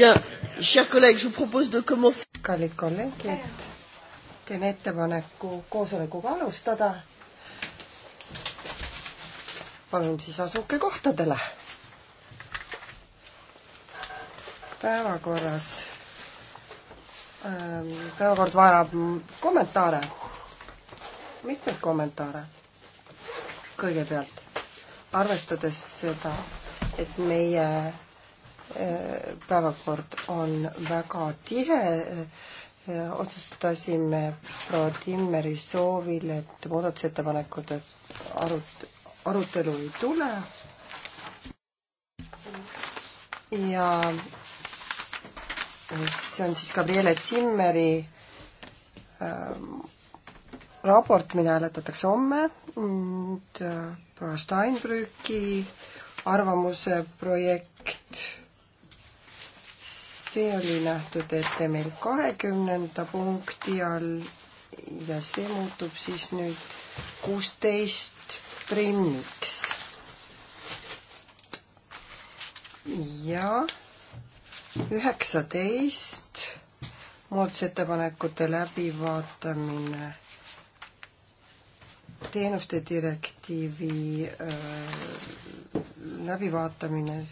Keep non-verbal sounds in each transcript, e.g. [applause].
Bien, chers collègues, je vous propose de commencer. kallid kolleegid, teen ettepaneku koosolekuga alustada. palun siis asuke kohtadele. päevakorras, ähm, päevakord vajab kommentaare, mitmeid kommentaare. kõigepealt, arvestades seda, et meie päevakord on väga tihe. otsustasime proua Timmeri soovil, et muudatusettepanekute arut-, arutelu ei tule. ja see on siis Gabriele Zimmeri äh, raport, mida hääletatakse homme, äh, proua Steinbrüki arvamuse projekt see oli nähtud ette meil kahekümnenda punkti all ja see muutub siis nüüd kuusteist primmiks. ja üheksateist muudatusettepanekute läbivaatamine teenuste direktiivi äh, läbivaatamine,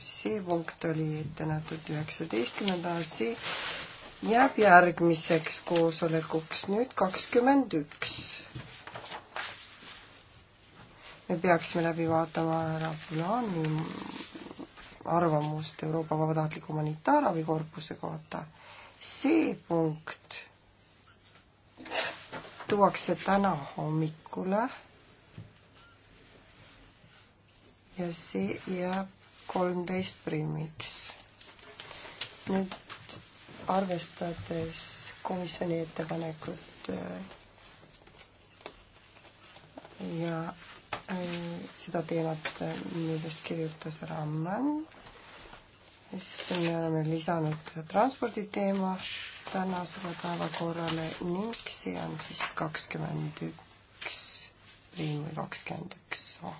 see punkt oli ette nähtud üheksateistkümnenda, see jääb järgmiseks koosolekuks, nüüd kakskümmend üks. me peaksime läbi vaatama härra Pulaani arvamust Euroopa Vabatahtliku Humanitaarabikorpuse kohta. see punkt tuuakse täna hommikul ettepanekule ja see jääb kolmteist primiks. nüüd arvestades komisjoni ettepanekut äh, ja äh, seda teemat, äh, millest kirjutas Ramman, siis me oleme lisanud transporditeema tänasele päevakorrale ning see on siis kakskümmend üks liin kakskümmend üks A.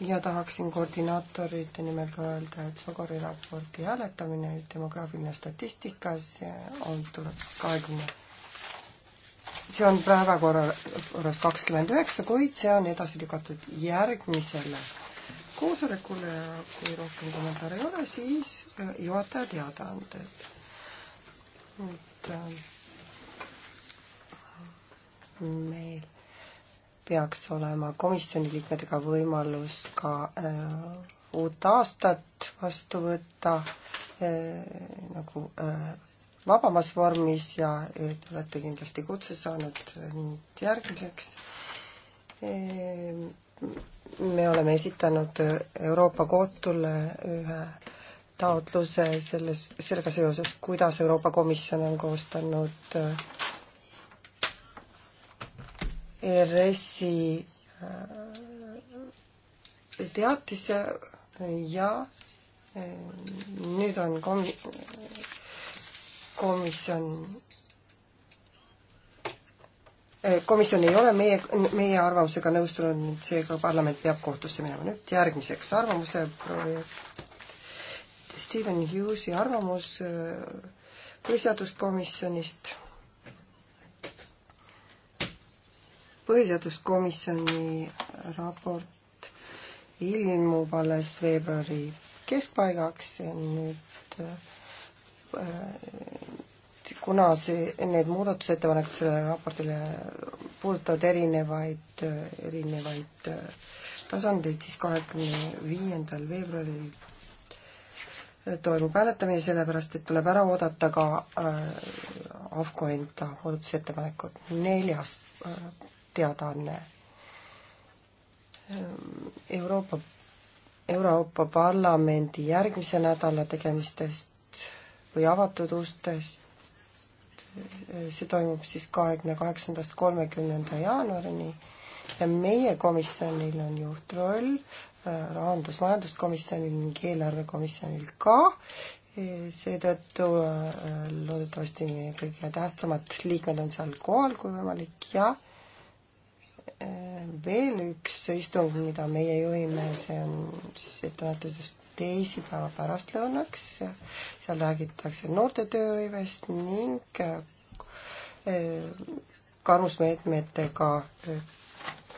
ja tahaksin koordinaatorite nimel ka öelda, et Sogori raporti hääletamine, demograafiline statistika, see on, tuleb siis kahekümne, see on päevakorras kakskümmend üheksa, kuid see on edasi lükatud järgmisele koosolekule ja kui rohkem kommentaare ei ole, siis äh, juhataja teadaanded meil peaks olema komisjoni liikmetega võimalus ka äh, uut aastat vastu võtta äh, nagu äh, vabamas vormis ja te olete kindlasti kutse saanud äh, nüüd järgmiseks. Äh, me oleme esitanud Euroopa Kohtule ühe taotluse selles, sellega seoses, kuidas Euroopa Komisjon on koostanud ERS-i äh, äh, teatise ja äh, nüüd on komi-, komisjon, komisjon ei ole meie, meie arvamusega nõustunud, seega parlament peab kohtusse minema. nüüd järgmiseks arvamuse projekt Steven Hughesi arvamus äh, põhiseaduskomisjonist. põhiseaduskomisjoni raport ilmub alles veebruari keskpaigaks, nüüd äh, kuna see, need muudatusettepanekud sellele raportile puudutavad erinevaid, erinevaid äh, tasandeid, siis kahekümne viiendal veebruaril toimub hääletamine, sellepärast et tuleb ära oodata ka äh, AFCO enda muudatusettepanekud. neljas äh, teadaanne Euroopa, Euroopa Parlamendi järgmise nädala tegemistest või avatud ustest. see toimub siis kahekümne kaheksandast kolmekümnenda jaanuarini ja meie komisjonil on juhtroll, rahandus-majanduskomisjonil ning eelarvekomisjonil ka. E, seetõttu e, loodetavasti meie kõige tähtsamad liikmed on seal kohal, kui võimalik, ja e, veel üks istung, mida meie juhime, see on siis ette nähtud just teisipäeva pärastlõunaks. seal räägitakse noorte tööhõivest ning karmusmeetmetega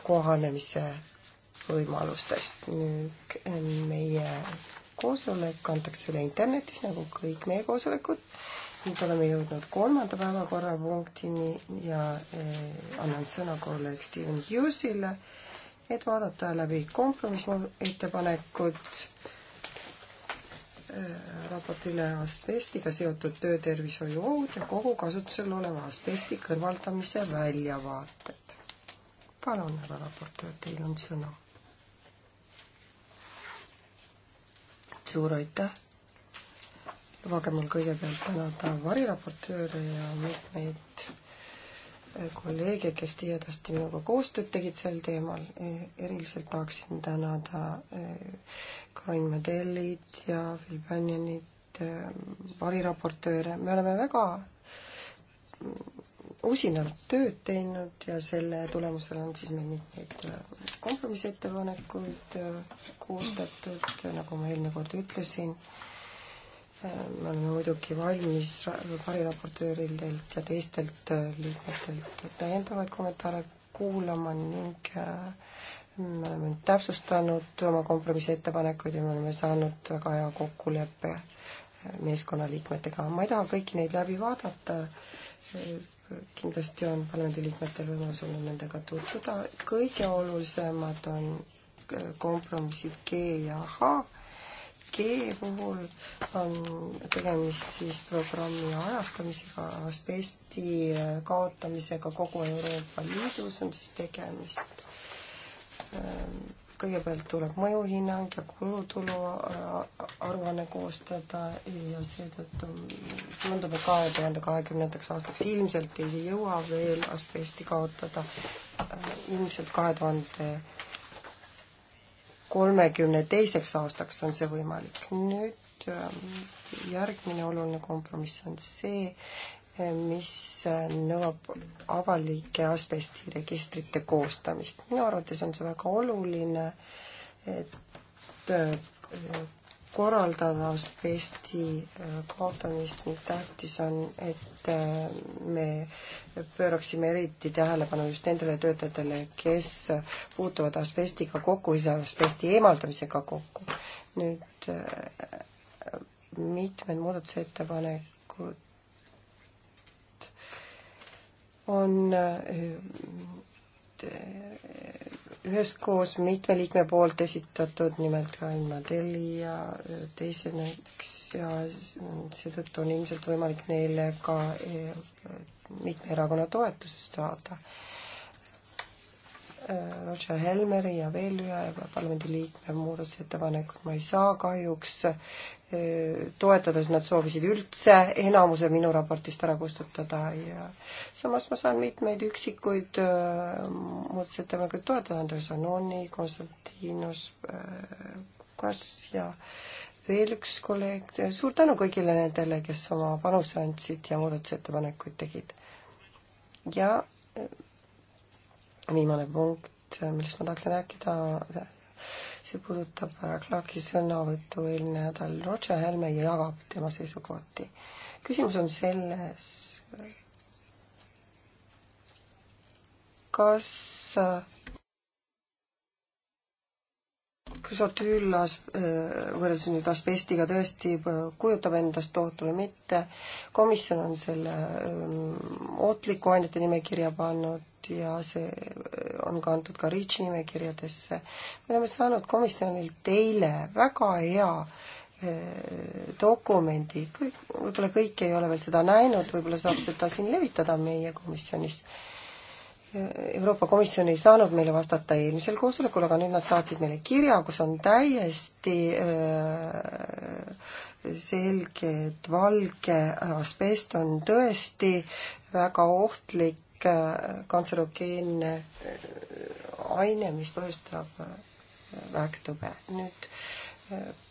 kohanemise võimalustest. nüüd eh, meie koosolek antakse üle internetis nagu kõik meie koosolekud. nüüd oleme jõudnud kolmanda päevakorrapunktini ja eh, annan sõna kolleeg Steven Hughesile, et vaadata läbi kompromissettepanekud eh, raportile asbestiga seotud töötervishoiu ohud ja kogu kasutusel oleva asbesti kõrvaldamise väljavaated. palun, härra raportöör, teil on sõna suur aitäh! lubage mul kõigepealt tänada variraportööre ja mitmeid äh, kolleege, kes tihedasti minuga koostööd tegid sel teemal. E, eriliselt tahaksin tänada äh, Karin Medellit ja Phil Bannionit, äh, variraportööre. me oleme väga usinalt tööd teinud ja selle tulemusel on siis meil mitmeid äh, kompromissettepanekuid äh, koostatud, äh, nagu ma eelmine kord ütlesin. me oleme muidugi valmis variraportööridelt ja teistelt liikmetelt täiendavaid kommentaare kuulama ning me oleme nüüd täpsustanud oma kompromissettepanekuid ja me oleme saanud väga hea kokkuleppe meeskonnaliikmetega. ma ei taha kõiki neid läbi vaadata, kindlasti on parlamendiliikmetel võimalus olnud nendega tutvuda. kõige olulisemad on äh, kompromissid G ja H. G puhul on tegemist siis programmi ajastamisega, asbesti äh, kaotamisega kogu Euroopa Liidus on siis tegemist ähm, kõigepealt tuleb mõjuhinnang ja kulutulu äh, aruanne koostada ja seetõttu tundub, et kahe tuhande kahekümnendaks aastaks ilmselt ei jõua veel asbesti kaotada. Äh, ilmselt kahe tuhande kolmekümne teiseks aastaks on see võimalik. nüüd ähm, järgmine oluline kompromiss on see, mis nõuab avalike asbestiregistrite koostamist. minu arvates on see väga oluline, et äh, korraldada asbesti äh, kaotamist ning tähtis on, et äh, me pööraksime eriti tähelepanu just nendele töötajatele, kes puutuvad asbestiga kokku või selle asbesti eemaldamisega kokku. nüüd mitmed muudatusettepanekud on äh, üheskoos mitme liikme poolt esitatud, nimelt Rain Madeli ja äh, teiseks ja seetõttu on ilmselt võimalik neile ka äh, mitme erakonna toetust saada. Roger Helmeri ja veel ühe parlamendiliikme muudatusettepanekut ma ei saa kahjuks eh, toetada, sest nad soovisid üldse enamuse minu raportist ära kustutada ja samas ma saan mitmeid üksikuid eh, muudatusettepanekuid toetada, Andres Anoni, Konstantinos eh, Kas ja veel üks kolleeg, suur tänu kõigile nendele, kes oma panuse andsid ja muudatusettepanekuid tegid. ja viimane punkt, millest ma tahaksin rääkida, see puudutab härra Clarki sõnavõttu eelmine nädal. Roger Helme jagab tema seisukohti. küsimus on selles, kas ksotüülas äh, võrreldes nüüd asbestiga tõesti äh, kujutab endast ohtu või mitte. komisjon on selle ähm, ohtliku ainete nimekirja pannud ja see äh, on kantud ka REACH nimekirjadesse. me oleme saanud komisjonilt eile väga hea dokumendi, kõik, võib-olla kõik ei ole veel seda näinud, võib-olla saab seda siin levitada meie komisjonis Euroopa Komisjon ei saanud meile vastata eelmisel koosolekul, aga nüüd nad saatsid meile kirja, kus on täiesti äh, selge, et valge asbest on tõesti väga ohtlik äh, kantserogeenne äh, aine, mis põhjustab vähktõbe. nüüd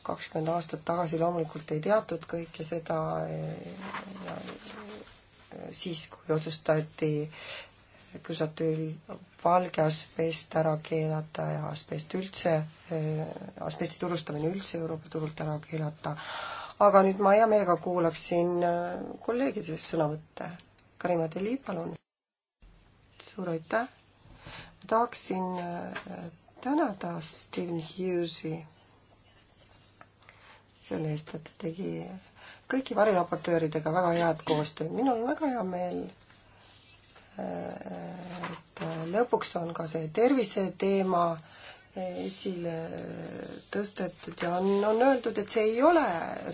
kakskümmend aastat tagasi loomulikult ei teatud kõike seda ja siis, kui otsustati glüsatüülvalge asbest ära keelata ja asbest üldse, eh, asbesti turustamine üldse Euroopa turult ära keelata. aga nüüd ma hea meelega kuulaksin eh, kolleegide sõnavõtte. Karima Deli, palun. suur aitäh. ma tahaksin eh, tänada Steven Hughes'i selle eest, et ta tegi kõigi variraportööridega väga head koostööd. minul on väga hea meel et lõpuks on ka see terviseteema esile tõstetud ja on, on öeldud, et see ei ole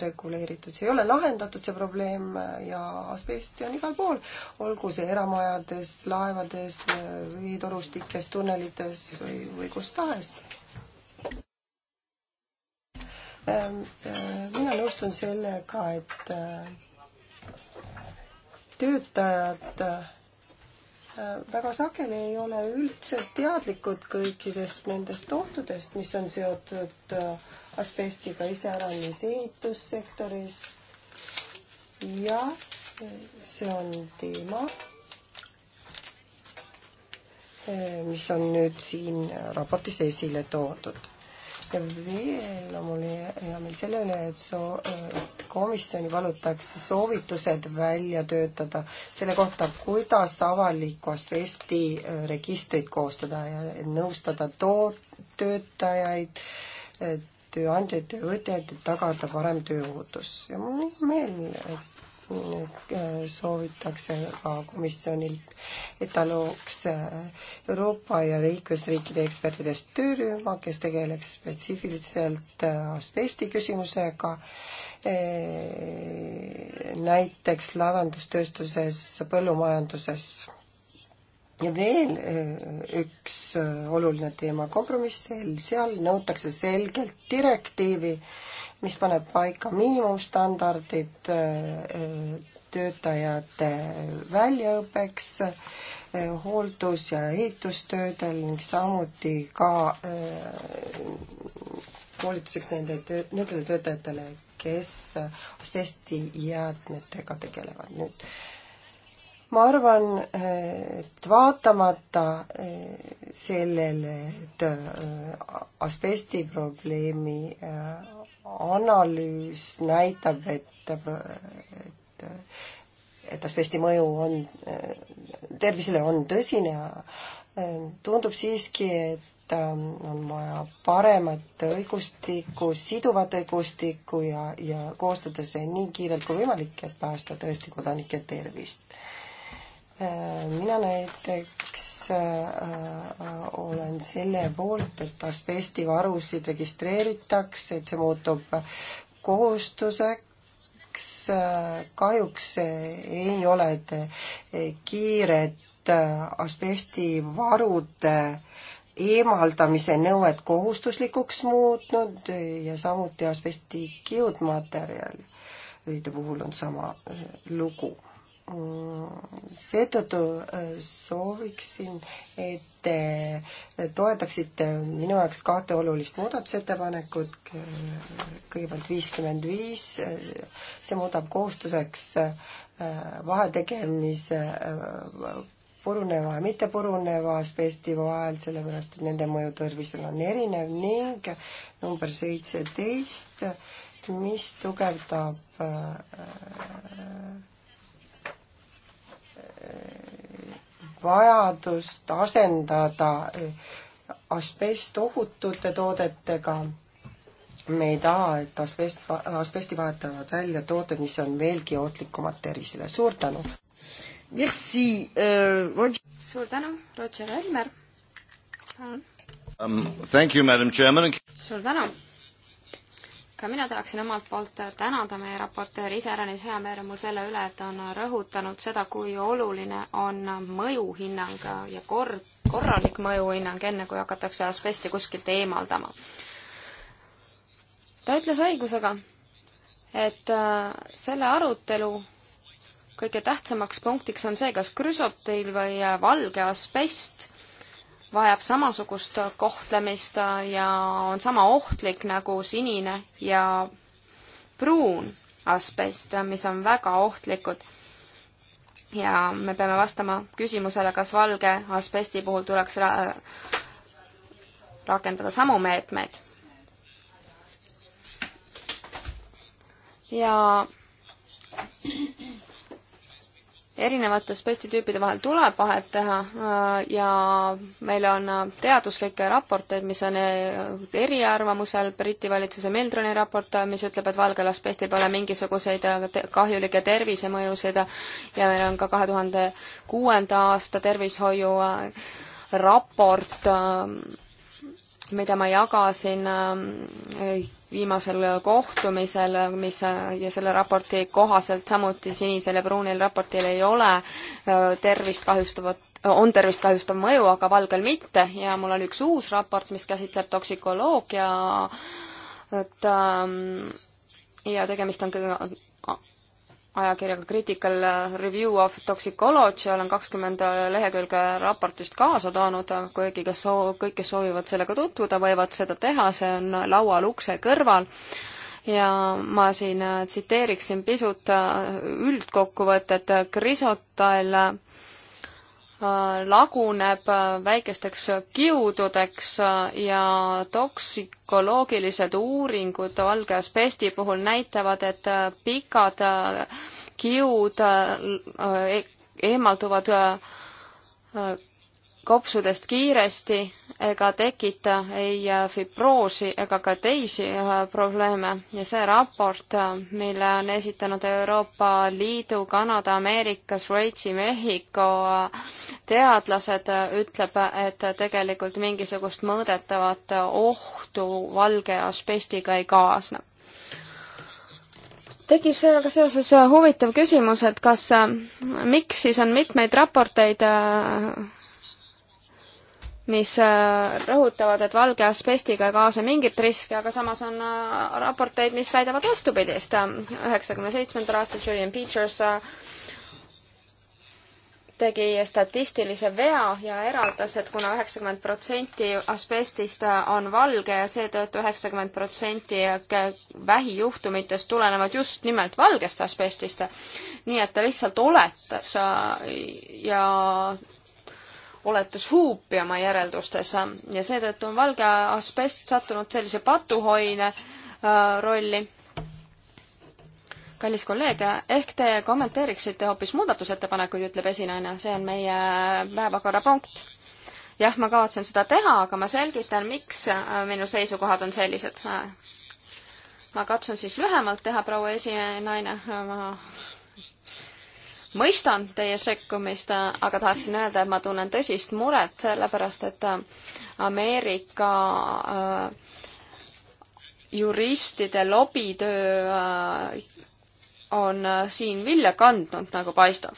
reguleeritud, see ei ole lahendatud, see probleem ja asbesti on igal pool, olgu see eramajades, laevades, veetorustikes, tunnelites või, või kus tahes. Ähm, äh, mina nõustun sellega, et äh, töötajad äh, väga sageli ei ole üldse teadlikud kõikidest nendest ohtudest, mis on seotud äh, asbestiga iseäranis ehitussektoris. ja see on teema, äh, mis on nüüd siin raportis esile toodud ja veel on mul hea meel selle üle, et soo-, komisjoni palutakse soovitused välja töötada selle kohta, kuidas avalikust vesti äh, registrit koostada ja nõustada too-, töötajaid, äh, tööandjaid, töövõtjaid, et tagada parem tööohutus. ja mul on hea meel, et Äh, soovitakse ka komisjonilt, et ta looks äh, Euroopa ja liikmesriikide ekspertidest töörühma, kes tegeleks spetsiifiliselt äh, asbesti küsimusega, näiteks laevandustööstuses, põllumajanduses. ja veel üks oluline teema, kompromiss, seal nõutakse selgelt direktiivi, mis paneb paika miinimumstandardid äh, äh, töötajate väljaõppeks, äh, hooldus- ja ehitustöödel ning samuti ka koolituseks nende töö, nendele töötajatele, kes asbestijäätmetega tegelevad nüüd. ma arvan, et vaatamata sellele, et asbesti probleemi analüüs näitab, et, et, et asbesti mõju on, tervisele on tõsine. Ähm, tundub siiski, et ähm, on vaja paremat õigustikku, siduvat õigustikku ja, ja koostada see nii kiirelt kui võimalik, et päästa tõesti kodanike tervist Äh, mina näiteks äh, äh, olen selle poolt, et asbestivarusid registreeritakse, et see muutub kohustuseks. kahjuks ei ole kiiret asbestivarude eemaldamise nõuet kohustuslikuks muutnud ja samuti asbesti kiudmaterjalide puhul on sama lugu seetõttu äh, sooviksin, et te äh, toetaksite äh, minu jaoks kahte olulist muudatusettepanekut, kõigepealt viiskümmend viis, see muudab kohustuseks vahetegemise puruneva ja mittepuruneva asbesti vahel, sellepärast et nende mõju tervisele on erinev ning number seitseteist, mis tugevdab äh, vajadust asendada asbest ohutute toodetega. me ei taha, et asbest, asbesti vahetavad välja tooted, mis on veelgi ohtlikumad tervisele. suur tänu! Merci uh,! suur tänu, Roger Helmer! palun! Um, thank you, Madam Chairman. suur tänu! ka mina tahaksin omalt poolt tänada meie raportööri, iseäranis hea meel on mul selle üle, et ta on rõhutanud seda, kui oluline on mõjuhinnang ja kord, korralik mõjuhinnang, enne kui hakatakse asbesti kuskilt eemaldama. ta ütles õigusega, et äh, selle arutelu kõige tähtsamaks punktiks on see, kas krüsotiil või äh, valge asbest vajab samasugust kohtlemist ja on sama ohtlik nagu sinine ja pruun asbest, mis on väga ohtlikud. ja me peame vastama küsimusele, kas valge asbesti puhul tuleks ra rakendada samu meetmeid. ja erinevate spetitüüpide vahel tuleb vahet teha äh, ja meil on teaduslikke raporteid, mis on äh, eriarvamusel, Briti valitsuse Meldroni raport, äh, mis ütleb, et valgel asbestil pole mingisuguseid kahjulikke tervisemõjusid ja meil on ka kahe tuhande kuuenda aasta tervishoiu raport, mida ma jagasin viimasel kohtumisel, mis ja selle raporti kohaselt samuti sinisel ja pruunil raportil ei ole äh, tervist kahjustavat, on tervist kahjustav mõju, aga valgel mitte ja mul oli üks uus raport, mis käsitleb toksikoloogia, et ähm, ja tegemist on ajakirjaga Critical Review of Toxicology olen kakskümmend lehekülge raportist kaasa toonud, kuigi kes soo-, kõik, kes soovivad sellega tutvuda, võivad seda teha, see on laual ukse kõrval. ja ma siin tsiteeriksin pisut üldkokkuvõtet Grisotal Äh, laguneb äh, väikesteks kiududeks äh, ja toksikoloogilised uuringud valge asbesti puhul näitavad, et pikad kiud e-, eemalduvad kopsudest kiiresti ega tekita ei äh, fibroosi ega ka teisi äh, probleeme ja see raport, äh, mille on esitanud Euroopa Liidu, Kanada, Ameerika, Šveitsi, Mehhiko teadlased, ütleb, et tegelikult mingisugust mõõdetavat ohtu valge asbestiga ei kaasne tekib sellega seoses huvitav küsimus, et kas, miks siis on mitmeid raporteid mis äh, rõhutavad, et valge asbestiga ei kaasa mingit riski, aga samas on äh, raporteid, mis väidavad vastupidist. üheksakümne seitsmendal aastal Julian Peters äh, tegi statistilise vea ja eraldas, et kuna üheksakümmend protsenti asbestist on valge ja seetõttu üheksakümmend protsenti vähijuhtumitest tulenevad just nimelt valgest asbestist, nii et ta lihtsalt oletas ja oletus huupima järeldustes ja seetõttu on valge asbest sattunud sellise patuhoine äh, rolli. kallis kolleeg, ehk te kommenteeriksite hoopis muudatusettepanekuid, ütleb esinaine, see on meie päevakorrapunkt. jah, ma kavatsen seda teha, aga ma selgitan, miks äh, minu seisukohad on sellised. Äh, ma katsun siis lühemalt teha, proua esinaine, ma mõistan teie sekkumist, aga tahaksin öelda, et ma tunnen tõsist muret, sellepärast et Ameerika äh, juristide lobitöö äh, on äh, siin vilja kandnud, nagu paistab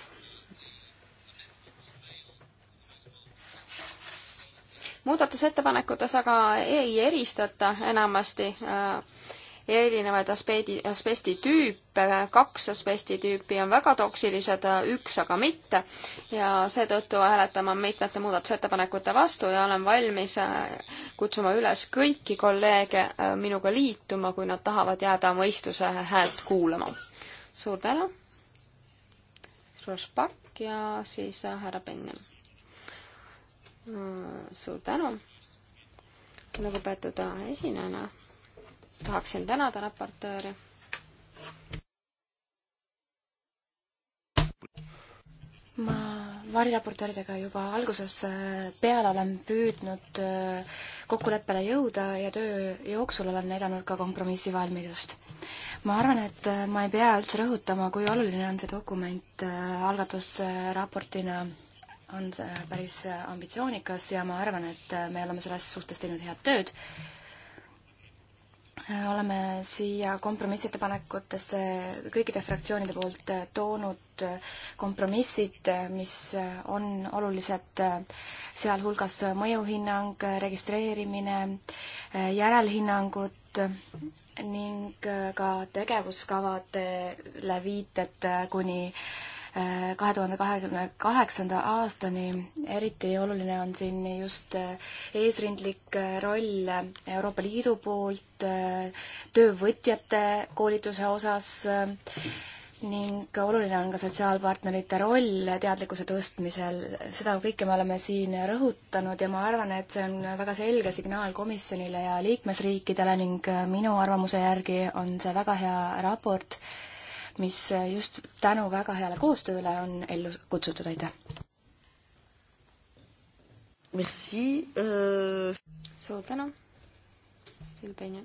muudatusettepanekutes aga ei eristata enamasti äh, erinevaid asbeedi, asbesti tüüpe, kaks asbesti tüüpi on väga toksilised, üks aga mitte. ja seetõttu hääletan ma mitmete muudatusettepanekute vastu ja olen valmis äh, kutsuma üles kõiki kolleege äh, minuga liituma, kui nad tahavad jääda mõistuse häält kuulama. suur tänu! Rospakk ja siis äh, härra Benjamin. suur tänu, lugupeetud esinejana tahaksin tänada raportööri. ma variraportööridega juba alguses äh, peale olen püüdnud äh, kokkuleppele jõuda ja töö jooksul olen näidanud ka kompromissivalmidust. ma arvan, et äh, ma ei pea üldse rõhutama, kui oluline on see dokument algatusraportina on see päris ambitsioonikas ja ma arvan, et me oleme selles suhtes teinud head tööd oleme siia kompromissettepanekutesse kõikide fraktsioonide poolt äh, toonud äh, kompromissid, äh, mis on olulised, sealhulgas mõjuhinnang, registreerimine, järelhinnangud ning ka tegevuskavadele viited kuni kahe tuhande kahekümne kaheksanda aastani. eriti oluline on siin just äh, eesrindlik äh, roll Euroopa Liidu poolt äh, töövõtjate koolituse osas ning oluline on ka sotsiaalpartnerite roll teadlikkuse tõstmisel. seda kõike me oleme siin rõhutanud ja ma arvan, et see on väga selge signaal komisjonile ja liikmesriikidele ning minu arvamuse järgi on see väga hea raport mis just tänu väga heale koostööle on ellu kutsutud, aitäh! Merci euh.... suur tänu, Filbenja.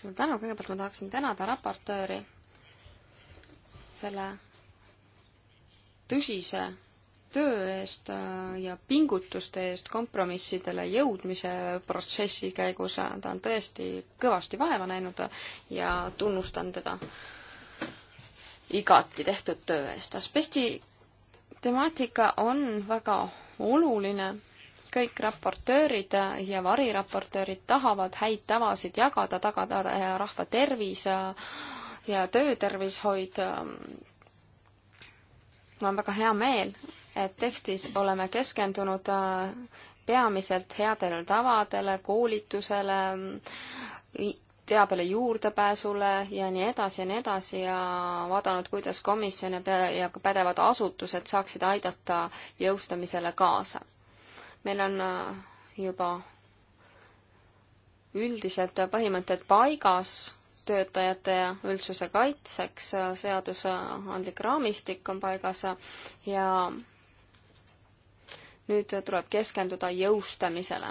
suur tänu, kõigepealt ma tahaksin tänada raportööri selle tõsise töö eest äh, ja pingutuste eest kompromissidele jõudmise protsessi käigus. ta on tõesti kõvasti vaeva näinud ja tunnustan teda igati tehtud töö eest. asbesti temaatika on väga oluline. kõik raportöörid ja variraportöörid tahavad häid tavasid jagada, tagada rahva tervis ja töötervishoid mul on väga hea meel, et tekstis oleme keskendunud äh, peamiselt headele tavadele, koolitusele, teabele juurdepääsule ja nii edasi ja nii edasi ja vaadanud, kuidas komisjon ja, ja ka pädevad asutused saaksid aidata jõustamisele kaasa. meil on äh, juba üldiselt põhimõtted paigas töötajate ja üldsuse kaitseks, äh, seadusandlik raamistik on paigas ja nüüd tuleb keskenduda jõustamisele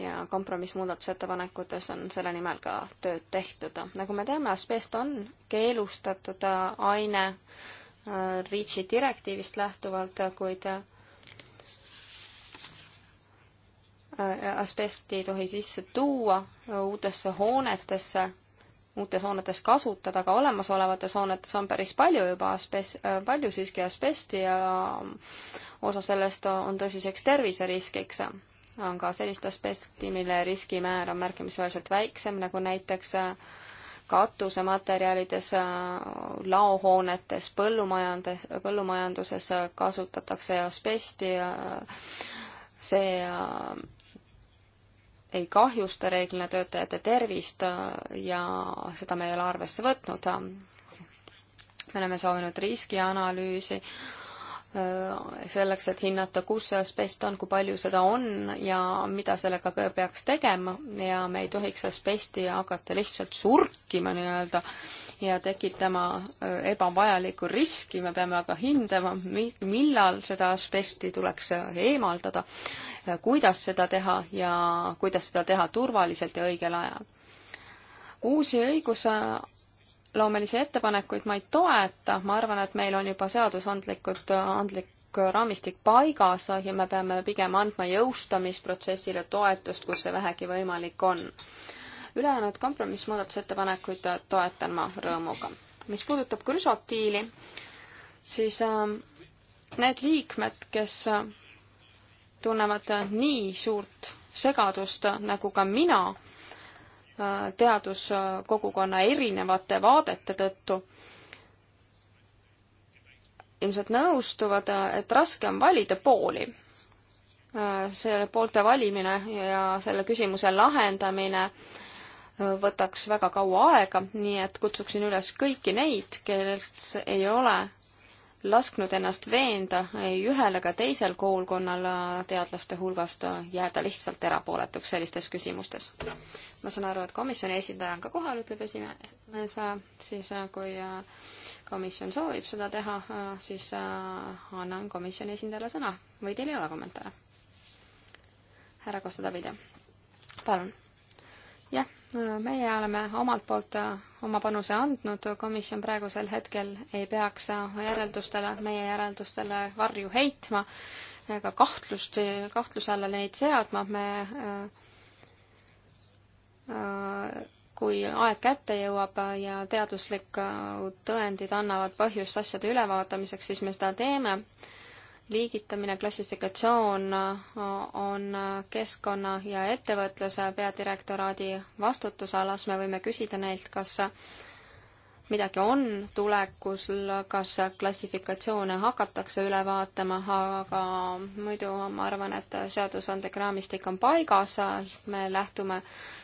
ja kompromissmuudatusettepanekutes on selle nimel ka tööd tehtud. nagu me teame, asbest on keelustatud aine äh, REACH-i direktiivist lähtuvalt, kuid äh, asbesti ei tohi sisse tuua uutesse hoonetesse uutes hoonetes kasutada, aga olemasolevates hoonetes on päris palju juba asbest, palju siiski asbesti ja osa sellest on tõsiseks terviseriskiks. on ka sellist asbesti, mille riskimäär on märkimisväärselt väiksem, nagu näiteks äh, katusematerjalides, äh, laohoonetes, põllumajandes, põllumajanduses äh, kasutatakse asbesti ja see ei kahjusta reeglina töötajate tervist äh, ja seda me ei ole arvesse võtnud. me oleme soovinud riskianalüüsi äh, selleks, et hinnata, kus see asbest on, kui palju seda on ja mida sellega peaks tegema ja me ei tohiks asbesti hakata lihtsalt surkima nii-öelda äh, ja tekitama ebavajalikku riski, me peame aga hindama, millal seda asbesti tuleks eemaldada, kuidas seda teha ja kuidas seda teha turvaliselt ja õigel ajal. uusi õiguse loomelisi ettepanekuid ma ei toeta, ma arvan, et meil on juba seadusandlikud, andlik raamistik paigas ja me peame pigem andma jõustamisprotsessile toetust, kus see vähegi võimalik on ülejäänud kompromissmuudatusettepanekuid toetan ma rõõmuga. mis puudutab krüsotiili, siis ähm, need liikmed, kes äh, tunnevad äh, nii suurt segadust äh, nagu ka mina teaduskogukonna erinevate vaadete tõttu, ilmselt nõustuvad, et raske on valida pooli. selle poolte valimine ja selle küsimuse lahendamine äh, võtaks väga kaua aega, nii et kutsuksin üles kõiki neid, kes ei ole lasknud ennast veenda ei ühel ega teisel koolkonnal teadlaste hulgast jääda lihtsalt erapooletuks sellistes küsimustes. ma saan aru, et komisjoni esindaja on ka kohal, ütleb esimees, siis äh, kui äh, komisjon soovib seda teha, äh, siis annan komisjoni esindajale sõna või teil ei ole kommentaare? härra Kosta Davide, palun. jah meie oleme omalt poolt äh, oma panuse andnud, komisjon praegusel hetkel ei peaks äh, järeldustele, meie järeldustele varju heitma ega kahtlust, kahtluse alla neid seadma, me äh, kui aeg kätte jõuab ja teaduslikud tõendid annavad põhjust asjade ülevaatamiseks, siis me seda teeme liigitamine, klassifikatsioon on keskkonna ja ettevõtluse peadirektoraadi vastutusalas, me võime küsida neilt, kas midagi on tulekus, kas klassifikatsioone hakatakse üle vaatama, aga muidu ma arvan, et seadusandlik raamistik on paigas, me lähtume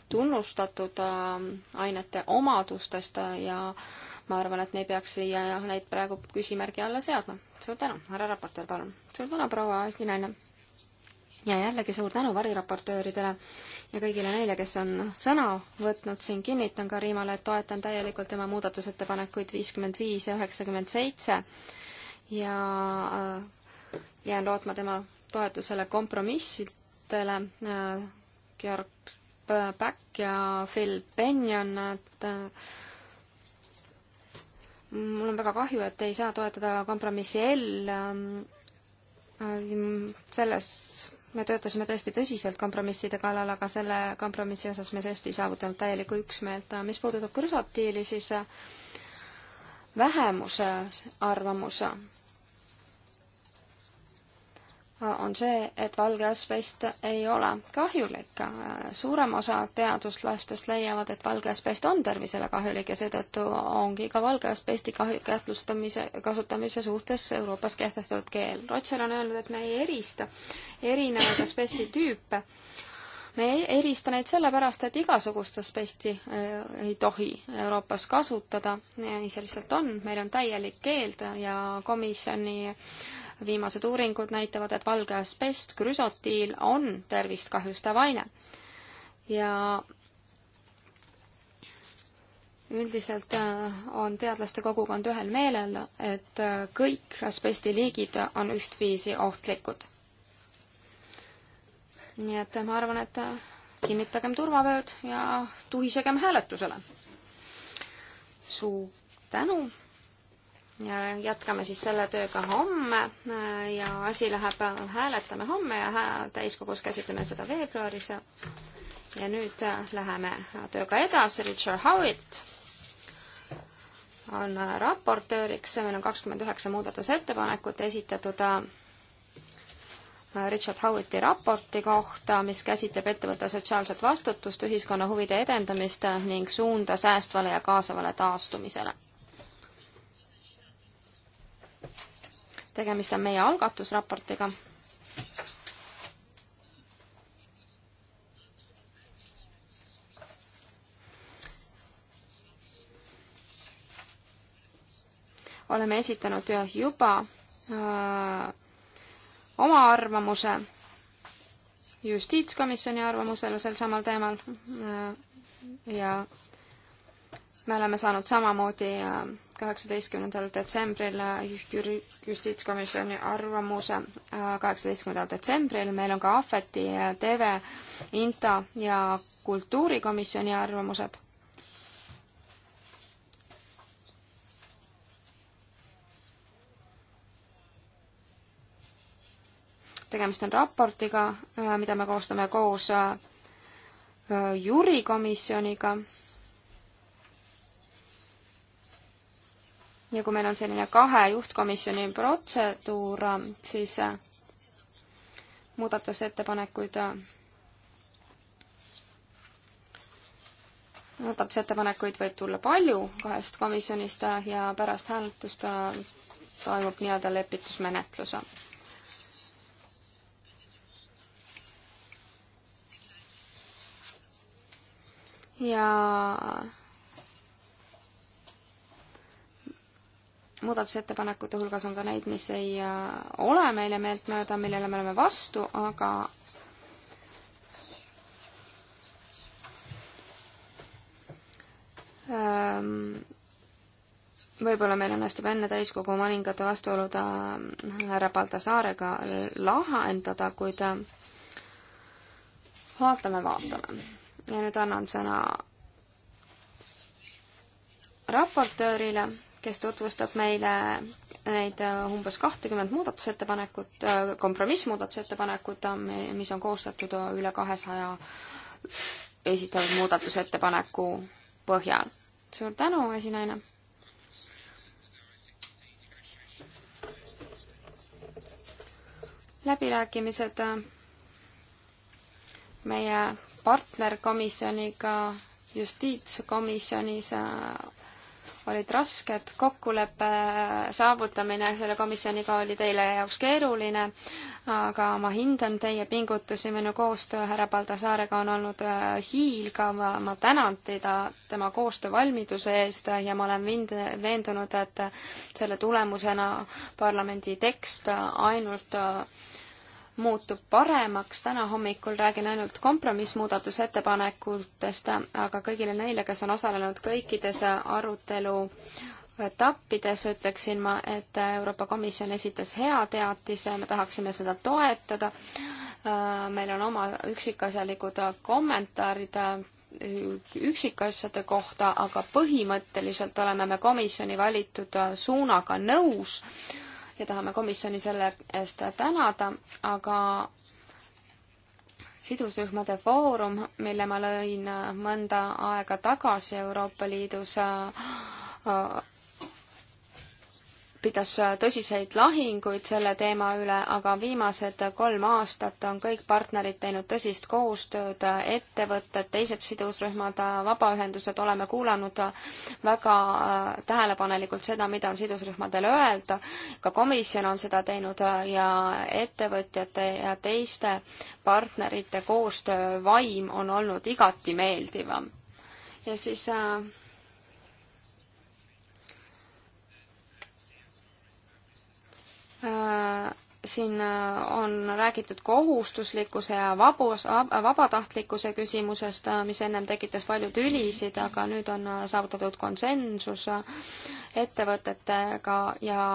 tunnustatud ainete omadustest ja äh, ma arvan, et me ei peaks siia neid praegu küsimärgi alla seadma. suur tänu, härra raportöör, palun. suur tänu, proua esinaine. ja jällegi suur tänu variraportööridele ja kõigile neile, kes on sõna võtnud siin, kinnitan Karimale, et toetan täielikult tema muudatusettepanekuid viiskümmend viis ja üheksakümmend seitse ja äh, jään lootma tema toetusele kompromissidele. Äh, Georg Back ja Phil Benjon, et äh, mul on väga kahju, et ei saa toetada kompromissi L. Ähm, selles me töötasime tõesti tõsiselt kompromisside kallal, aga selle kompromissi osas me tõesti ei saavutanud täielikku üksmeelt. mis puudutab krüsotiili, siis äh, vähemuse arvamuse on see, et valge asbest ei ole kahjulik. suurem osa teaduslastest leiavad, et valge asbest on tervisele kahjulik ja seetõttu ongi ka valge asbesti kähtlustamise, kasutamise suhtes Euroopas kehtestatud keel. Rotsel on öelnud, et me ei erista erinevaid asbesti tüüpe. me ei erista neid sellepärast, et igasugust asbesti äh, ei tohi Euroopas kasutada, nii see lihtsalt on, meil on täielik keeld ja komisjoni viimased uuringud näitavad, et valge asbest, krüsotiil on tervist kahjustav aine. ja üldiselt äh, on teadlaste kogukond ühel meelel, et äh, kõik asbesti liigid on ühtviisi ohtlikud. nii et ma arvan, et äh, kinnitagem turvavööd ja tuhisegem hääletusele. suur tänu ja jätkame siis selle tööga homme äh, ja asi läheb, hääletame homme ja hää, täiskogus käsitleme seda veebruaris ja ja nüüd äh, läheme tööga edasi, Richard Howitt on äh, raportööriks, meil on kakskümmend üheksa muudatusettepanekut esitatud Richard Howitti raporti kohta, mis käsitleb ettevõtte sotsiaalset vastutust, ühiskonna huvide edendamist ning suunda säästvale ja kaasavale taastumisele tegemist on meie algatusraportiga. oleme esitanud juba öö, äh, oma arvamuse justiitskomisjoni arvamusele sel samal teemal öö, äh, ja me oleme saanud samamoodi öö, äh, kaheksateistkümnendal detsembril justiitskomisjoni arvamuse äh, kaheksateistkümnendal detsembril, meil on ka Ahveti, äh, TV, INTA ja kultuurikomisjoni arvamused. tegemist on raportiga, äh, mida me koostame koos jurikomisjoniga ja kui meil on selline kahe juhtkomisjoni protseduur, siis äh, muudatusettepanekuid, äh, muudatusettepanekuid võib tulla palju kahest komisjonist äh, ja pärast hääletust toimub nii-öelda lepitusmenetlus. ja muudatusettepanekute hulgas on ka neid, mis ei äh, ole meile meeltmööda, millele me oleme vastu, aga ähm, võib-olla meil õnnestub enne täiskogu mõningate vastuolud äh, härra Baltasaarega lahendada, kuid äh, vaatame, vaatame. ja nüüd annan sõna raportöörile kes tutvustab meile neid äh, umbes kahtekümmet muudatusettepanekut, äh, kompromissmuudatusettepanekut, äh, mis on koostatud üle kahesaja esitatud muudatusettepaneku põhjal. suur tänu, esinaine! läbirääkimised meie partnerkomisjoniga justiitskomisjonis olid rasked, kokkuleppe saavutamine selle komisjoniga oli teile jaoks keeruline, aga ma hindan teie pingutusi, minu koostöö härra Baldasaarega on olnud äh, hiilgav, ma tänan teda tema koostöövalmiduse eest ja ma olen vind-, veendunud, et selle tulemusena parlamendi tekst ainult äh, muutub paremaks, täna hommikul räägin ainult kompromissmuudatusettepanekutest, aga kõigile neile, kes on osalenud kõikides arutelu etappides, ütleksin ma, et Euroopa Komisjon esitas hea teatise, me tahaksime seda toetada, meil on oma üksikasjalikud kommentaarid üksikasjade kohta, aga põhimõtteliselt oleme me komisjoni valitud suunaga nõus ja tahame komisjoni selle eest tänada, aga sidusrühmade foorum, mille ma lõin mõnda aega tagasi Euroopa Liidus, pidas tõsiseid lahinguid selle teema üle, aga viimased kolm aastat on kõik partnerid teinud tõsist koostööd, ettevõtted, teised sidusrühmad, vabaühendused, oleme kuulanud väga äh, tähelepanelikult seda, mida on sidusrühmadel öelda, ka komisjon on seda teinud ja ettevõtjate ja teiste partnerite koostöö vaim on olnud igati meeldivam. ja siis äh, Äh, siin äh, on räägitud kohustuslikkuse ja vabus, vabatahtlikkuse küsimusest, äh, mis ennem tekitas palju tülisid, aga nüüd on saavutatud konsensus ettevõtetega ja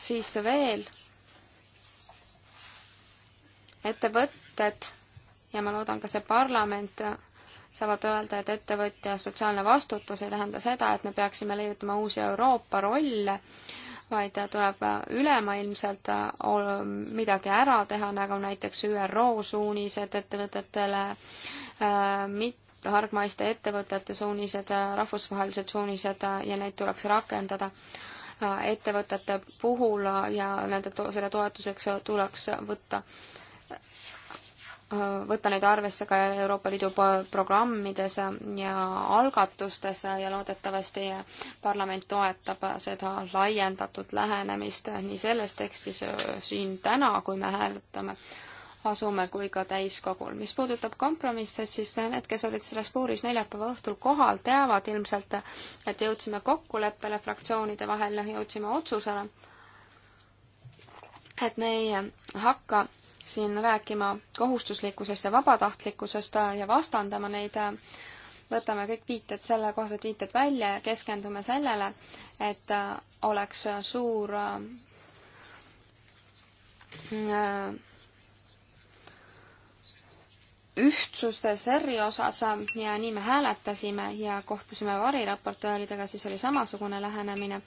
siis veel ettevõtted ja ma loodan ka see parlament saavad öelda, et ettevõtja sotsiaalne vastutus ei tähenda seda, et me peaksime leiutama uusi Euroopa rolle, vaid tuleb ülemaailmselt äh, midagi ära teha, nagu näiteks ÜRO suunised ettevõtetele, äh, mitte hargmaiste ettevõtete suunised, rahvusvahelised suunised äh, ja neid tuleks rakendada ettevõtete puhul ja nende to-, selle toetuseks tuleks võtta Äh, võtta neid arvesse ka Euroopa Liidu programmides ja algatustes ja loodetavasti parlament toetab seda laiendatud lähenemist nii selles tekstis äh, siin täna, kui me hääletame, asume kui ka täiskogul. mis puudutab kompromisse, siis need, kes olid Strasbourgis neljapäeva õhtul kohal, teavad ilmselt, et jõudsime kokkuleppele fraktsioonide vahel, noh, jõudsime otsusele, et me ei hakka siin rääkima kohustuslikkusest ja vabatahtlikkusest ja vastandama neid, võtame kõik viited, sellekohased viited välja ja keskendume sellele, et oleks suur äh, ühtsuse serri osas ja nii me hääletasime ja kohtusime variraportööridega, siis oli samasugune lähenemine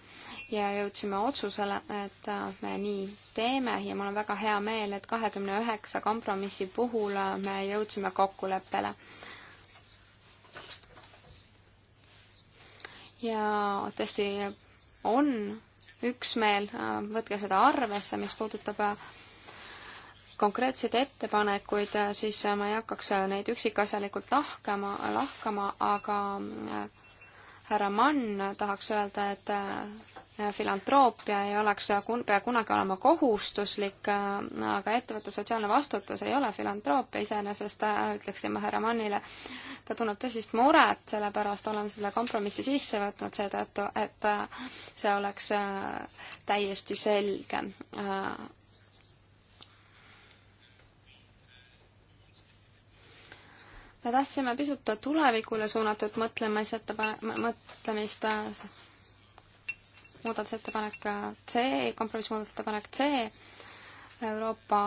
ja jõudsime otsusele, et äh, me nii teeme ja mul on väga hea meel, et kahekümne üheksa kompromissi puhul äh, me jõudsime kokkuleppele. ja tõesti on üksmeel, äh, võtke seda arvesse, mis puudutab konkreetseid ettepanekuid, siis ma ei hakkaks neid üksikasjalikult lahkama, lahkama, aga härra Mann tahaks öelda, et filantroopia ei oleks, pea kunagi olema kohustuslik, aga ettevõtte sotsiaalne vastutus ei ole filantroopia iseenesest, ütleksin ma härra Mannile. ta tunneb tõsist muret, sellepärast olen selle kompromissi sisse võtnud seetõttu, et see oleks täiesti selge. me tahtsime pisut tulevikule suunatud mõtlemise ettepanek, mõtlemist muudatusettepanek C, kompromissmuudatusettepanek C, Euroopa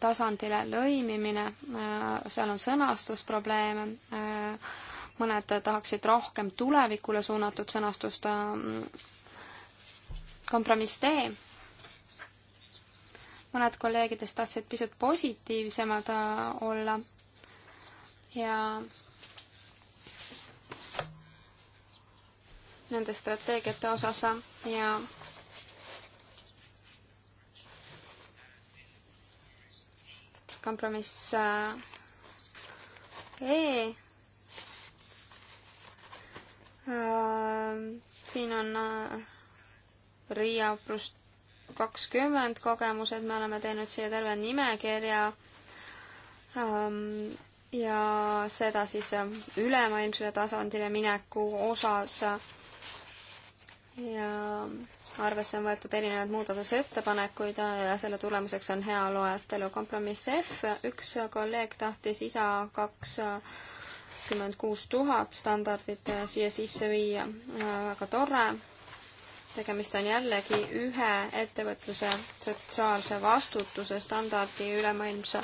tasandile lõimimine, äh, seal on sõnastusprobleeme, äh, mõned tahaksid rohkem tulevikule suunatud sõnastust, äh, kompromiss D, mõned kolleegidest tahtsid pisut positiivsemad olla ja nende strateegiate osas ja kompromiss äh, E. Äh, siin on äh, Riia pluss kakskümmend kogemused, me oleme teinud siia terve nimekirja ähm, ja seda siis ülemaailmsele tasandile mineku osas ja arvesse on võetud erinevaid muudatusettepanekuid ja selle tulemuseks on hea loetelu. kompromiss F, üks kolleeg tahtis isa kaks kakskümmend kuus tuhat standardit siia sisse viia, väga tore. tegemist on jällegi ühe ettevõtluse sotsiaalse vastutuse standardi ülemaailmse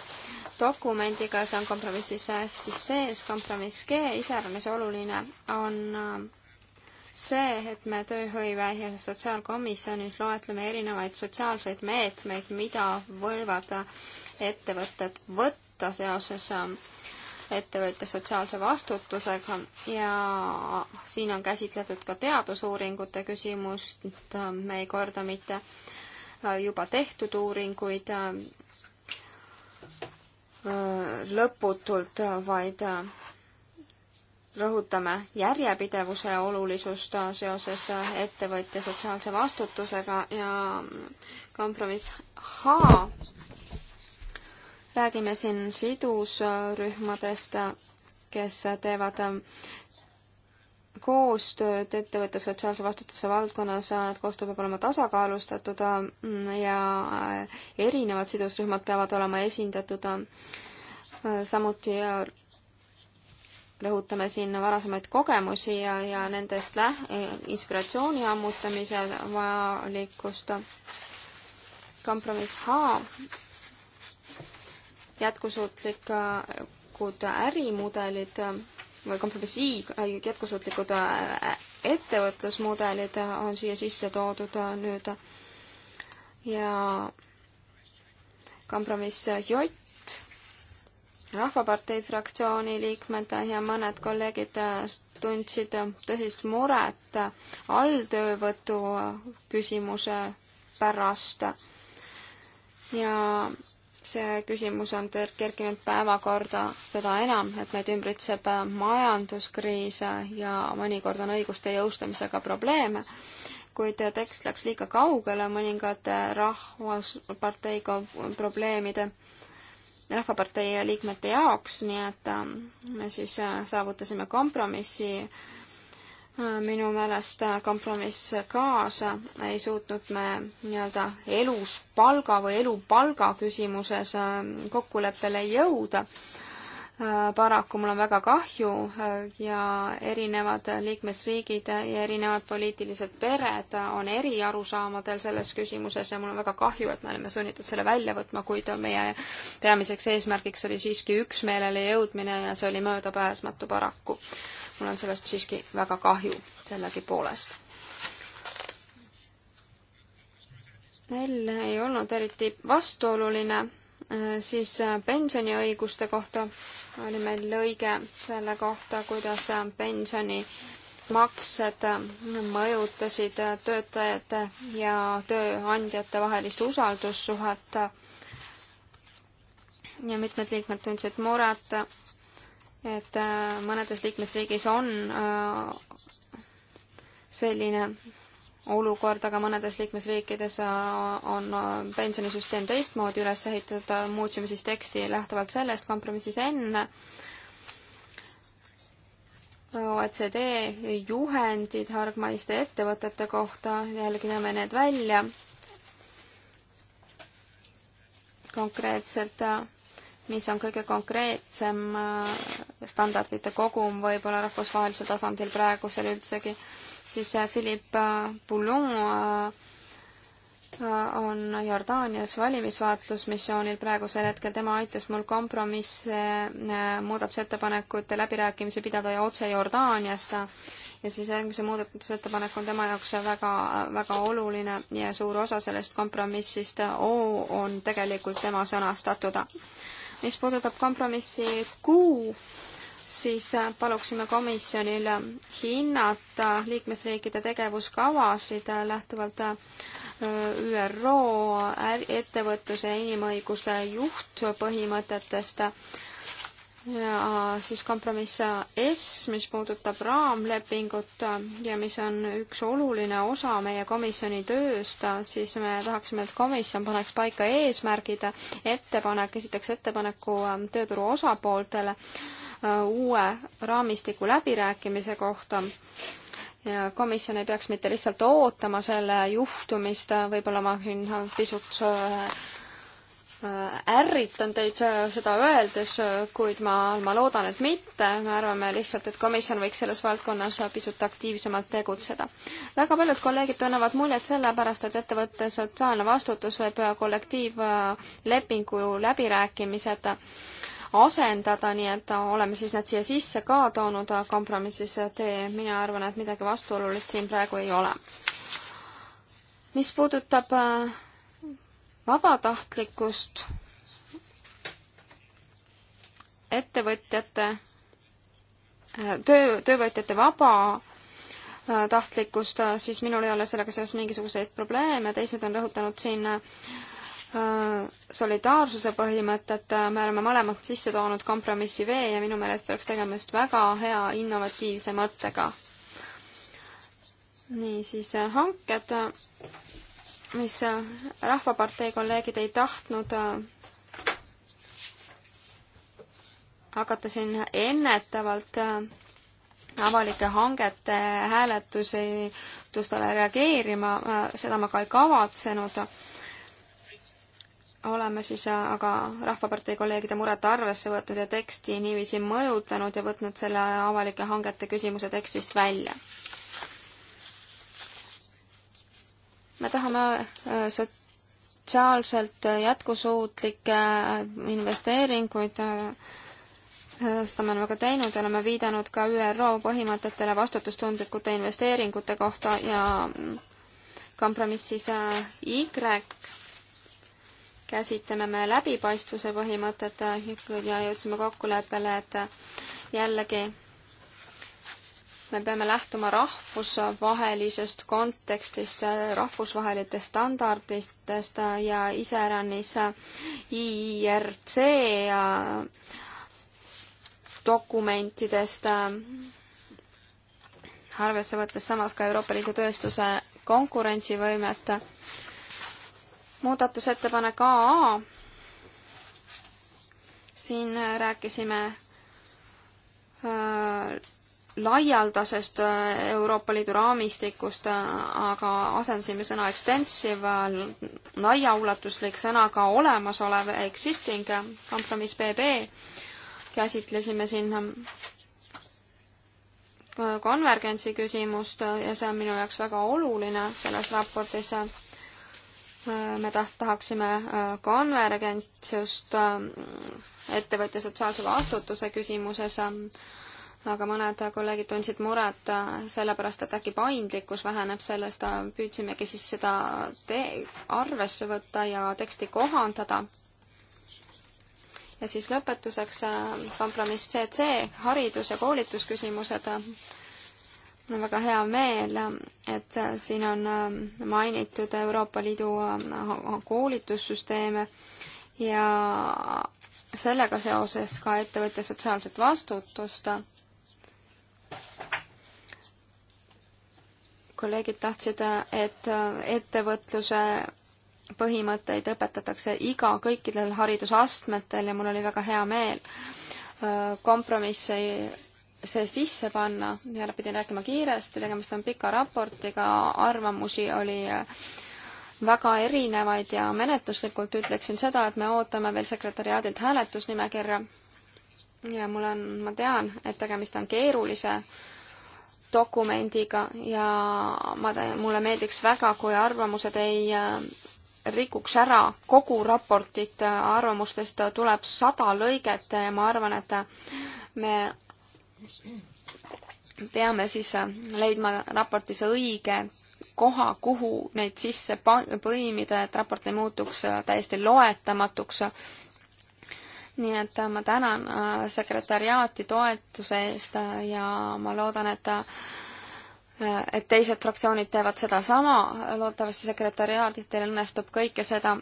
dokumendiga, see on kompromissis F siis sees, kompromiss G, iseäranis oluline on äh, see, et me tööhõive ja sotsiaalkomisjonis loetleme erinevaid sotsiaalseid meetmeid, mida võivad ettevõtted võtta seoses ettevõtja sotsiaalse vastutusega ja siin on käsitletud ka teadusuuringute küsimust, me ei korda mitte juba tehtud uuringuid lõputult, vaid rõhutame järjepidevuse olulisust seoses ettevõtja sotsiaalse vastutusega ja kompromiss H. räägime siin sidusrühmadest, kes teevad koostööd ettevõtte sotsiaalse vastutuse valdkonnas, et koostöö peab olema tasakaalustatud ja erinevad sidusrühmad peavad olema esindatud samuti rõhutame siin varasemaid kogemusi ja, ja nendest läh-, inspiratsiooni ammutamise vajalikkust. kompromiss H, jätkusuutlikud ärimudelid või kompromiss I, jätkusuutlikud ettevõtlusmudelid on siia sisse toodud nüüd ja kompromiss J Rahvapartei fraktsiooni liikmed ja mõned kolleegid tundsid tõsist muret alltöövõtu küsimuse pärast. ja see küsimus on kerkinud päevakorda seda enam, et meid ümbritseb majanduskriis ja mõnikord on õiguste jõustamisega probleeme, kuid tekst läks liiga kaugele mõningate rahvuspartei probleemide Rahvapartei liikmete jaoks, nii et ähm, me siis äh, saavutasime kompromissi. Äh, minu meelest äh, kompromiss kaasa ei suutnud me nii-öelda elus palga või elupalga küsimuses ähm, kokkuleppele jõuda Äh, paraku mul on väga kahju äh, ja erinevad liikmesriigid ja erinevad poliitilised pered on eri arusaamadel selles küsimuses ja mul on väga kahju, et me oleme sunnitud selle välja võtma, kuid meie peamiseks eesmärgiks oli siiski üksmeelele jõudmine ja see oli möödapääsmatu paraku. mul on sellest siiski väga kahju sellegipoolest Nell ei olnud eriti vastuoluline, äh, siis pensioniõiguste kohta oli meil lõige selle kohta, kuidas pensionimaksed mõjutasid töötajate ja tööandjate vahelist usaldussuhet. ja mitmed liikmed tundsid muret, et mõnedes liikmesriigis on äh, selline olukord, aga mõnedes liikmesriikides äh, on äh, pensionisüsteem teistmoodi üles ehitatud, äh, muutsime siis teksti lähtuvalt sellest kompromissis enne. OECD juhendid hargmaiste ettevõtete kohta, jällegi näeme need välja. konkreetselt, mis on kõige konkreetsem standardite kogum võib-olla rahvusvahelisel tasandil praegusel üldsegi siis äh, Philippe äh, Boulon äh, on Jordaanias valimisvaatlusmissioonil praegusel hetkel, tema aitas mul kompromisse, muudatusettepanekute läbirääkimisi pidada ja otse Jordaaniast ja siis järgmise muudatusettepanek on tema jaoks väga, väga oluline ja suur osa sellest kompromissist O on tegelikult tema sõnastatud. mis puudutab kompromissi Q, siis äh, paluksime komisjonil äh, hinnata liikmesriikide tegevuskavasid äh, lähtuvalt ÜRO ettevõtluse ja inimõiguste juhtpõhimõtetest ja siis kompromiss S, mis puudutab raamlepingut ja mis on üks oluline osa meie komisjoni tööst, siis me tahaksime, et komisjon paneks paika eesmärgid, ettepanek, esiteks ettepaneku tööturu osapooltele Äh, uue raamistiku läbirääkimise kohta ja komisjon ei peaks mitte lihtsalt ootama selle juhtumist, võib-olla ma siin pisut äh, ärritan teid äh, seda öeldes, kuid ma, ma loodan, et mitte. me arvame lihtsalt, et komisjon võiks selles valdkonnas pisut aktiivsemalt tegutseda. väga paljud kolleegid tunnevad muljet sellepärast, et ettevõtte sotsiaalne vastutus võib kollektiivlepingu läbirääkimised asendada, nii et oleme siis need siia sisse ka toonud kompromissis tee. mina arvan, et midagi vastuolulist siin praegu ei ole. mis puudutab äh, vabatahtlikkust ettevõtjate, äh, töö, töövõtjate vaba äh, tahtlikkust, siis minul ei ole sellega seoses mingisuguseid probleeme, teised on rõhutanud siin Äh, solidaarsuse põhimõtet, äh, me oleme mõlemad sisse toonud kompromissi V ja minu meelest oleks tegemist väga hea innovatiivse mõttega. niisiis, äh, hanked, mis Rahvapartei kolleegid ei tahtnud hakata siin ennetavalt avalike hangete hääletusele reageerima, seda ma ka ei kavatsenud oleme siis äh, aga Rahvapartei kolleegide muret arvesse võtnud ja teksti niiviisi mõjutanud ja võtnud selle avalike hangete küsimuse tekstist välja. me tahame äh, sotsiaalselt jätkusuutlikke äh, investeeringuid seda me oleme ka teinud ja oleme viidanud ka ÜRO põhimõtetele vastutustundlikute investeeringute kohta ja mm, kompromissis Y käsitleme me läbipaistvuse põhimõtet ja jõudsime kokkuleppele, et jällegi me peame lähtuma rahvusvahelisest kontekstist, rahvusvahelistest standarditest ja iseäranis IIRC ja dokumentidest, arvesse võttes samas ka Euroopa Liidu tööstuse konkurentsivõimet muudatusettepanek AA. siin rääkisime äh, laialdasest äh, Euroopa Liidu raamistikust, äh, aga asendasime sõna extensive laiaulatuslik sõnaga olemasolev existing, kompromiss BB, käsitlesime siin konvergentsi küsimust ja see on minu jaoks väga oluline selles raportis me taht-, tahaksime äh, konvergentsust äh, ettevõtja sotsiaalse vastutuse küsimuses, ähm, aga mõned kolleegid tundsid muret äh, sellepärast, et äkki paindlikkus väheneb sellest, püüdsimegi siis seda te-, arvesse võtta ja teksti kohandada. ja siis lõpetuseks kompromiss CC, haridus- ja koolitusküsimused mul on väga hea meel, et siin on ähm, mainitud Euroopa Liidu ähm, koolitussüsteeme ja sellega seoses ka ettevõtja sotsiaalset vastutust. kolleegid tahtsid, et äh, ettevõtluse põhimõtteid õpetatakse iga, kõikidel haridusastmetel ja mul oli väga hea meel äh, kompromissi see sisse panna ja pidin rääkima kiiresti, tegemist on pika raportiga, arvamusi oli äh, väga erinevaid ja menetluslikult ütleksin seda, et me ootame veel sekretäriaadilt hääletusnimekirja. ja mul on, ma tean, et tegemist on keerulise dokumendiga ja ma, mulle meeldiks väga, kui arvamused ei äh, rikuks ära kogu raportit, arvamustest tuleb sada lõiget ja ma arvan, et me peame siis äh, leidma raportis õige koha, kuhu neid sisse põimida, et raport ei muutuks äh, täiesti loetamatuks. nii et äh, ma tänan sekretäriaati toetuse eest ja ma loodan, et et teised fraktsioonid teevad sedasama, loodetavasti sekretäriaadil õnnestub kõike seda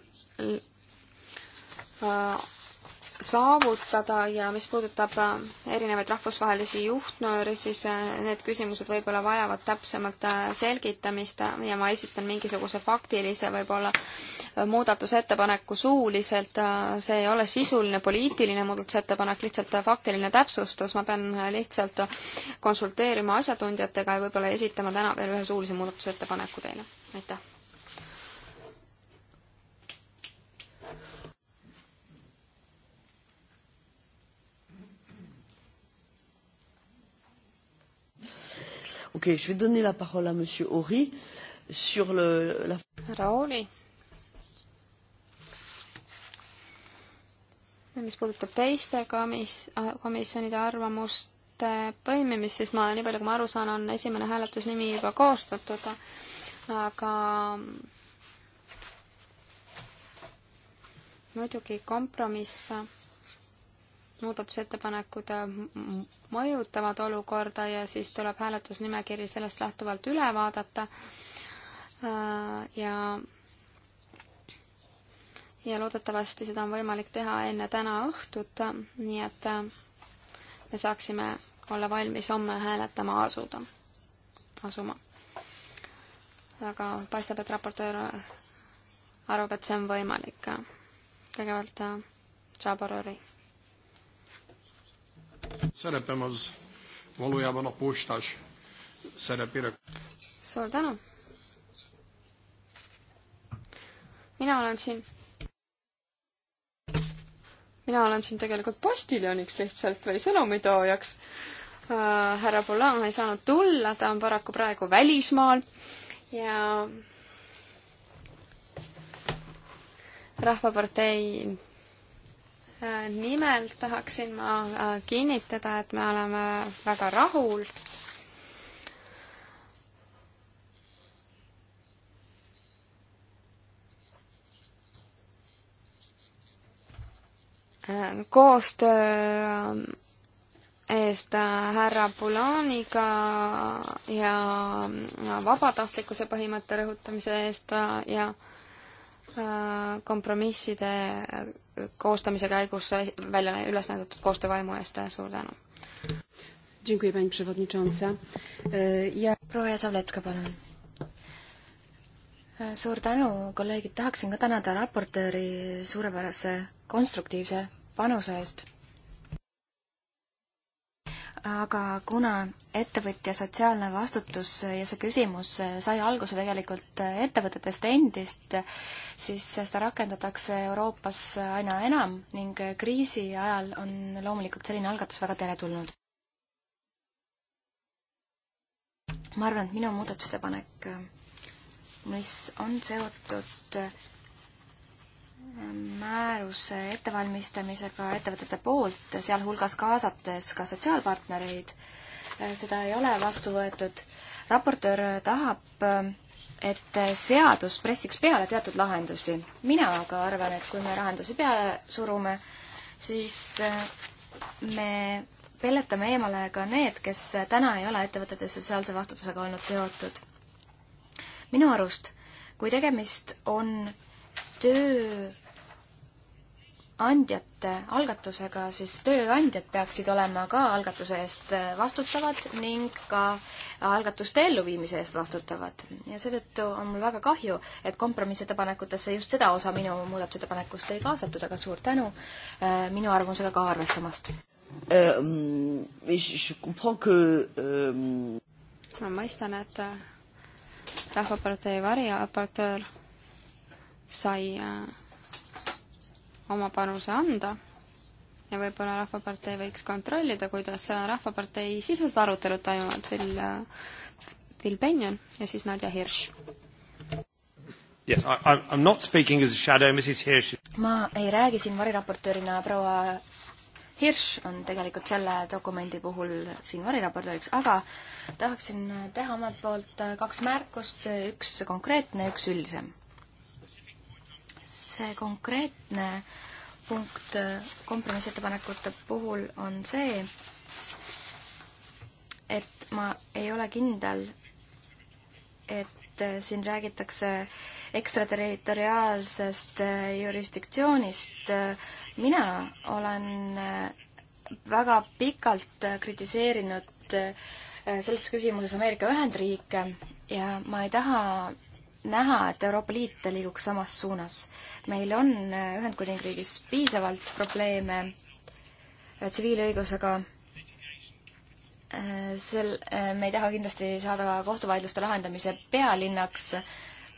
saavutada ja mis puudutab äh, erinevaid rahvusvahelisi juhtnööre, siis äh, need küsimused võib-olla vajavad täpsemat äh, selgitamist ja ma esitan mingisuguse faktilise võib-olla muudatusettepaneku suuliselt. see ei ole sisuline poliitiline muudatusettepanek, lihtsalt faktiline täpsustus. ma pean lihtsalt konsulteerima asjatundjatega ja võib-olla esitama täna veel ühe suulise muudatusettepaneku teile. aitäh! Ok, je vais donner la parole à Monsieur Horry sur le, la... Raoli. mis puudutab teiste komis-, äh, komisjonide arvamuste põimimist, siis ma, nii palju kui ma aru saan, on esimene hääletusnimi juba koostatud, aga muidugi kompromiss muudatusettepanekud äh, mõjutavad olukorda ja siis tuleb hääletusnimekiri sellest lähtuvalt üle vaadata äh, ja ja loodetavasti seda on võimalik teha enne täna õhtut, nii et äh, me saaksime olla valmis homme hääletama asuda, asuma. aga paistab, et raportöör arvab, et see on võimalik. kõigepealt Jabarööri Szerepem az valójában a postás szerepére. Suur tänu! mina olen siin, mina olen siin tegelikult postiljoniks lihtsalt või sõnumitoojaks äh,. härra Polan ei saanud tulla, ta on paraku praegu välismaal ja rahvapartei nimel tahaksin ma äh, kinnitada, et me oleme väga rahul äh, koostöö äh, eest härra Bulaaniga ja vabatahtlikkuse põhimõtte rõhutamise eest ja kompromisside koostamise käigus välja üles näidatud koostöövaimu eest, suur tänu! Dziękuję Pani Przewodnicząca. E, ja... proua Savletska, palun. E, suur tänu, kolleegid, tahaksin ka tänada raportööri suurepärase konstruktiivse panuse eest aga kuna ettevõtja sotsiaalne vastutus ja see küsimus sai alguse tegelikult ettevõtetest endist, siis seda rakendatakse Euroopas aina enam ning kriisi ajal on loomulikult selline algatus väga teretulnud. ma arvan, et minu muudatusettepanek, mis on seotud määruse ettevalmistamisega ettevõtete poolt, sealhulgas kaasates ka sotsiaalpartnereid. Äh, seda ei ole vastu võetud. raportöör tahab, äh, et seadus pressiks peale teatud lahendusi. mina aga arvan, et kui me lahendusi peale surume, siis äh, me pelletame eemale ka need, kes täna ei ole ettevõtete sotsiaalse vastutusega olnud seotud. minu arust, kui tegemist on töö andjate algatusega, siis tööandjad peaksid olema ka algatuse eest äh, vastutavad ning ka algatuste elluviimise eest vastutavad. ja seetõttu on mul väga kahju, et kompromissettepanekutesse just seda osa minu muudatusettepanekust ei kaasatud, aga suur tänu äh, minu arvamusega ka arvestamast. Ähm, ähm, ma mõistan, et äh, Rahvapartei variaportöör sai oma panuse anda ja võib-olla Rahvapartei võiks kontrollida, kuidas Rahvapartei sisesed arutelud toimuvad, Phil, äh, Phil Benjon ja siis Nadja Hirš. Yes, I, I'm not speaking as a shadow, Mrs Hirš. ma ei räägi siin variraportöörina, proua Hirš on tegelikult selle dokumendi puhul siin variraportööriks, aga tahaksin teha omalt poolt kaks märkust, üks konkreetne, üks üldisem see konkreetne punkt kompromissettepanekute puhul on see, et ma ei ole kindel, et siin räägitakse ekstraterritoriaalsest jurisdiktsioonist. mina olen väga pikalt kritiseerinud selles küsimuses Ameerika Ühendriike ja ma ei taha näha, et Euroopa Liit liiguks samas suunas. meil on Ühendkuningriigis piisavalt probleeme äh, tsiviilõigusega, äh, sel, äh, me ei taha kindlasti saada kohtuvaidluste lahendamise pealinnaks,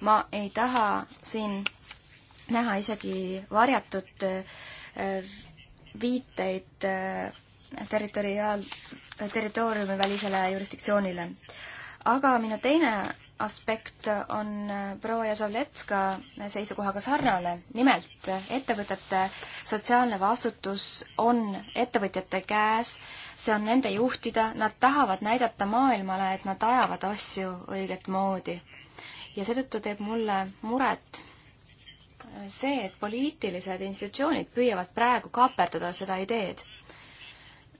ma ei taha siin näha isegi varjatud viiteid territoriaal, territooriumivälisele jurisdiktsioonile. aga minu teine aspekt on äh, proua Jazovletska seisukohaga sarnane. nimelt, ettevõtete sotsiaalne vastutus on ettevõtjate käes, see on nende juhtida, nad tahavad näidata maailmale, et nad ajavad asju õiget moodi. ja seetõttu teeb mulle muret see, et poliitilised institutsioonid püüavad praegu kaaperdada seda ideed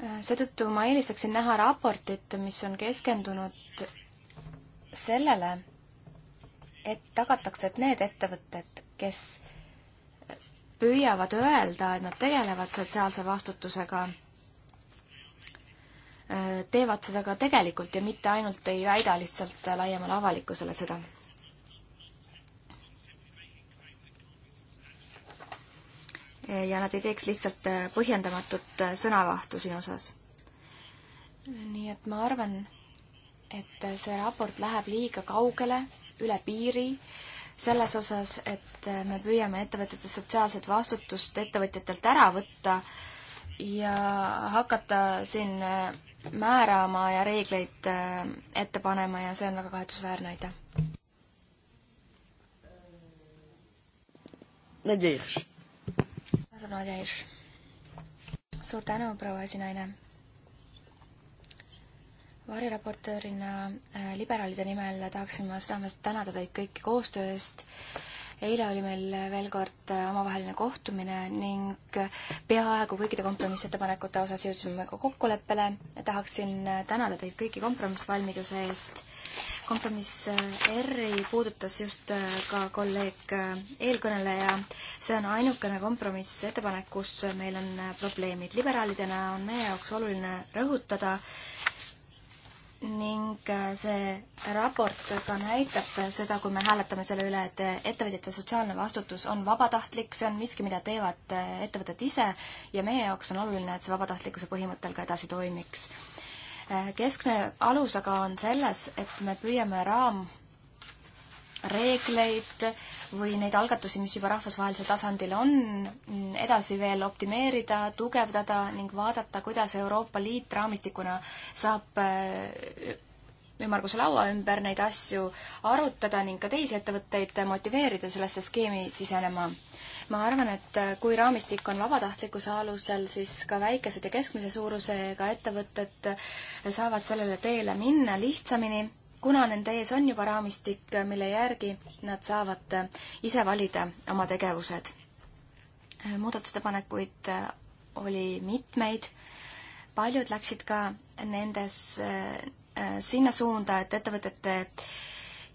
äh, seetõttu ma eelistaksin näha raportit, mis on keskendunud sellele, et tagatakse, et need ettevõtted, kes püüavad öelda, et nad tegelevad sotsiaalse vastutusega, teevad seda ka tegelikult ja mitte ainult ei väida lihtsalt laiemale avalikkusele seda. ja nad ei teeks lihtsalt põhjendamatut sõnavahtu sinu osas. nii et ma arvan, et see raport läheb liiga kaugele, üle piiri, selles osas, et me püüame ettevõtete sotsiaalset vastutust ettevõtjatelt ära võtta ja hakata siin määrama ja reegleid äh, ette panema ja see on väga kahetsusväärne, aitäh. Nadja Hirš. Nadja Hirš. suur tänu, proua esinaine variraportöörina äh, liberaalide nimel tahaksin ma südamest tänada teid kõiki koostöö eest. eile oli meil veel kord äh, omavaheline kohtumine ning äh, peaaegu kõikide kompromissettepanekute osas jõudsime ka kokkuleppele. tahaksin tänada teid kõiki kompromissvalmiduse eest. kompromiss R-i puudutas just ka kolleeg eelkõneleja. see on ainukene kompromissettepanek, kus meil on probleemid. liberaalidena on meie jaoks oluline rõhutada, ning äh, see raport ka näitab seda, kui me hääletame selle üle, et ettevõtjate sotsiaalne vastutus on vabatahtlik, see on miski, mida teevad äh, ettevõtted ise ja meie jaoks on oluline, et see vabatahtlikkuse põhimõttel ka edasi toimiks. Äh, keskne alus aga on selles, et me püüame raam reegleid või neid algatusi, mis juba rahvusvahelisel tasandil on, edasi veel optimeerida, tugevdada ning vaadata, kuidas Euroopa Liit raamistikuna saab äh, ümmarguse laua ümber neid asju arutada ning ka teisi ettevõtteid motiveerida sellesse skeemi sisenema. ma arvan, et kui raamistik on vabatahtlikkuse alusel, siis ka väikesed ja keskmise suurusega ettevõtted saavad sellele teele minna lihtsamini kuna nende ees on juba raamistik, mille järgi nad saavad ise valida oma tegevused. muudatusettepanekuid oli mitmeid, paljud läksid ka nendes äh, sinna suunda, et ettevõtete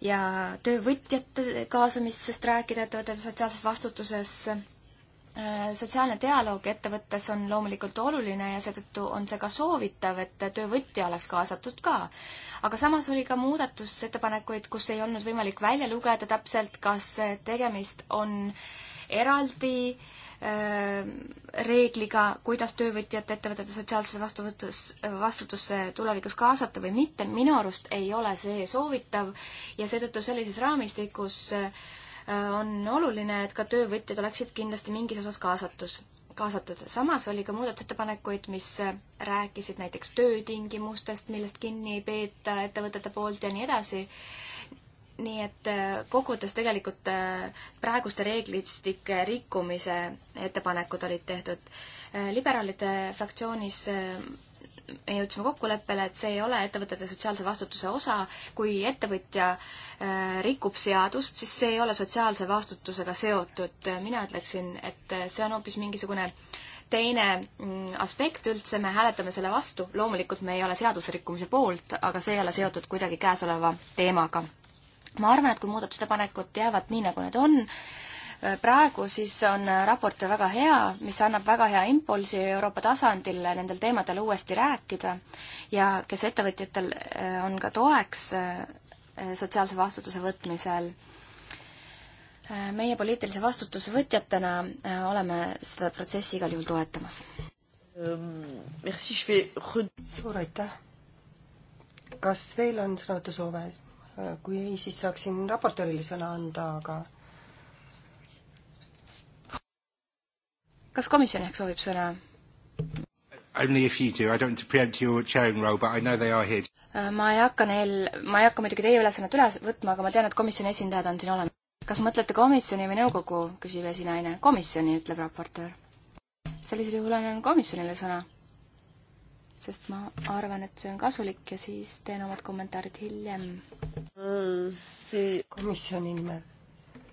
ja töövõtjate kaasamisest rääkida, ettevõtete sotsiaalses vastutuses Äh, sotsiaalne dialoog ettevõttes on loomulikult oluline ja seetõttu on see ka soovitav, et töövõtja oleks kaasatud ka. aga samas oli ka muudatusettepanekuid, kus ei olnud võimalik välja lugeda täpselt, kas tegemist on eraldi äh, reegliga, kuidas töövõtjat ettevõtete sotsiaalsesse vastutus, vastutusse tulevikus kaasata või mitte, minu arust ei ole see soovitav ja seetõttu sellises raamistikus äh, Äh, on oluline, et ka töövõtjad oleksid kindlasti mingis osas kaasatus, kaasatud. samas oli ka muudatusettepanekuid, mis äh, rääkisid näiteks töötingimustest, millest kinni ei peeta ettevõtete poolt ja nii edasi nii et äh, kogudes tegelikult praeguste reeglistike rikkumise ettepanekud olid tehtud. liberaalide fraktsioonis me jõudsime kokkuleppele, et see ei ole ettevõtete sotsiaalse vastutuse osa, kui ettevõtja äh, rikub seadust, siis see ei ole sotsiaalse vastutusega seotud. mina ütleksin, et äh, see on hoopis mingisugune teine mm, aspekt üldse, me hääletame selle vastu, loomulikult me ei ole seaduserikkumise poolt, aga see ei ole seotud kuidagi käesoleva teemaga. ma arvan, et kui muudatusettepanekud jäävad nii, nagu need on, Äh, praegu, siis on äh, raport väga hea, mis annab väga hea impulsi Euroopa tasandil nendel teemadel uuesti rääkida ja kes ettevõtjatel äh, on ka toeks sotsiaalse vastutuse võtmisel meie poliitilise vastutuse võtjatena oleme seda protsessi igal juhul toetamas. Ähm, suur aitäh! kas veel on sõnavõtusoove? kui ei, siis saaksin raportöörile sõna anda, aga kas komisjon ehk soovib sõna? Only if you do, I don't want to preempt your chairing role, but I know they are here. Äh, ma ei hakka neil, ma ei hakka muidugi teie ülesannet üle võtma, aga ma tean, et komisjoni esindajad on siin olemas. kas mõtlete komisjoni või nõukogu, küsib esinaine. komisjoni, ütleb raportöör. sellisel juhul annan komisjonile sõna. sest ma arvan, et see on kasulik ja siis teen omad kommentaarid hiljem. Äh, see komisjoni nimel,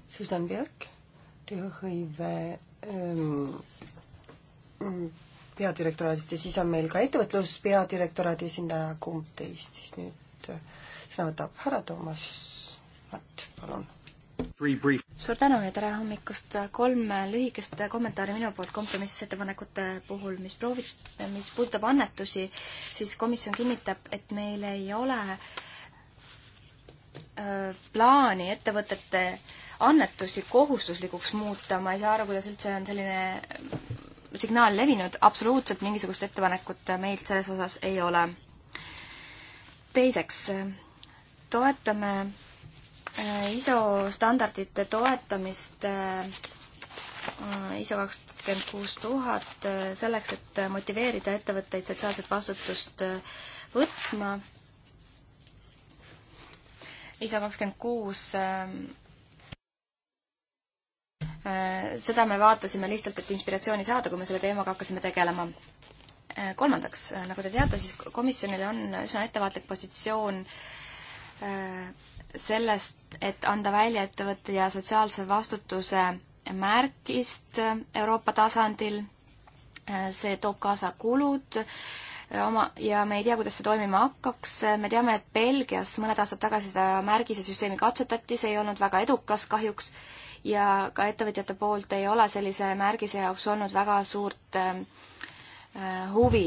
Susan Björk tööhõive ähm, mm, peadirektoraadist ja siis on meil ka ettevõtlus peadirektoraadi esindaja, kumb teist siis nüüd äh, sõna võtab? härra Toomas Mart, palun. suur tänu ja tere hommikust. kolm lühikest kommentaari minu poolt kompromissettepanekute puhul, mis proovid, mis puudutab annetusi, siis komisjon kinnitab, et meil ei ole äh, plaani ettevõtete äh, annetusi kohustuslikuks muuta, ma ei saa aru, kuidas üldse on selline signaal levinud, absoluutselt mingisugust ettepanekut meilt selles osas ei ole. teiseks, toetame äh, ISO standardite toetamist äh, ISO kakskümmend kuus tuhat äh, selleks, et motiveerida ettevõtteid sotsiaalset vastutust võtma. ISO kakskümmend kuus Äh, seda me vaatasime lihtsalt, et inspiratsiooni saada, kui me selle teemaga hakkasime tegelema. Äh, kolmandaks, äh, nagu te teate, siis komisjonil on üsna ettevaatlik positsioon sellest, et anda välja ettevõtte ja sotsiaalse vastutuse märgist Euroopa tasandil, see toob kaasa kulud, oma ja me ei tea, kuidas see toimima hakkaks, me teame, et Belgias mõned aastad tagasi seda märgise süsteemi katsetati, see ei olnud väga edukas kahjuks ja ka ettevõtjate poolt ei ole sellise märgise jaoks olnud väga suurt ähm, äh, huvi,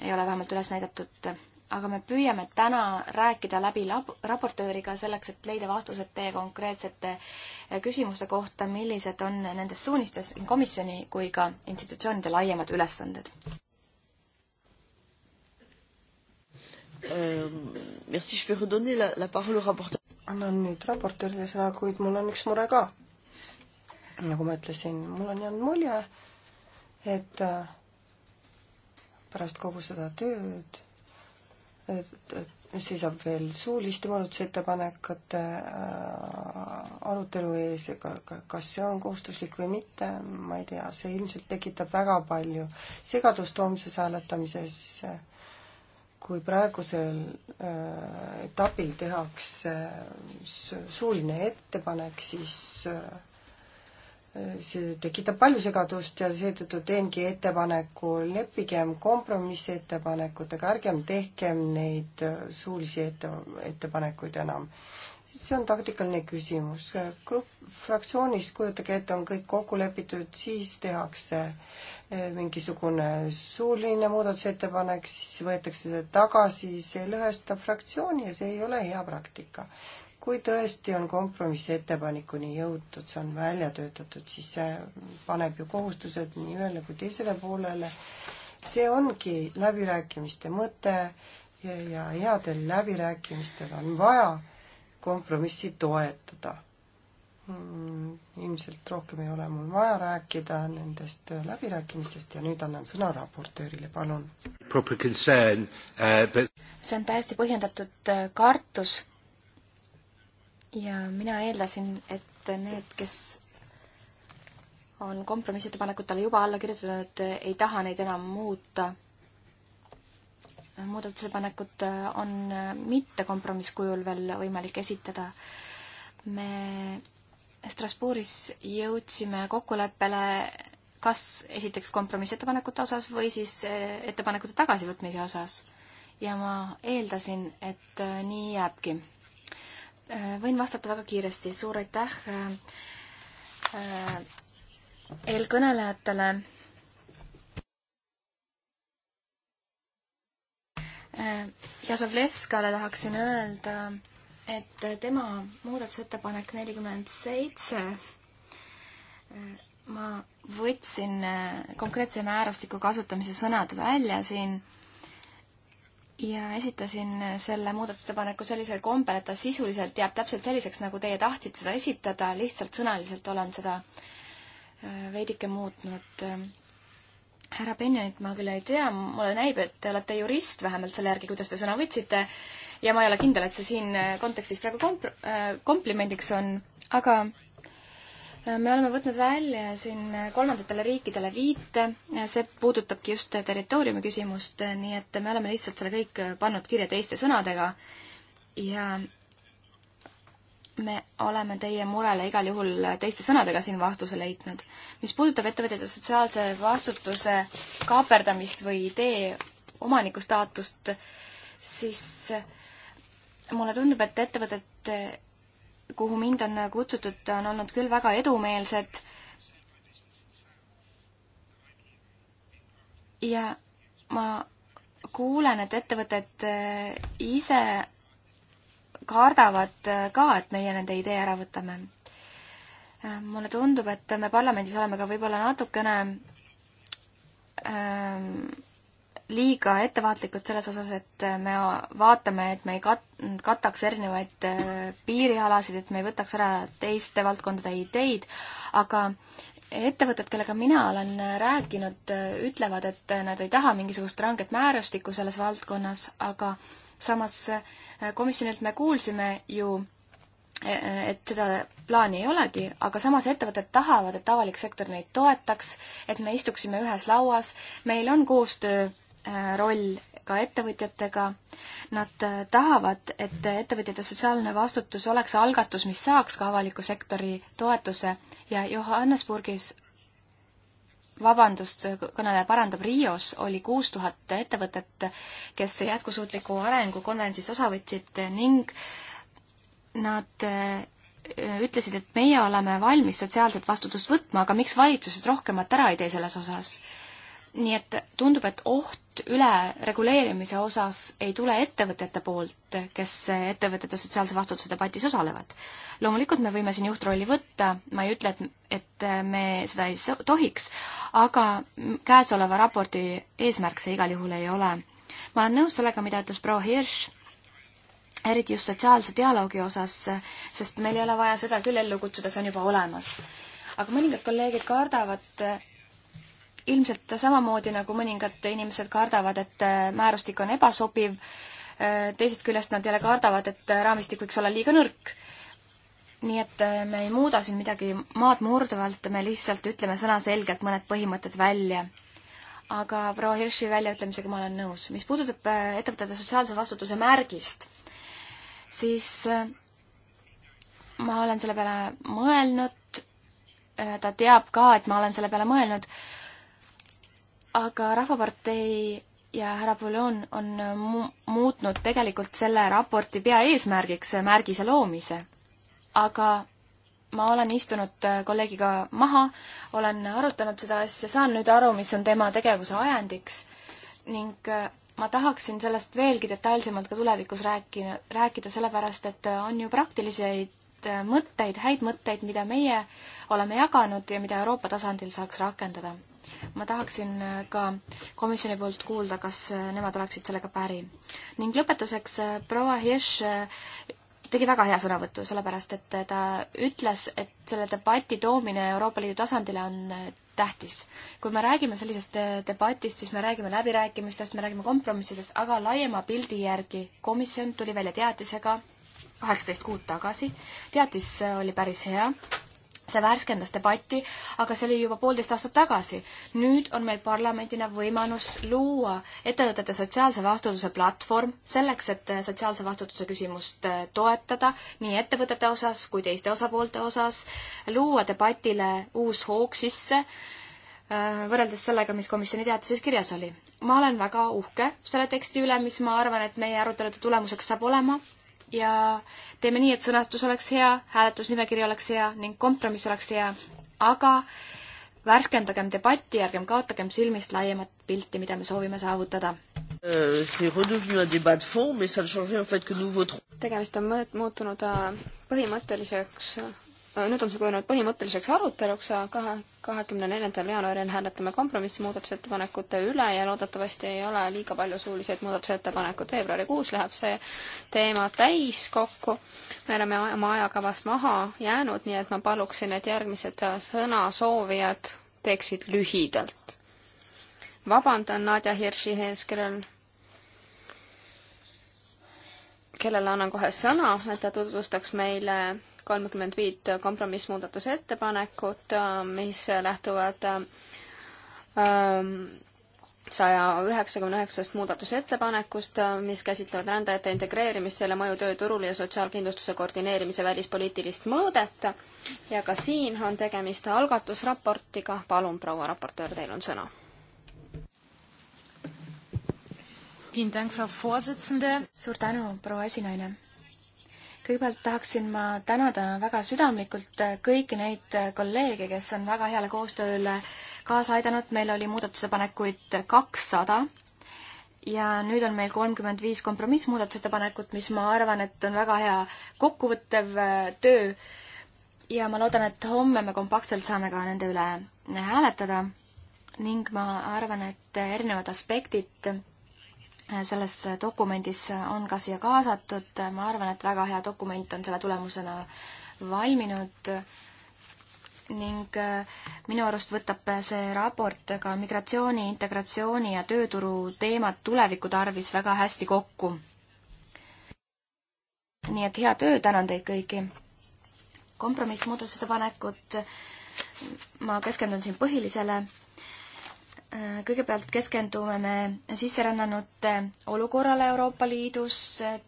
ei ole vähemalt üles näidatud. aga me püüame täna rääkida läbi lab-, raportööriga selleks, et leida vastused teie konkreetsete äh, küsimuste kohta, millised on nendes suunistes nii komisjoni kui ka institutsioonide laiemad ülesanded. Ähm, merci, je vais redonner la, la parole au rapporteur. annan nüüd raportöörile sõna, kuid mul on üks mure ka nagu ma ütlesin, mul on jäänud mulje, et äh, pärast kogu seda tööd seisab veel suuliste muudatusettepanekute äh, arutelu ees, ega kas see on kohustuslik või mitte, ma ei tea, see ilmselt tekitab väga palju segadust homses hääletamises, kui praegusel äh, etapil tehakse suuline ettepanek, siis see tekitab palju segadust ja seetõttu teengi ettepaneku, leppigem kompromissettepanekutega, ärgem tehkem neid suulisi ette, ettepanekuid enam. see on taktikaline küsimus. grupp, fraktsioonis, kujutage ette, on kõik kokku lepitud, siis tehakse eh, mingisugune suuline muudatusettepanek, siis võetakse see tagasi, see lõhestab fraktsiooni ja see ei ole hea praktika kui tõesti on kompromissettepanekuni jõutud, see on välja töötatud, siis see paneb ju kohustused nii ühele kui teisele poolele. see ongi läbirääkimiste mõte ja, ja headel läbirääkimistel on vaja kompromissi toetada. Mm, ilmselt rohkem ei ole mul vaja rääkida nendest läbirääkimistest ja nüüd annan sõna raportöörile, palun. Uh, see on täiesti põhjendatud äh, kartus ja mina eeldasin, et need, kes on kompromissettepanekutele juba alla kirjutanud, ei taha neid enam muuta. muudatusettepanekud on mitte kompromisskujul veel võimalik esitada. me Strasbourgis jõudsime kokkuleppele kas esiteks kompromissettepanekute osas või siis eh, ettepanekute tagasivõtmise osas. ja ma eeldasin, et eh, nii jääbki Äh, võin vastata väga kiiresti, suur aitäh äh, äh, eelkõnelejatele. Jasovlevskale tahaksin öelda, et tema muudatusettepanek nelikümmend seitse, ma võtsin konkreetse määrustiku kasutamise sõnad välja siin ja esitasin selle muudatusettepaneku sellisel kombel, et ta sisuliselt jääb täpselt selliseks, nagu teie tahtsite seda esitada, lihtsalt sõnaliselt olen seda äh, veidike muutnud. härra Benjanit ma küll ei tea, mulle näib, et te olete jurist, vähemalt selle järgi, kuidas te sõna võtsite, ja ma ei ole kindel, et see siin äh, kontekstis praegu komp-, äh, komplimendiks on, aga me oleme võtnud välja siin kolmandatele riikidele viite, see puudutabki just territooriumi küsimust, nii et me oleme lihtsalt selle kõik pannud kirja teiste sõnadega ja me oleme teie murele igal juhul teiste sõnadega siin vastuse leidnud. mis puudutab ettevõtjate sotsiaalse vastutuse kaaperdamist või idee omaniku staatust, siis mulle tundub, et ettevõtete kuhu mind on kutsutud, on olnud küll väga edumeelsed. ja ma kuulen, et ettevõtted äh, ise kardavad äh, ka, et meie nende idee ära võtame. Äh, mulle tundub, et me parlamendis oleme ka võib-olla natukene ähm, liiga ettevaatlikud selles osas, et me vaatame, et me ei kat-, kataks erinevaid äh, piirialasid, et me ei võtaks ära teiste valdkondade ideid, aga ettevõtted, kellega mina olen äh, rääkinud, äh, ütlevad, et nad ei taha mingisugust ranget määrustikku selles valdkonnas, aga samas komisjonilt me kuulsime ju et seda plaani ei olegi, aga samas ettevõtted tahavad, et avalik sektor neid toetaks, et me istuksime ühes lauas, meil on koostöö Äh, roll ka ettevõtjatega. Nad äh, tahavad, et ettevõtjate sotsiaalne vastutus oleks algatus, mis saaks ka avaliku sektori toetuse ja Johannesburgis vabandust, kõneleja parandab, Rios oli kuus tuhat ettevõtet, kes jätkusuutliku arengu konverentsist osa võtsid ning nad äh, ütlesid, et meie oleme valmis sotsiaalset vastutust võtma, aga miks valitsused rohkemat ära ei tee selles osas? nii et tundub, et oht ülereguleerimise osas ei tule ettevõtete poolt, kes ettevõtete sotsiaalse vastutuse debatis osalevad. loomulikult me võime siin juhtrolli võtta, ma ei ütle, et, et me seda ei tohiks, aga käesoleva raporti eesmärk see igal juhul ei ole. ma olen nõus sellega, mida ütles proua Hirš, eriti just sotsiaalse dialoogi osas, sest meil ei ole vaja seda küll ellu kutsuda, see on juba olemas. aga mõningad kolleegid kardavad ka ilmselt samamoodi nagu mõningad inimesed kardavad, et äh, määrustik on ebasobiv, äh, teisest küljest nad jälle kardavad, et äh, raamistik võiks olla liiga nõrk. nii et me ei muuda siin midagi maad murduvalt, me lihtsalt ütleme sõnaselgelt mõned põhimõtted välja. aga proua Hirši väljaütlemisega ma olen nõus. mis puudutab ettevõtete sotsiaalse vastutuse märgist, siis ma olen selle peale mõelnud, ta teab ka, et ma olen selle peale mõelnud aga Rahvapartei ja härra Poulon on mu-, muutnud tegelikult selle raporti peaeesmärgiks märgise loomise. aga ma olen istunud kolleegiga maha, olen arutanud seda asja, saan nüüd aru, mis on tema tegevuse ajendiks ning äh, ma tahaksin sellest veelgi detailsemalt ka tulevikus rääkida, rääkida sellepärast, et äh, on ju praktiliseid äh, mõtteid, häid mõtteid, mida meie oleme jaganud ja mida Euroopa tasandil saaks rakendada ma tahaksin äh, ka komisjoni poolt kuulda, kas äh, nemad oleksid sellega päri. ning lõpetuseks äh, proua Hirš tegi väga hea sõnavõtu, sellepärast et ta ütles, et selle debati toomine Euroopa Liidu tasandile on tähtis. kui me räägime sellisest debatist, siis me räägime läbirääkimistest, me räägime kompromissidest, aga laiema pildi järgi komisjon tuli välja teatisega kaheksateist kuud tagasi. teatis oli päris hea, see värskendas debatti, aga see oli juba poolteist aastat tagasi. nüüd on meil parlamendina võimalus luua ettevõtete sotsiaalse vastutuse platvorm selleks, et sotsiaalse vastutuse küsimust äh, toetada nii ettevõtete osas kui teiste osapoolte osas, luua debatile uus hoog sisse, äh, võrreldes sellega, mis komisjoni teatises kirjas oli. ma olen väga uhke selle teksti üle, mis ma arvan, et meie arutelude tulemuseks saab olema ja teeme nii, et sõnastus oleks hea, hääletusnimekiri oleks hea ning kompromiss oleks hea, aga värskendagem debatti, ärgem kaotagem silmist laiemat pilti, mida me soovime saavutada. Euh, tegemist on muutunud äh, põhimõtteliseks Äh, nüüd on see kujunenud põhimõtteliseks aruteluks, kahe, kahekümne neljandal jaanuaril hääletame kompromissmuudatusettepanekute üle ja loodetavasti ei ole liiga palju suuliseid muudatusettepanekuid. veebruarikuus läheb see teema täis kokku. me oleme oma ajakavast maha jäänud, nii et ma paluksin, et järgmised sõnasoovijad teeksid lühidalt. vabandan Nadja Hirši ees, kellel kellele annan kohe sõna, et ta tutvustaks meile kolmkümmend viit kompromissmuudatuse ettepanekut, mis lähtuvad ähm, saja üheksakümne üheksast muudatusettepanekust, mis käsitlevad rändajate integreerimist, selle mõju tööturule ja sotsiaalkindlustuse koordineerimise välispoliitilist mõõdet. ja ka siin on tegemist algatusraportiga. palun, proua raportöör, teil on sõna. suur tänu, proua esinaine kõigepealt tahaksin ma tänada väga südamlikult äh, kõiki neid äh, kolleege, kes on väga heale koostööle kaasa aidanud, meil oli muudatusettepanekuid kakssada ja nüüd on meil kolmkümmend viis kompromissmuudatusettepanekut, mis ma arvan, et on väga hea kokkuvõttev äh, töö ja ma loodan, et homme me kompaktselt saame ka nende üle hääletada ning ma arvan, et erinevad aspektid selles dokumendis on ka siia kaasatud, ma arvan, et väga hea dokument on selle tulemusena valminud ning äh, minu arust võtab see raport ka migratsiooni, integratsiooni ja tööturu teemad tuleviku tarvis väga hästi kokku. nii et hea töö, tänan teid kõiki! kompromissmuudatusettepanekud, ma keskendun siin põhilisele kõigepealt keskendume me sisserännanute olukorrale Euroopa Liidus,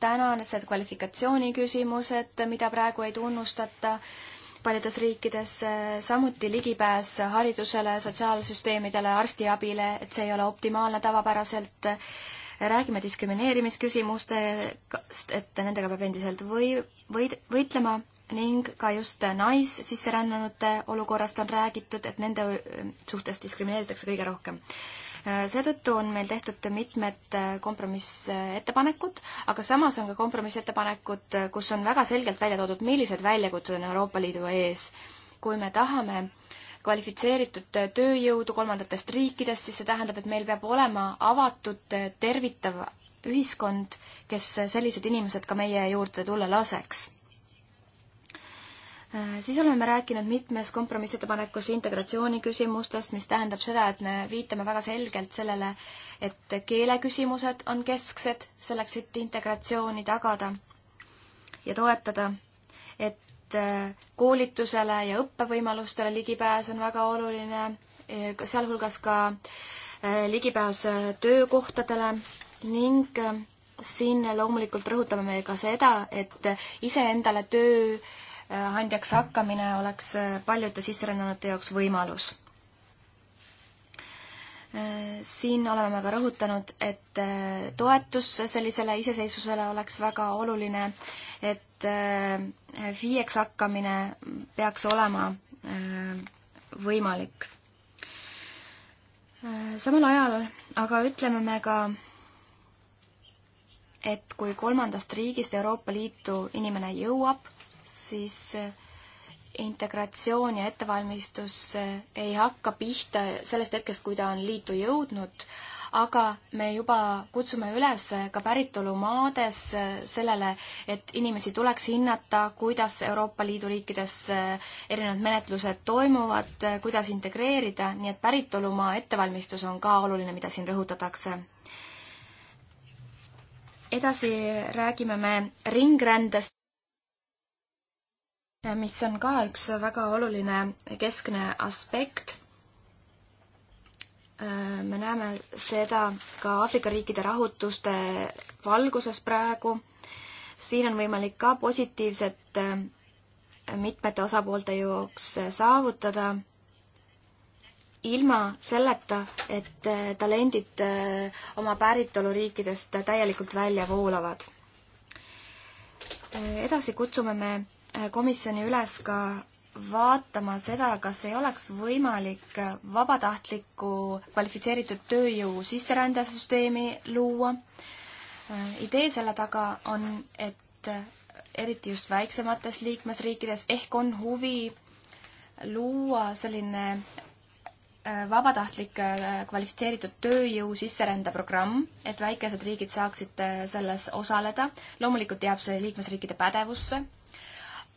tänased kvalifikatsiooniküsimused, mida praegu ei tunnustata paljudes riikides, samuti ligipääs haridusele, sotsiaalsüsteemidele, arstiabile, et see ei ole optimaalne tavapäraselt. räägime diskrimineerimisküsimustest, et nendega peab endiselt või, või, võitlema ning ka just naississerännanute olukorrast on räägitud, et nende suhtes diskrimineeritakse kõige rohkem. seetõttu on meil tehtud mitmed kompromissettepanekud, aga samas on ka kompromissettepanekud, kus on väga selgelt välja toodud, millised väljakutsed on Euroopa Liidu ees. kui me tahame kvalifitseeritud tööjõudu kolmandatest riikidest, siis see tähendab, et meil peab olema avatud tervitav ühiskond, kes sellised inimesed ka meie juurde tulla laseks Äh, siis oleme rääkinud mitmes kompromissettepanekus integratsiooni küsimustest, mis tähendab seda, et me viitame väga selgelt sellele, et keeleküsimused on kesksed selleks, et integratsiooni tagada ja toetada, et äh, koolitusele ja õppevõimalustele ligipääs on väga oluline, äh, sealhulgas ka ligipääs töökohtadele ning siin loomulikult rõhutame me ka seda, et iseendale töö andjaks hakkamine oleks äh, paljude sisserännanute jaoks võimalus. Äh, siin oleme me ka rõhutanud, et äh, toetus sellisele iseseisvusele oleks väga oluline, et FIE-ks hakkamine peaks olema võimalik. samal ajal aga ütleme me ka et kui kolmandast riigist Euroopa Liitu inimene jõuab, siis eh, integratsioon ja ettevalmistus eh, ei hakka pihta sellest hetkest, kui ta on liitu jõudnud, aga me juba kutsume üles eh, ka päritolumaades sellele, et inimesi tuleks hinnata, kuidas Euroopa Liidu riikides erinevad menetlused toimuvad, kuidas integreerida, nii et päritolumaa ettevalmistus on ka oluline, mida siin rõhutatakse. edasi räägime me ringrändest mis on ka üks väga oluline keskne aspekt. Äh, me näeme seda ka Aafrika riikide rahutuste valguses praegu. siin on võimalik ka positiivset äh, mitmete osapoolte jaoks äh, saavutada ilma selleta, et talendid oma päritoluriikidest täielikult välja voolavad. edasi kutsume me komisjoni üles ka vaatama seda, kas ei oleks võimalik vabatahtliku kvalifitseeritud tööjõu sisserändesüsteemi luua. idee selle taga on, et eriti just väiksemates liikmesriikides ehk on huvi luua selline äh, vabatahtlik äh, kvalifitseeritud tööjõu sisserändeprogramm, et väikesed riigid saaksid äh, selles osaleda. loomulikult jääb see liikmesriikide pädevusse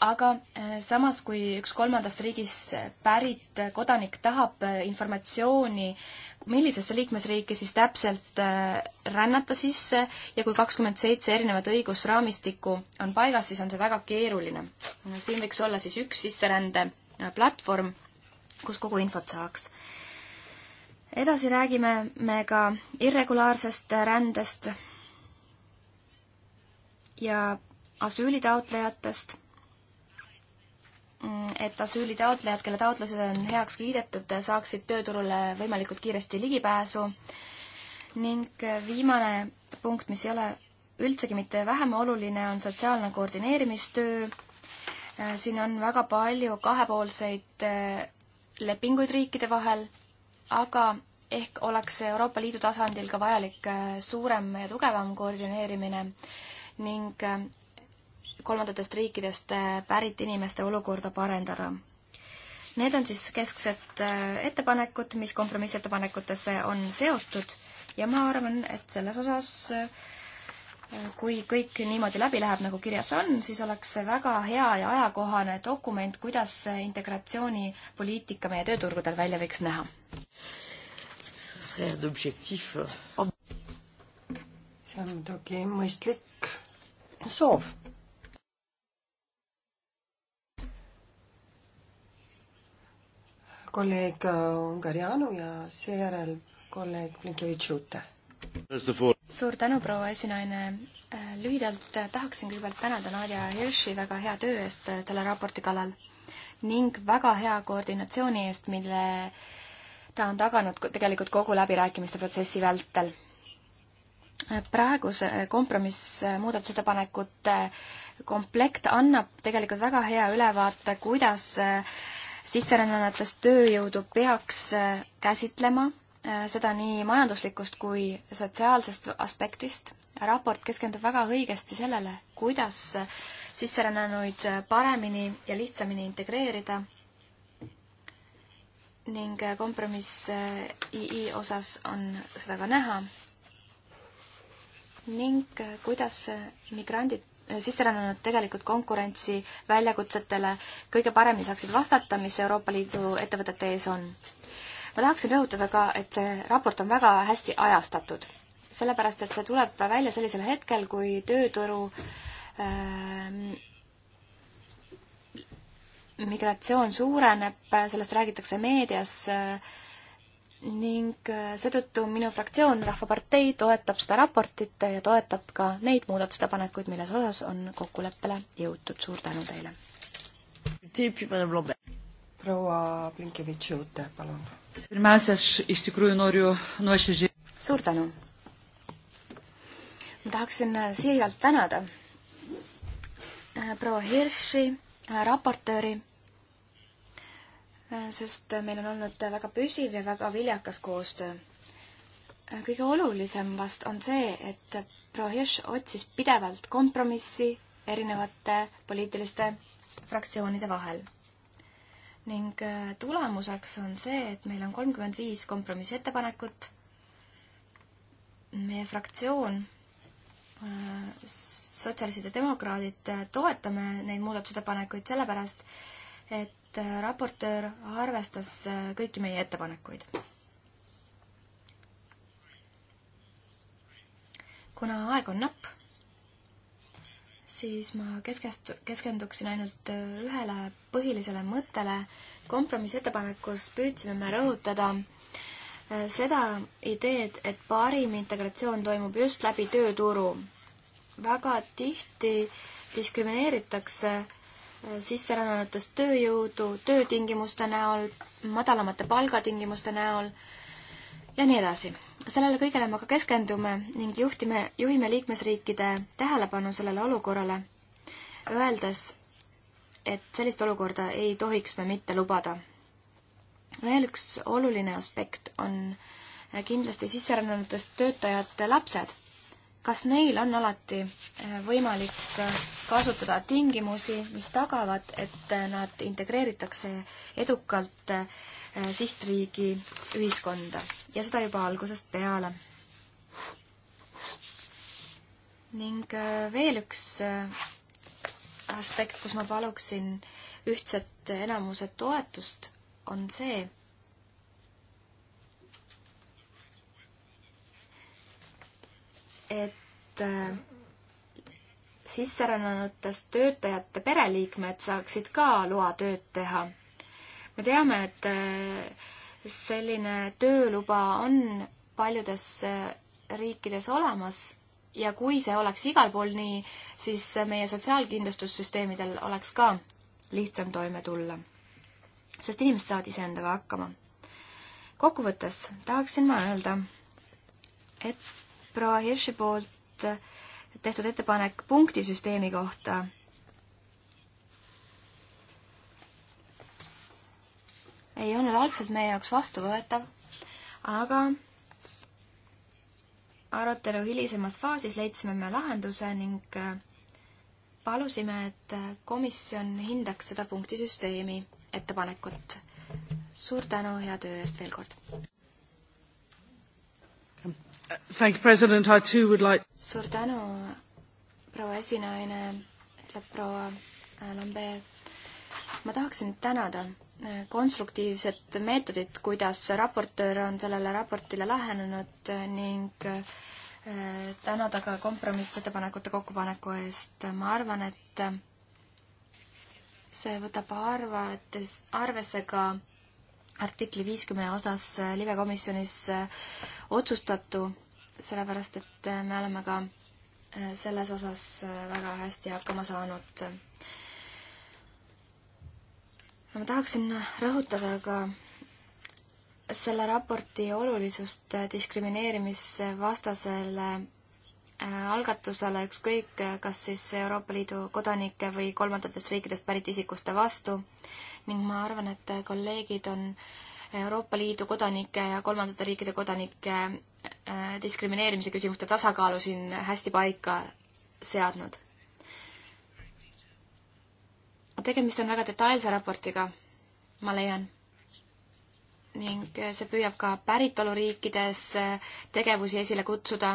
aga äh, samas, kui üks kolmandast riigist pärit kodanik tahab äh, informatsiooni, millisesse liikmesriiki siis täpselt äh, rännata sisse ja kui kakskümmend seitse erinevat õigusraamistikku on paigas, siis on see väga keeruline. siin võiks olla siis üks sisserände platvorm, kus kogu infot saaks. edasi räägime me ka irregulaarsest rändest ja asüülitaotlejatest Mm, et asüülitaotlejad, kelle taotlused on heaks kiidetud, saaksid tööturule võimalikult kiiresti ligipääsu ning äh, viimane punkt, mis ei ole üldsegi mitte vähem oluline, on sotsiaalne koordineerimistöö. Äh, siin on väga palju kahepoolseid äh, lepinguid riikide vahel, aga ehk oleks Euroopa Liidu tasandil ka vajalik suurem ja tugevam koordineerimine ning kolmandatest riikidest eh, pärit inimeste olukorda parendada. Need on siis kesksed eh, ettepanekud, mis kompromissettepanekutesse on seotud ja ma arvan, et selles osas eh, kui kõik niimoodi läbi läheb, nagu kirjas on, siis oleks see väga hea ja ajakohane dokument, kuidas integratsioonipoliitika meie tööturgudel välja võiks näha. see euh, on muidugi mõistlik soov kolleeg äh, Ungarianu ja seejärel kolleeg Blinkevitš-Jute. suur tänu, proua esinaine. Äh, lühidalt äh, tahaksin kõigepealt tänada Nadja Hirši väga hea töö eest selle raporti kallal ning väga hea koordinatsiooni eest, mille ta on taganud tegelikult kogu läbirääkimiste protsessi vältel. praeguse kompromissmuudatusettepanekute komplekt annab tegelikult väga hea ülevaate, kuidas sisserännanatest tööjõudu peaks äh, käsitlema, äh, seda nii majanduslikust kui sotsiaalsest aspektist. raport keskendub väga õigesti sellele, kuidas äh, sisserännanuid paremini ja lihtsamini integreerida ning kompromiss II osas on seda ka näha ning kuidas migrandid sisserännanud tegelikult konkurentsi väljakutsetele kõige paremini saaksid vastata, mis Euroopa Liidu ettevõtete ees on. ma tahaksin rõhutada ka, et see raport on väga hästi ajastatud, sellepärast et see tuleb välja sellisel hetkel, kui tööturu ähm, migratsioon suureneb, sellest räägitakse meedias äh,, ning äh, seetõttu minu fraktsioon, Rahvapartei, toetab seda raportit ja toetab ka neid muudatusettepanekuid, milles osas on kokkuleppele jõutud. suur tänu teile! proua Plinkevitš-Jõute, palun! suur tänu! ma tahaksin äh, siiralt tänada äh, proua Hirši, raportööri Äh, sest äh, meil on olnud äh, väga püsiv ja väga viljakas koostöö. kõige olulisem vast on see, et proua Hirš otsis pidevalt kompromissi erinevate poliitiliste fraktsioonide vahel. ning tulemuseks on see, et meil on kolmkümmend viis kompromissettepanekut. meie fraktsioon, sotsialistid ja demokraadid, toetame neid muudatusettepanekuid sellepärast, et äh, raportöör arvestas äh, kõiki meie ettepanekuid. kuna aeg on napp, siis ma keskest-, keskenduksin ainult äh, ühele põhilisele mõttele. kompromissettepanekus püüdsime me rõhutada seda ideed, et parim integratsioon toimub just läbi tööturu. väga tihti diskrimineeritakse äh, sisserännanutest tööjõudu töötingimuste näol, madalamate palgatingimuste näol ja nii edasi. sellele kõigele me ka keskendume ning juhtime, juhime liikmesriikide tähelepanu sellele olukorrale, öeldes, et sellist olukorda ei tohiks me mitte lubada. veel üks oluline aspekt on kindlasti sisserännanutest töötajate lapsed kas neil on alati äh, võimalik äh, kasutada tingimusi, mis tagavad, et äh, nad integreeritakse edukalt sihtriigi ühiskonda ja seda juba algusest peale. ning veel üks aspekt, kus ma paluksin ühtset enamuse toetust, on see, et äh, sisserännanutest töötajate pereliikmed saaksid ka loatööd teha. me teame, et äh, selline tööluba on paljudes äh, riikides olemas ja kui see oleks igal pool nii, siis meie sotsiaalkindlustussüsteemidel oleks ka lihtsam toime tulla. sest inimesed saavad iseendaga hakkama. kokkuvõttes tahaksin ma öelda, et proua Hirši poolt tehtud ettepanek punktisüsteemi kohta. ei olnud algselt meie jaoks vastuvõetav, aga arutelu hilisemas faasis leidsime me lahenduse ning palusime, et komisjon hindaks seda punktisüsteemi ettepanekut. suur tänu hea töö eest veel kord! Thank you, president, I too would like. suur tänu, proua esinaine, ütleb proua äh, Lambert. ma tahaksin tänada äh, konstruktiivset meetodit, kuidas raportöör on sellele raportile lähenenud äh, ning tänada ka kompromissettepanekute kokkupaneku eest. ma arvan, et see võtab arvates, arvesse ka artikli viiskümne osas libekomisjonis otsustatu sellepärast et me oleme ka äh, selles osas äh, väga hästi hakkama saanud. ma tahaksin rõhutada ka selle raporti olulisust diskrimineerimisvastasele äh, algatusele, ükskõik kas siis Euroopa Liidu kodanike või kolmandatest riikidest pärit isikuste vastu ning ma arvan, et kolleegid on Euroopa Liidu kodanike ja kolmandate riikide kodanike Äh, diskrimineerimise küsimuste tasakaalu siin hästi paika seadnud. tegemist on väga detailse raportiga, ma leian. ning see püüab ka päritoluriikides äh, tegevusi esile kutsuda,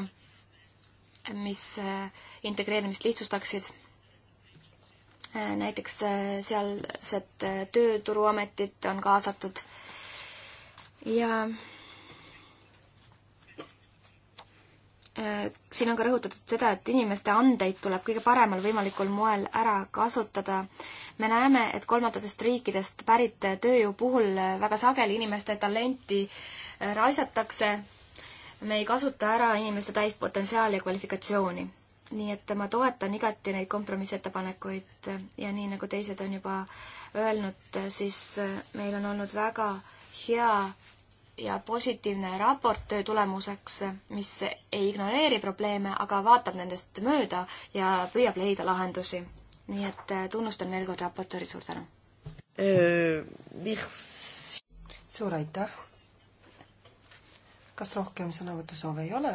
mis äh, integreerimist lihtsustaksid. näiteks sealsed tööturuametid on kaasatud ja Äh, siin on ka rõhutatud seda, et inimeste andeid tuleb kõige paremal võimalikul moel ära kasutada. me näeme, et kolmandatest riikidest pärit tööjõu puhul väga sageli inimeste talenti äh, raisatakse. me ei kasuta ära inimeste täist potentsiaali ja kvalifikatsiooni. nii et ma toetan igati neid kompromissettepanekuid ja nii nagu teised on juba öelnud, äh, siis meil on olnud väga hea ja positiivne raport töö tulemuseks, mis ei ignoreeri probleeme, aga vaatab nendest mööda ja püüab leida lahendusi. nii et äh, tunnustan veel kord raportööri, suur tänu äh,! suur aitäh! kas rohkem sõnavõtusoove ei ole?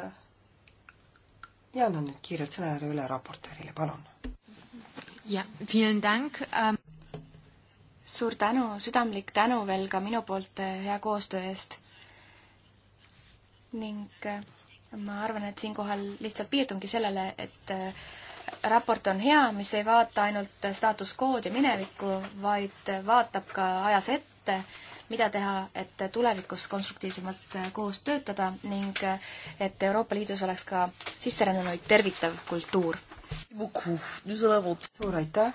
ja annan no, nüüd kiirelt sõnajärje üle raportöörile, palun. jah, vielen dank um.... suur tänu, südamlik tänu veel ka minu poolt äh, hea koostöö eest ning äh, ma arvan, et siinkohal lihtsalt piirdungi sellele, et äh, raport on hea, mis ei vaata ainult staatus quo'd ja minevikku, vaid vaatab ka ajas ette, mida teha, et tulevikus konstruktiivsemalt äh, koos töötada ning et Euroopa Liidus oleks ka sisserännanuid tervitav kultuur. suur aitäh!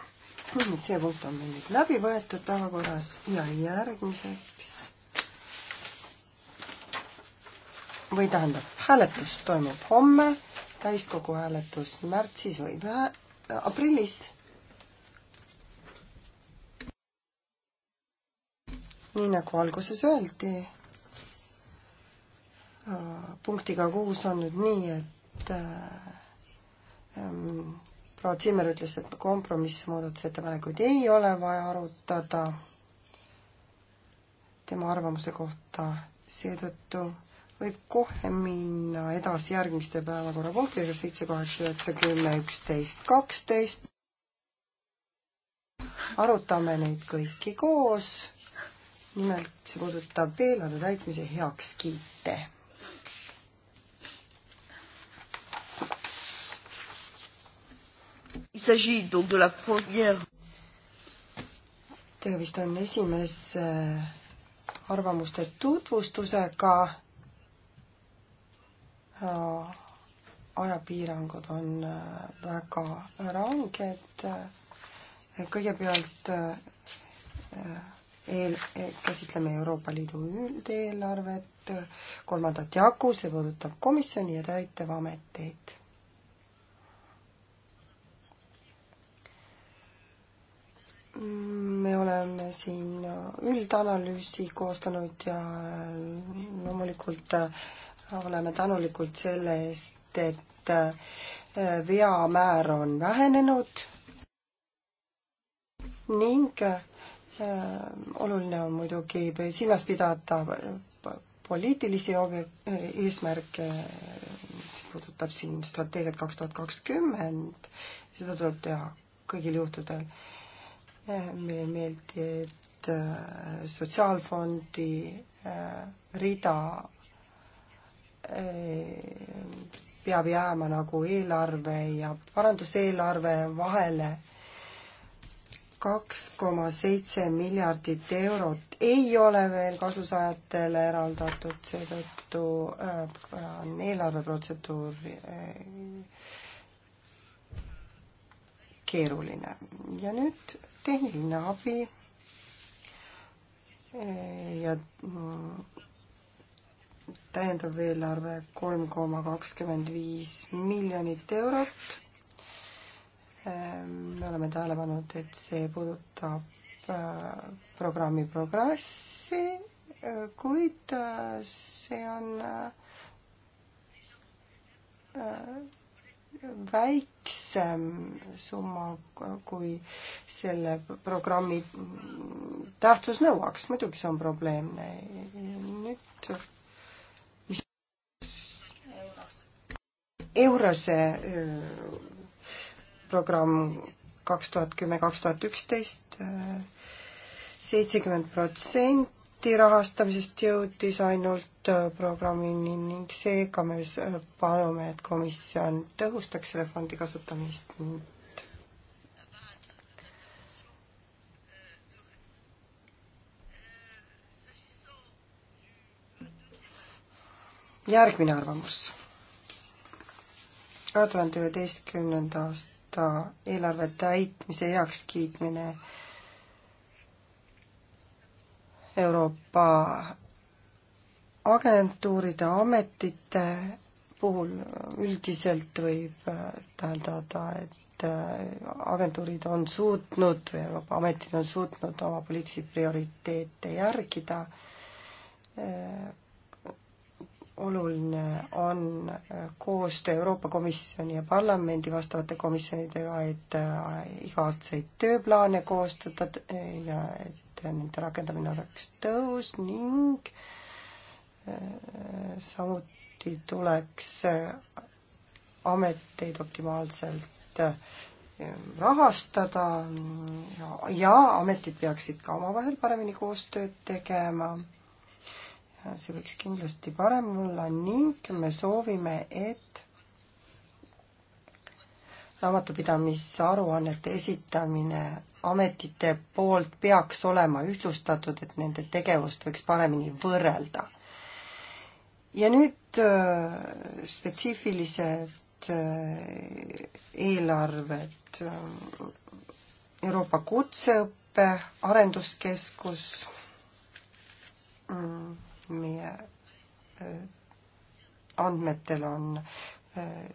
see punkt on meil nüüd läbi võetud päevakorras ja järgmiseks või tähendab, hääletus toimub homme, täiskogu hääletus märtsis või aprillis. nii nagu alguses öeldi, äh, punktiga kuus on nüüd nii, et äh, ähm, proua Zimmer ütles, et kompromissmuudatusettepanekuid ei ole vaja arutada tema arvamuse kohta, seetõttu võib kohe minna edasi järgmiste päevakorrapunktidega seitse, kaheksa, üheksa, kümme, üksteist, kaksteist. arutame neid kõiki koos. nimelt see puudutab eelarve täitmise heakskiite Il s'agit donc de la première. tegemist on esimese arvamuste tutvustusega ajapiirangud on äh, väga ranged. Äh, kõigepealt äh, eel, e-, käsitleme Euroopa Liidu üldeelarvet, kolmandat jagu, see puudutab komisjoni ja täitevameteid. Mm, me oleme siin üldanalüüsi koostanud ja loomulikult no, oleme tänulikud selle eest, et äh, veamäär on vähenenud ning äh, oluline on muidugi silmas pidada poliitilisi eesmärke, mis puudutab siin strateegiat kaks tuhat kakskümmend, seda tuleb teha kõigil juhtudel. Äh, meile ei meeldi, et sotsiaalfondi rida Eh, peab jääma nagu eelarve ja paranduseelarve vahele. kaks koma seitse miljardit eurot ei ole veel kasusaajatele eraldatud, seetõttu äh, on eelarveprotseduur äh, keeruline. ja nüüd tehniline abi äh, ja mm, täiendav eelarve kolm koma kakskümmend viis miljonit eurot. Ehm, me oleme tähele pannud, et see puudutab äh, programmi progressi, äh, kuid äh, see on väiksem summa, kui selle programmi tähtsus nõuaks, muidugi see on probleemne. nüüd Eurose programm kaks tuhat kümme, kaks tuhat üksteist, seitsekümmend protsenti rahastamisest jõudis ainult programmini ning seega me palume, et komisjon tõhustaks selle fondi kasutamist järgmine arvamus kahe tuhande üheteistkümnenda aasta eelarve täitmise heakskiitmine Euroopa agentuuride, ametite puhul üldiselt võib äh, täheldada, et äh, agentuurid on suutnud või Euroopa ametid on suutnud oma poliitilisi prioriteete järgida äh, oluline on äh, koostöö Euroopa Komisjoni ja parlamendi vastavate komisjonidega, et äh, iga-aastaseid tööplaane koostada äh, ja et nende rakendamine oleks tõhus ning samuti tuleks ameteid optimaalselt rahastada mm, ja, ja ametid peaksid ka omavahel paremini koostööd tegema see võiks kindlasti parem olla ning me soovime, et raamatupidamisaruannete esitamine ametite poolt peaks olema ühtlustatud, et nende tegevust võiks paremini võrrelda. ja nüüd äh, spetsiifilised äh, eelarved Euroopa Kutseõppe Arenduskeskus mm meie äh, andmetel on äh,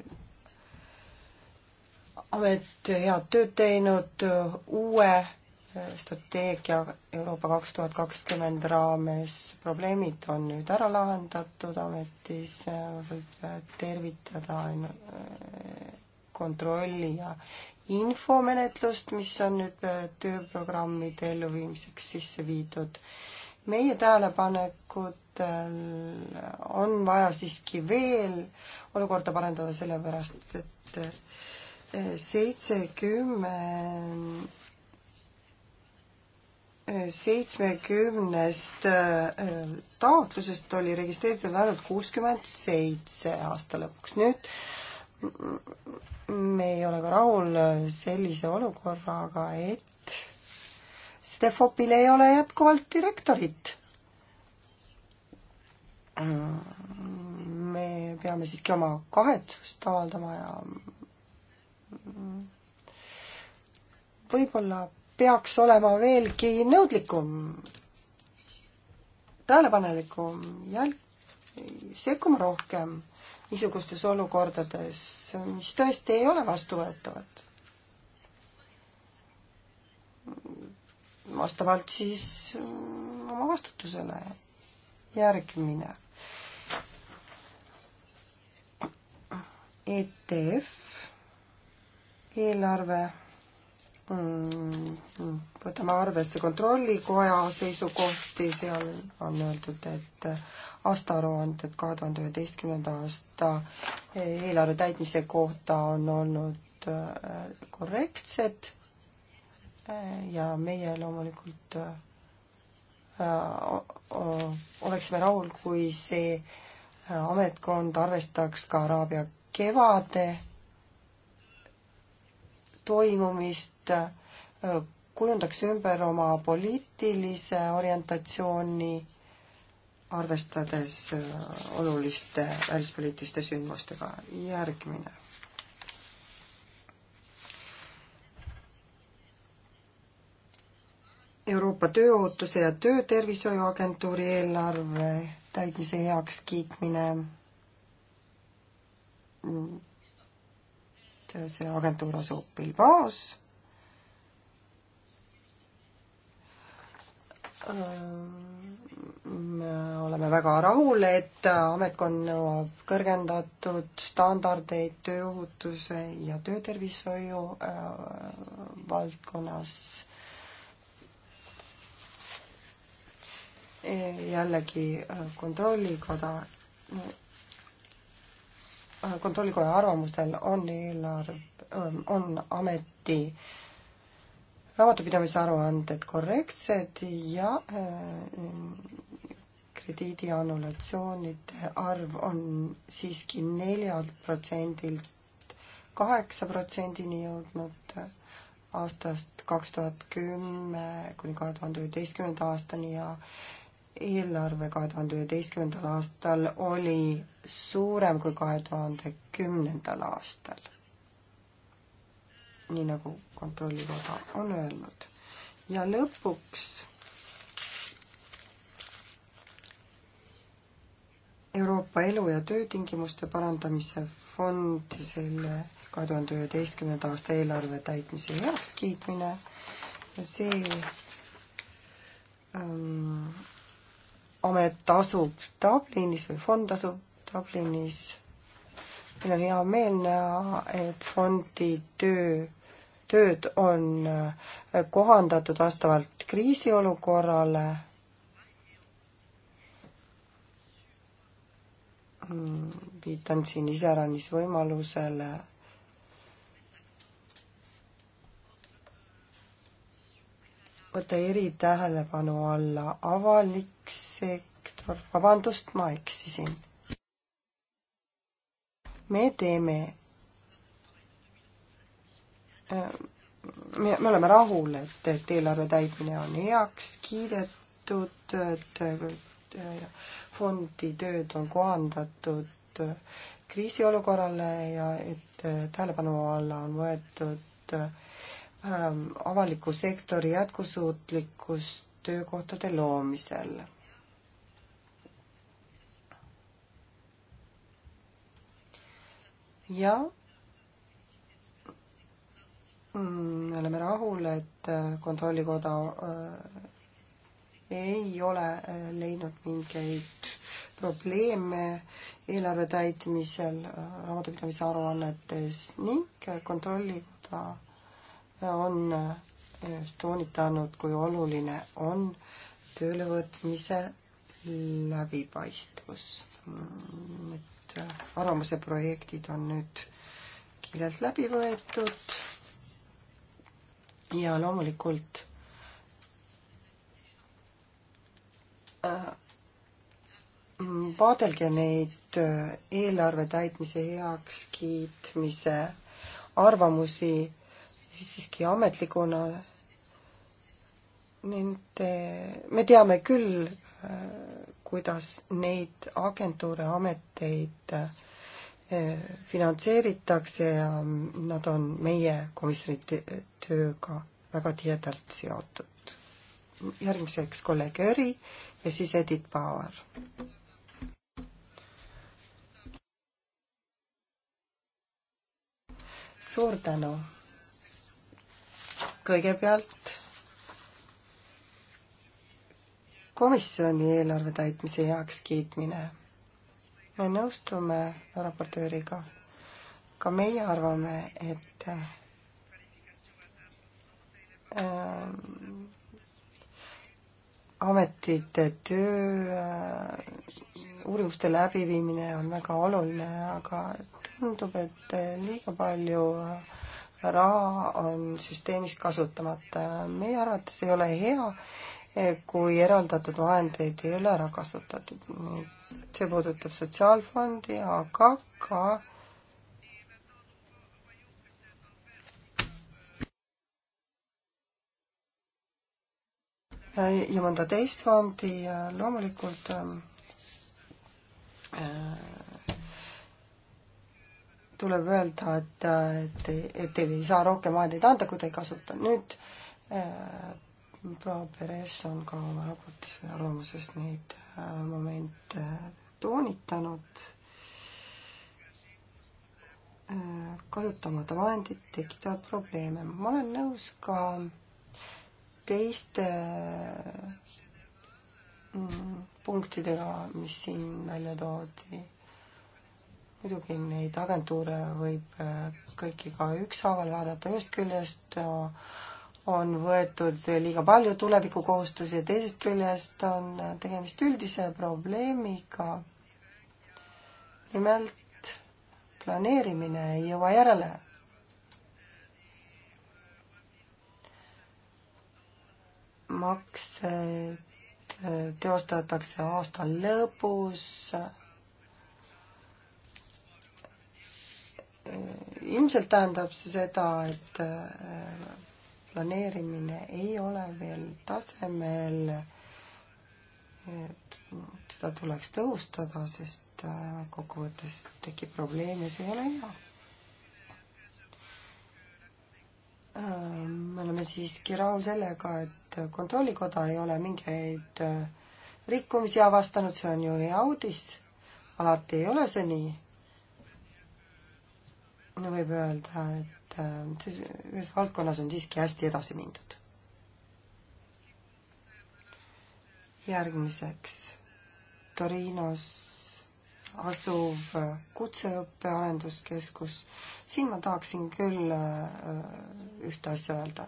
amet head tööd teinud äh, uue strateegia Euroopa kaks tuhat kakskümmend raames. probleemid on nüüd ära lahendatud ametis, võib tervitada kontrolli ja infomenetlust, mis on nüüd tööprogrammide elluviimiseks sisse viidud meie tähelepanekutel on vaja siiski veel olukorda parandada, sellepärast et eh, seitsekümmend seitsmekümnest eh, taotlusest oli registreeritud ainult kuuskümmend seitse aasta lõpuks. nüüd me ei ole ka rahul sellise olukorraga, et Stefopil ei ole jätkuvalt direktorit. me peame siiski oma kahetsust avaldama ja võib-olla peaks olema veelgi nõudlikum, tähelepanelikum, jälg-, sekkuma rohkem niisugustes olukordades, mis tõesti ei ole vastuvõetavad. vastavalt siis mm, oma vastutusele. järgmine. ETF eelarve mm, võtame arvesse kontrollikoja seisukohti, seal on öeldud, et aastaaruanded kahe tuhande üheteistkümnenda aasta eelarve täitmise kohta on olnud äh, korrektsed ja meie loomulikult äh, oleksime rahul, kui see äh, ametkond arvestaks ka Araabia kevade toimumist, äh, kujundaks ümber oma poliitilise orientatsiooni, arvestades oluliste välispoliitiliste sündmustega. järgmine Euroopa Tööohutuse ja Töötervishoiu Agentuuri eelarve täitmise heakskiitmine. see agentuur asub Bilbaos. me oleme väga rahul, et ametkond nõuab kõrgendatud standardeid tööohutuse ja töötervishoiu äh, valdkonnas E, jällegi äh, kontrollikoda, äh, kontrollikoja arvamusel on eelarve, ähm, on ameti raamatupidamise aruanded korrektsed ja äh, krediidi annulatsioonide arv on siiski neljalt protsendilt kaheksa protsendini jõudnud aastast kaks tuhat kümme kuni kahe tuhande üheteistkümnenda aastani ja eelarve kahe tuhande üheteistkümnendal aastal oli suurem kui kahe tuhande kümnendal aastal. nii nagu kontrollikoda on öelnud. ja lõpuks Euroopa elu- ja töötingimuste parandamise fondi selle kahe tuhande üheteistkümnenda aasta eelarve täitmise heakskiitmine. see ähm, amet asub Dublinis või fond asub Dublinis. meil on hea meel näha, et fondi töö, tööd on äh, kohandatud vastavalt kriisiolukorrale. Mm, viitan siin iseäranis võimalusele võtta eritähelepanu alla avalik sektor, vabandust, ma eksisin. me teeme me, me oleme rahul, et, et eelarve täitmine on heaks kiidetud, et fondi tööd on kohandatud kriisiolukorrale ja et tähelepanu alla on võetud äh, Ähm, avaliku sektori jätkusuutlikkus töökohtade loomisel. ja mm, me oleme rahul, et äh, Kontrollikoda äh, ei ole äh, leidnud mingeid probleeme eelarve täitmisel, raamatupidamise aruannetes ning Kontrollikoda on eh, toonitanud, kui oluline on töölevõtmise läbipaistvus. Need mm, eh, arvamuse projektid on nüüd kiirelt läbi võetud ja loomulikult eh, vaadelge neid eelarve täitmise heakskiitmise arvamusi siiski ametlikuna nende, me teame küll, äh, kuidas neid agentuure, ameteid äh, finantseeritakse ja nad on meie komisjoni tööga väga tihedalt seotud. järgmiseks kolleeg Jüri ja siis Edith Bauer. suur tänu kõigepealt komisjoni eelarve täitmise heakskiitmine. me nõustume raportööriga. ka meie arvame, et äh, ametite töö äh, uurimuste läbiviimine on väga oluline, aga tundub, et liiga palju äh, raha on süsteemis kasutamata ja meie arvates ei ole hea, kui eraldatud vahendeid ei ole ära kasutatud. see puudutab Sotsiaalfondi, aga ka ja mõnda teist fondi ja loomulikult ähm, äh, tuleb öelda, et, et teile ei saa rohkem vahendeid anda, kui te ei kasuta. nüüd äh, proua Peres on ka oma raportis või arvamuses neid äh, momente äh, toonitanud äh,. kasutamata vahendid tekitavad probleeme. ma olen nõus ka teiste mm, punktidega, mis siin välja toodi muidugi neid agentuure võib äh, kõiki ka ükshaaval vaadata, ühest küljest äh, on võetud liiga palju tulevikukohustusi ja teisest küljest on äh, tegemist üldise probleemiga. nimelt planeerimine ei jõua järele. maksed teostatakse aasta lõpus ilmselt tähendab see seda, et äh, planeerimine ei ole veel tasemel, et seda tuleks tõhustada, sest äh, kokkuvõttes tekib probleem ja see ei ole hea. Äh, me oleme siiski rahul sellega, et Kontrollikoda ei ole mingeid rikkumisi avastanud, see on ju hea uudis. alati ei ole see nii no võib öelda, et äh, selles valdkonnas on siiski hästi edasi mindud. järgmiseks Torinos asuv kutseõppe arenduskeskus. siin ma tahaksin küll äh, ühte asja öelda.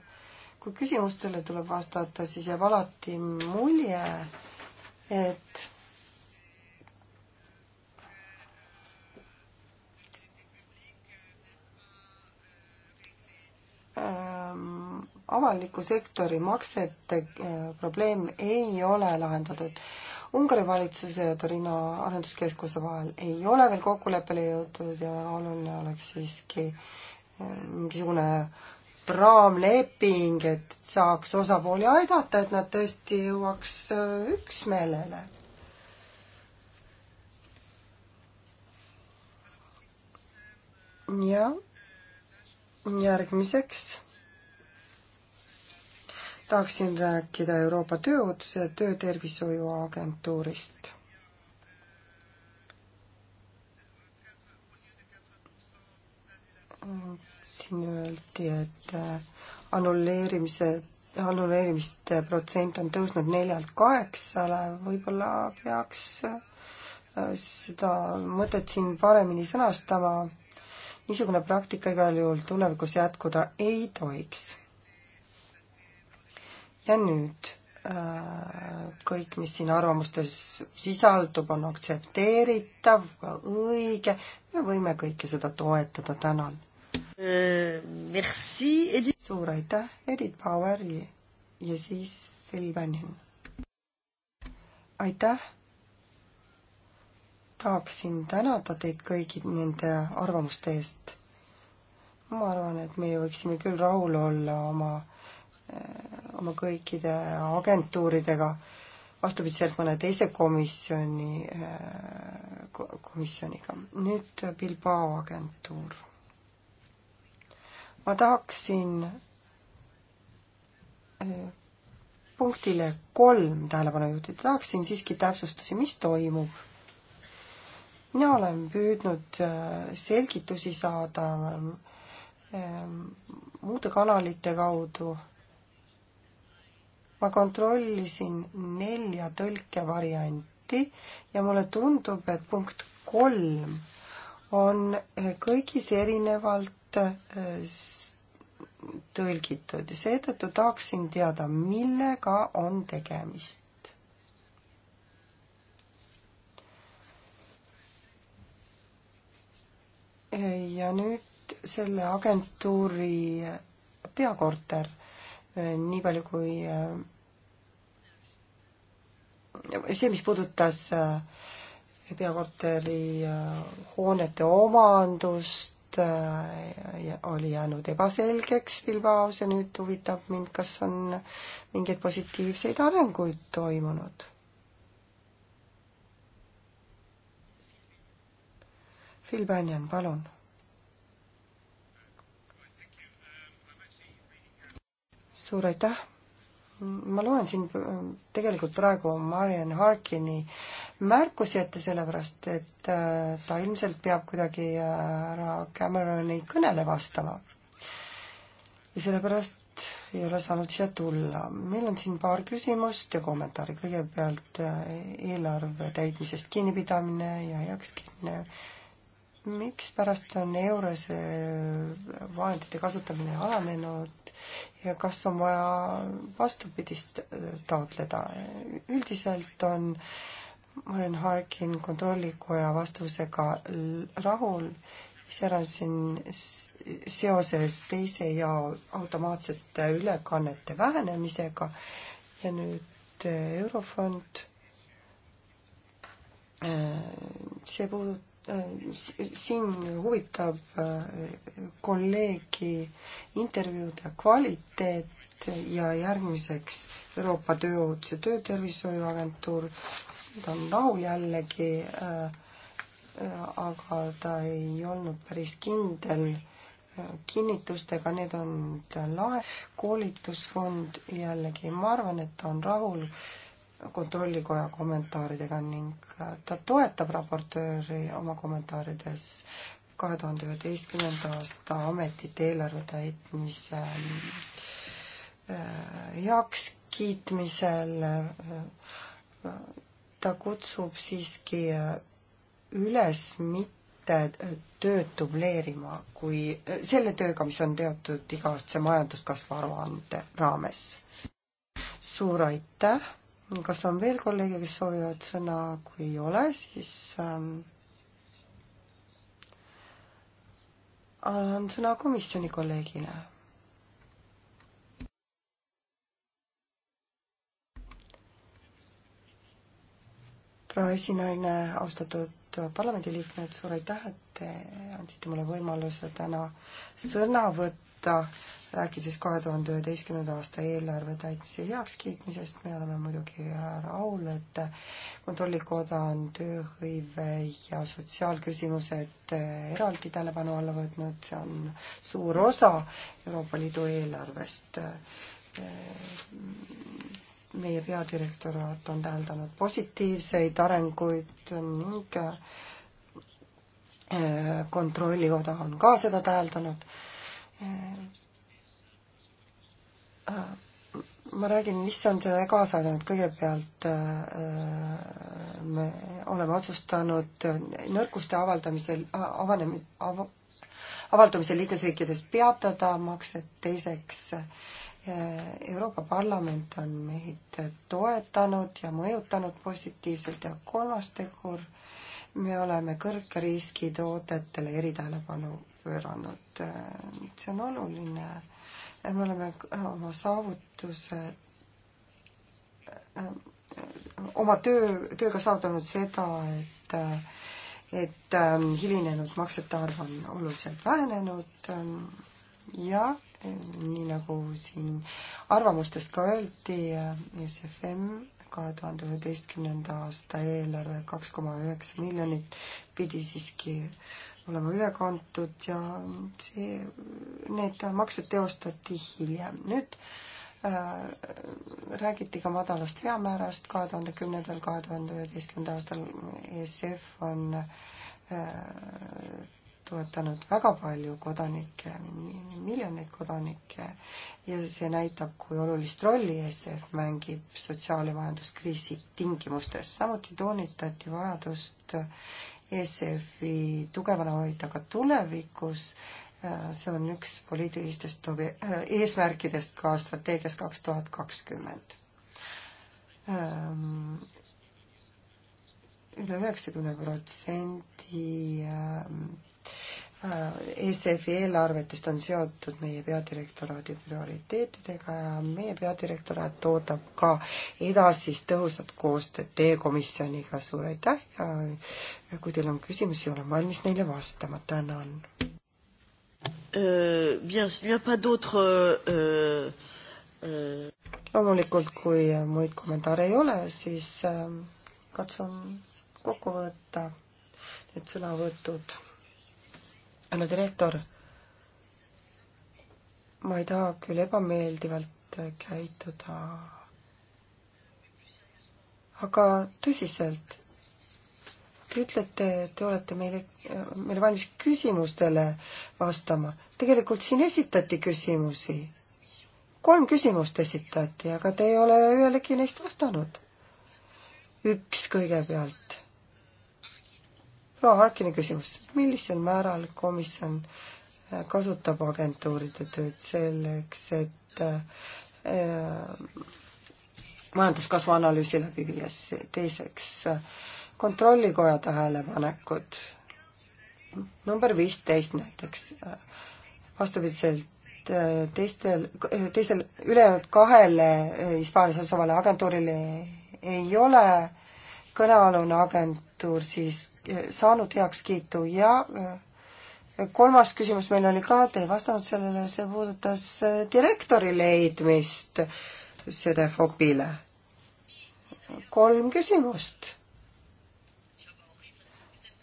kui küsimustele tuleb vastata, siis jääb alati mulje, et avaliku sektori maksete äh, probleem ei ole lahendatud. Ungari valitsuse ja Torino arenduskeskuse vahel ei ole veel kokkuleppele jõutud ja väga oluline oleks siiski äh, mingisugune raamleping, et saaks osapooli aidata, et nad tõesti jõuaks äh, üksmeelele. jah, järgmiseks tahaksin rääkida Euroopa Tööohutuse ja Töötervishoiu Agentuurist. siin öeldi, et äh, annuleerimise, annuleerimiste protsent on tõusnud neljalt kaheksale, võib-olla peaks äh, seda mõtet siin paremini sõnastama. niisugune praktika igal juhul tulevikus jätkuda ei tohiks ja nüüd äh, kõik, mis siin arvamustes sisaldub, on aktsepteeritav, õige, me võime kõike seda toetada, tänan. Äh, merci, Edith. suur aitäh, Edith Bauer ja siis Phil Bannon. aitäh. tahaksin tänada teid kõigi nende arvamuste eest. ma arvan, et meie võiksime küll rahul olla oma äh, oma kõikide agentuuridega, vastupidiselt mõne teise komisjoni, äh, komisjoniga. nüüd Bilbao agentuur. ma tahaksin äh, punktile kolm tähelepanu juhtida, tahaksin siiski täpsustusi, mis toimub. mina olen püüdnud äh, selgitusi saada ähm, muude kanalite kaudu ma kontrollisin nelja tõlkevarianti ja mulle tundub, et punkt kolm on eh, kõigis erinevalt eh, tõlgitud ja seetõttu tahaksin teada, millega on tegemist. Eh, ja nüüd selle agentuuri peakorter Äh, nii palju kui äh, see, mis puudutas äh, peakorteri hoonete omandust, oli jäänud ebaselgeks Bilbaos ja nüüd huvitab mind, kas on mingeid positiivseid arenguid toimunud. Phil Banyan, palun suur aitäh! ma loen siin äh, tegelikult praegu Marian Harkini märkusi ette, sellepärast et äh, ta ilmselt peab kuidagi härra äh, Cameroni kõnele vastama. ja sellepärast ei ole saanud siia tulla. meil on siin paar küsimust ja kommentaari. kõigepealt eelarve täitmisest kinnipidamine ja heakskiitmine mikspärast on EURES vahendite kasutamine alanenud ja kas on vaja vastupidist äh, taotleda? üldiselt on Maren Harkin kontrollikoja vastusega rahul, iseäranis siin seoses teise ja automaatsete ülekannete vähenemisega ja nüüd äh, Eurofond, äh, see puudutab Äh, siin huvitab äh, kolleegi intervjuude kvaliteet ja järgmiseks Euroopa Tööohutuse Töötervishoiuagentuur, ta on rahul jällegi, äh, aga ta ei olnud päris kindel kinnitustega, need on lae-, koolitusfond jällegi, ma arvan, et ta on rahul kontrollikoja kommentaaridega ning ta toetab raportööri oma kommentaarides kahe tuhande üheteistkümnenda aasta ametite eelarve täitmise äh, heakskiitmisel. Äh, ta kutsub siiski äh, üles mitte tööd dubleerima, kui selle tööga, mis on teatud iga-aastase majanduskasvu aruande raames. suur aitäh kas on veel kolleege, kes soovivad sõna, kui ei ole, siis ähm, annan sõna komisjoni kolleegile. proua esinaine, austatud parlamendiliikmed, suur aitäh, et te andsite mulle võimaluse täna sõna võtta kohta, rääkides kahe tuhande üheteistkümnenda aasta eelarve täitmise heakskiitmisest, me oleme muidugi rahul, et kontrollikoda on tööhõive ja sotsiaalküsimused eraldi tähelepanu alla võtnud, see on suur osa Euroopa Liidu eelarvest. meie peadirektoraat on täheldanud positiivseid arenguid ning kontrollikoda on ka seda täheldanud Äh, ma räägin, mis on sellele kaasa aidanud, kõigepealt äh, me oleme otsustanud nõrkuste avaldamisel, avanemis-, av-, avaldumisel liikmesriikides peatada maksed, teiseks äh, Euroopa Parlament on meid toetanud ja mõjutanud positiivselt ja kolmas tegur, me oleme kõrge riski toodetele eritähelepanu pööranud. Äh, see on oluline. Äh, me oleme äh, oma saavutuse, oma töö, tööga saavutanud seda, et et ähm, hilinenud maksete arv on oluliselt vähenenud ähm, ja nii nagu siin arvamustest ka öeldi, SFM kahe tuhande üheteistkümnenda aasta eelarve kaks koma üheksa miljonit pidi siiski olema üle kantud ja see, need maksed teostati hiljem. nüüd äh, räägiti ka madalast veamäärast kahe tuhande kümnendal, kahe tuhande üheteistkümnendal aastal ESF on äh, toetanud väga palju kodanikke, miljoneid kodanikke ja see näitab, kui olulist rolli ESF mängib sotsiaal- ja majanduskriisi tingimustes. samuti toonitati vajadust ESF-i tugevana hoida ka tulevikus. Äh, see on üks poliitilistest äh, eesmärkidest ka strateegias kaks tuhat kakskümmend ähm, üle üheksakümne protsendi ähm, Äh, ESF-i eelarvetest on seotud meie peadirektoraadi prioriteetidega ja meie peadirektoraat ootab ka edasist tõhusat koostööd teie komisjoniga. suur aitäh ja kui teil on küsimusi, olen valmis neile vastama. tänan. Äh, äh, loomulikult, kui muid kommentaare ei ole, siis katsun kokku võtta need sõnavõtud härra direktor, ma ei taha küll ebameeldivalt käituda, aga tõsiselt, te ütlete, te olete meile, meile valmis küsimustele vastama. tegelikult siin esitati küsimusi. kolm küsimust esitati, aga te ei ole ühelegi neist vastanud. üks kõigepealt proua Harkini küsimus, millisel määral komisjon äh, kasutab agentuuride tööd selleks, et äh, majanduskasvu analüüsi läbi viies, teiseks kontrollikoja tähelepanekud, number viisteist näiteks, vastupidiselt äh, teistel, teistel ülejäänud kahele Hispaanias asuvale agentuurile ei ole kõnealune agentuur siis eh, saanud heakskiitu ja eh, kolmas küsimus meil oli ka, te ei vastanud sellele, see puudutas eh, direktori leidmist Sedefopile. kolm küsimust.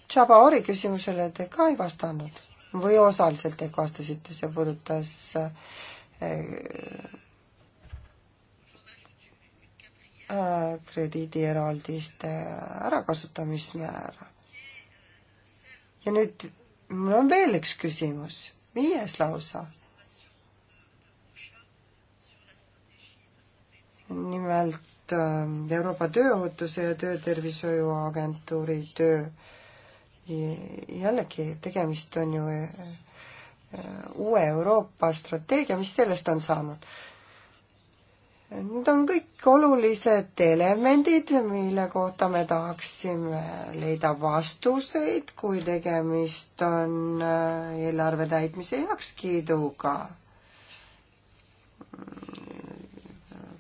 Tšabaori küsimusele te ka ei vastanud või osaliselt ehk vastasite, see puudutas Äh, krediidieraldiste ärakasutamismäära. ja nüüd mul on veel üks küsimus, viies lausa. nimelt ähm, Euroopa Tööohutuse ja Töötervishoiuagentuuri töö. jällegi, tegemist on ju äh, äh, uue Euroopa strateegia, mis sellest on saanud? Need on kõik olulised elemendid, mille kohta me tahaksime leida vastuseid, kui tegemist on äh, eelarve täitmise heakskiiduga.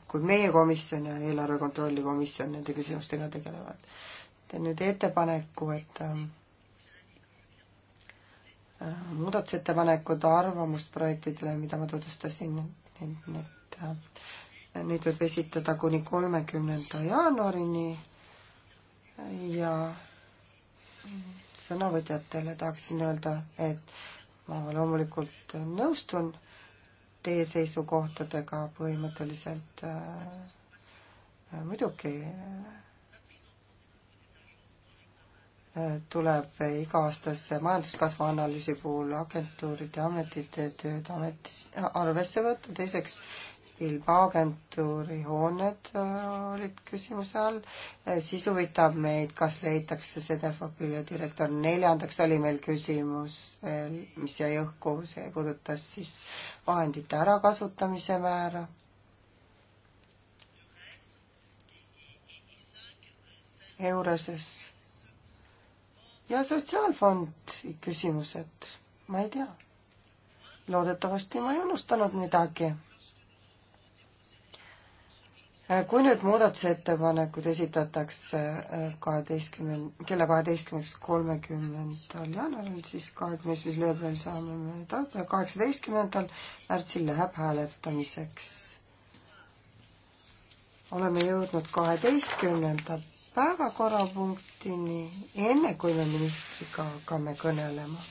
kui meie komisjon ja eelarve kontrolli komisjon nende küsimustega tegelevad. teen nüüd ettepaneku, et äh, äh, muudatusettepanekud arvamusprojektidele, mida ma tutvustasin, need, need Neid võib esitada kuni kolmekümnenda jaanuarini ja sõnavõtjatele tahaksin öelda, et ma loomulikult nõustun teie seisukohtadega põhimõtteliselt äh, muidugi äh, tuleb iga-aastase majanduskasvu analüüsi puhul agentuuride ametite tööd ametis arvesse võtta, teiseks Bilbao agentuuri hooned äh, olid küsimuse all. Äh, sisu võtab meid, kas leitakse Sedefopile direktor. neljandaks oli meil küsimus veel, mis jäi õhku, see puudutas siis vahendite ärakasutamise määra. Euroses ja sotsiaalfond küsimused, ma ei tea loodetavasti ma ei unustanud midagi Äh, kui nüüd muudatusettepanekud esitatakse äh, kaheteistkümne, kella kaheteistkümneks kolmekümnendal jaanuaril, siis kahekümne esimesel veebruaril saame me taotleda, kaheksateistkümnendal märtsil läheb hääletamiseks. oleme jõudnud kaheteistkümnenda päevakorrapunktini, enne kui me ministriga hakkame kõnelema,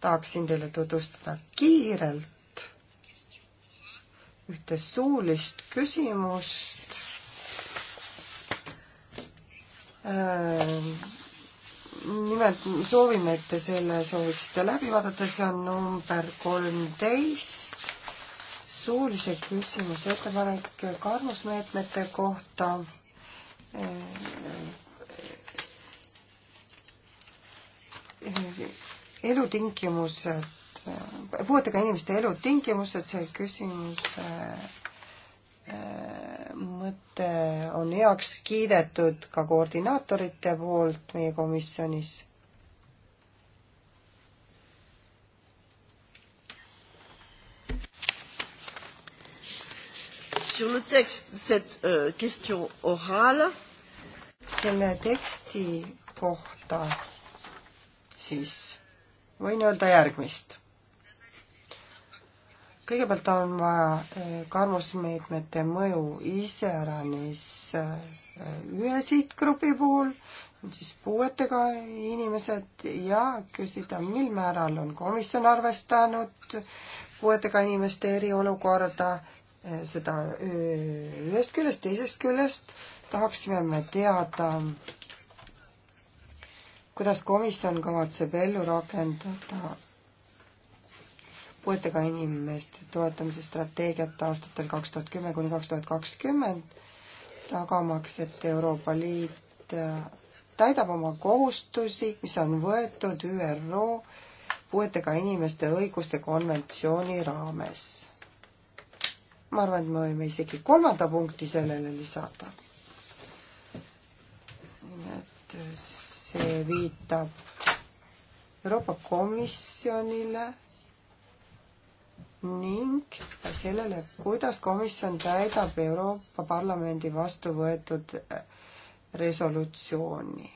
tahaksin teile tutvustada kiirelt ühte suulist küsimust äh, nimelt soovime, et te selle sooviksite läbi vaadata, see on number kolmteist, suulise küsimuse ettepanek karmusmeetmete kohta. Äh, äh, elutingimused puuetega inimeste elutingimused, see küsimus äh, äh, mõte on heaks kiidetud ka koordinaatorite poolt meie komisjonis. sur le texte de cette euh, question orale. selle teksti kohta siis võin öelda järgmist kõigepealt on vaja eh, karmusmeetmete mõju iseäranis eh, ühe sihtgrupi puhul, siis puuetega inimesed ja küsida, mil määral on komisjon arvestanud puuetega inimeste eriolukorda, eh, seda ühest küljest, teisest küljest tahaksime me teada, kuidas komisjon kavatseb ellu rakendada puuetega inimeste toetamise strateegiat aastatel kaks tuhat kümme kuni kaks tuhat kakskümmend, tagamaks, et Euroopa Liit äh, täidab oma kohustusi, mis on võetud ÜRO puuetega inimeste õiguste konventsiooni raames. ma arvan, et me võime isegi kolmanda punkti sellele lisada. et äh, see viitab Euroopa Komisjonile ning sellele, kuidas komisjon täidab Euroopa Parlamendi vastu võetud äh, resolutsiooni.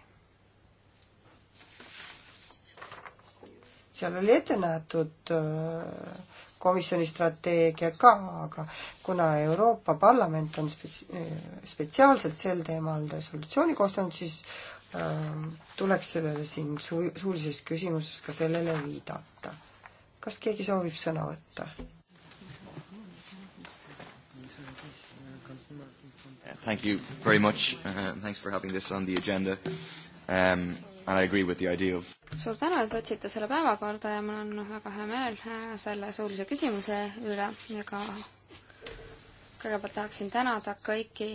seal oli ette nähtud äh, komisjoni strateegia ka, aga kuna Euroopa Parlament on spetsi-, äh, spetsiaalselt sel teemal resolutsiooni koostanud, siis äh, tuleks sellele siin su-, suulises küsimuses ka sellele viidata kas keegi soovib sõna võtta? Thank you very much. Uh, thanks for having this on the agenda. Um, and I agree with the idea of suur tänu, et võtsite selle päevakorda ja mul on väga hea meel äh, selle suulise küsimuse üle ja ka kõigepealt tahaksin tänada kõiki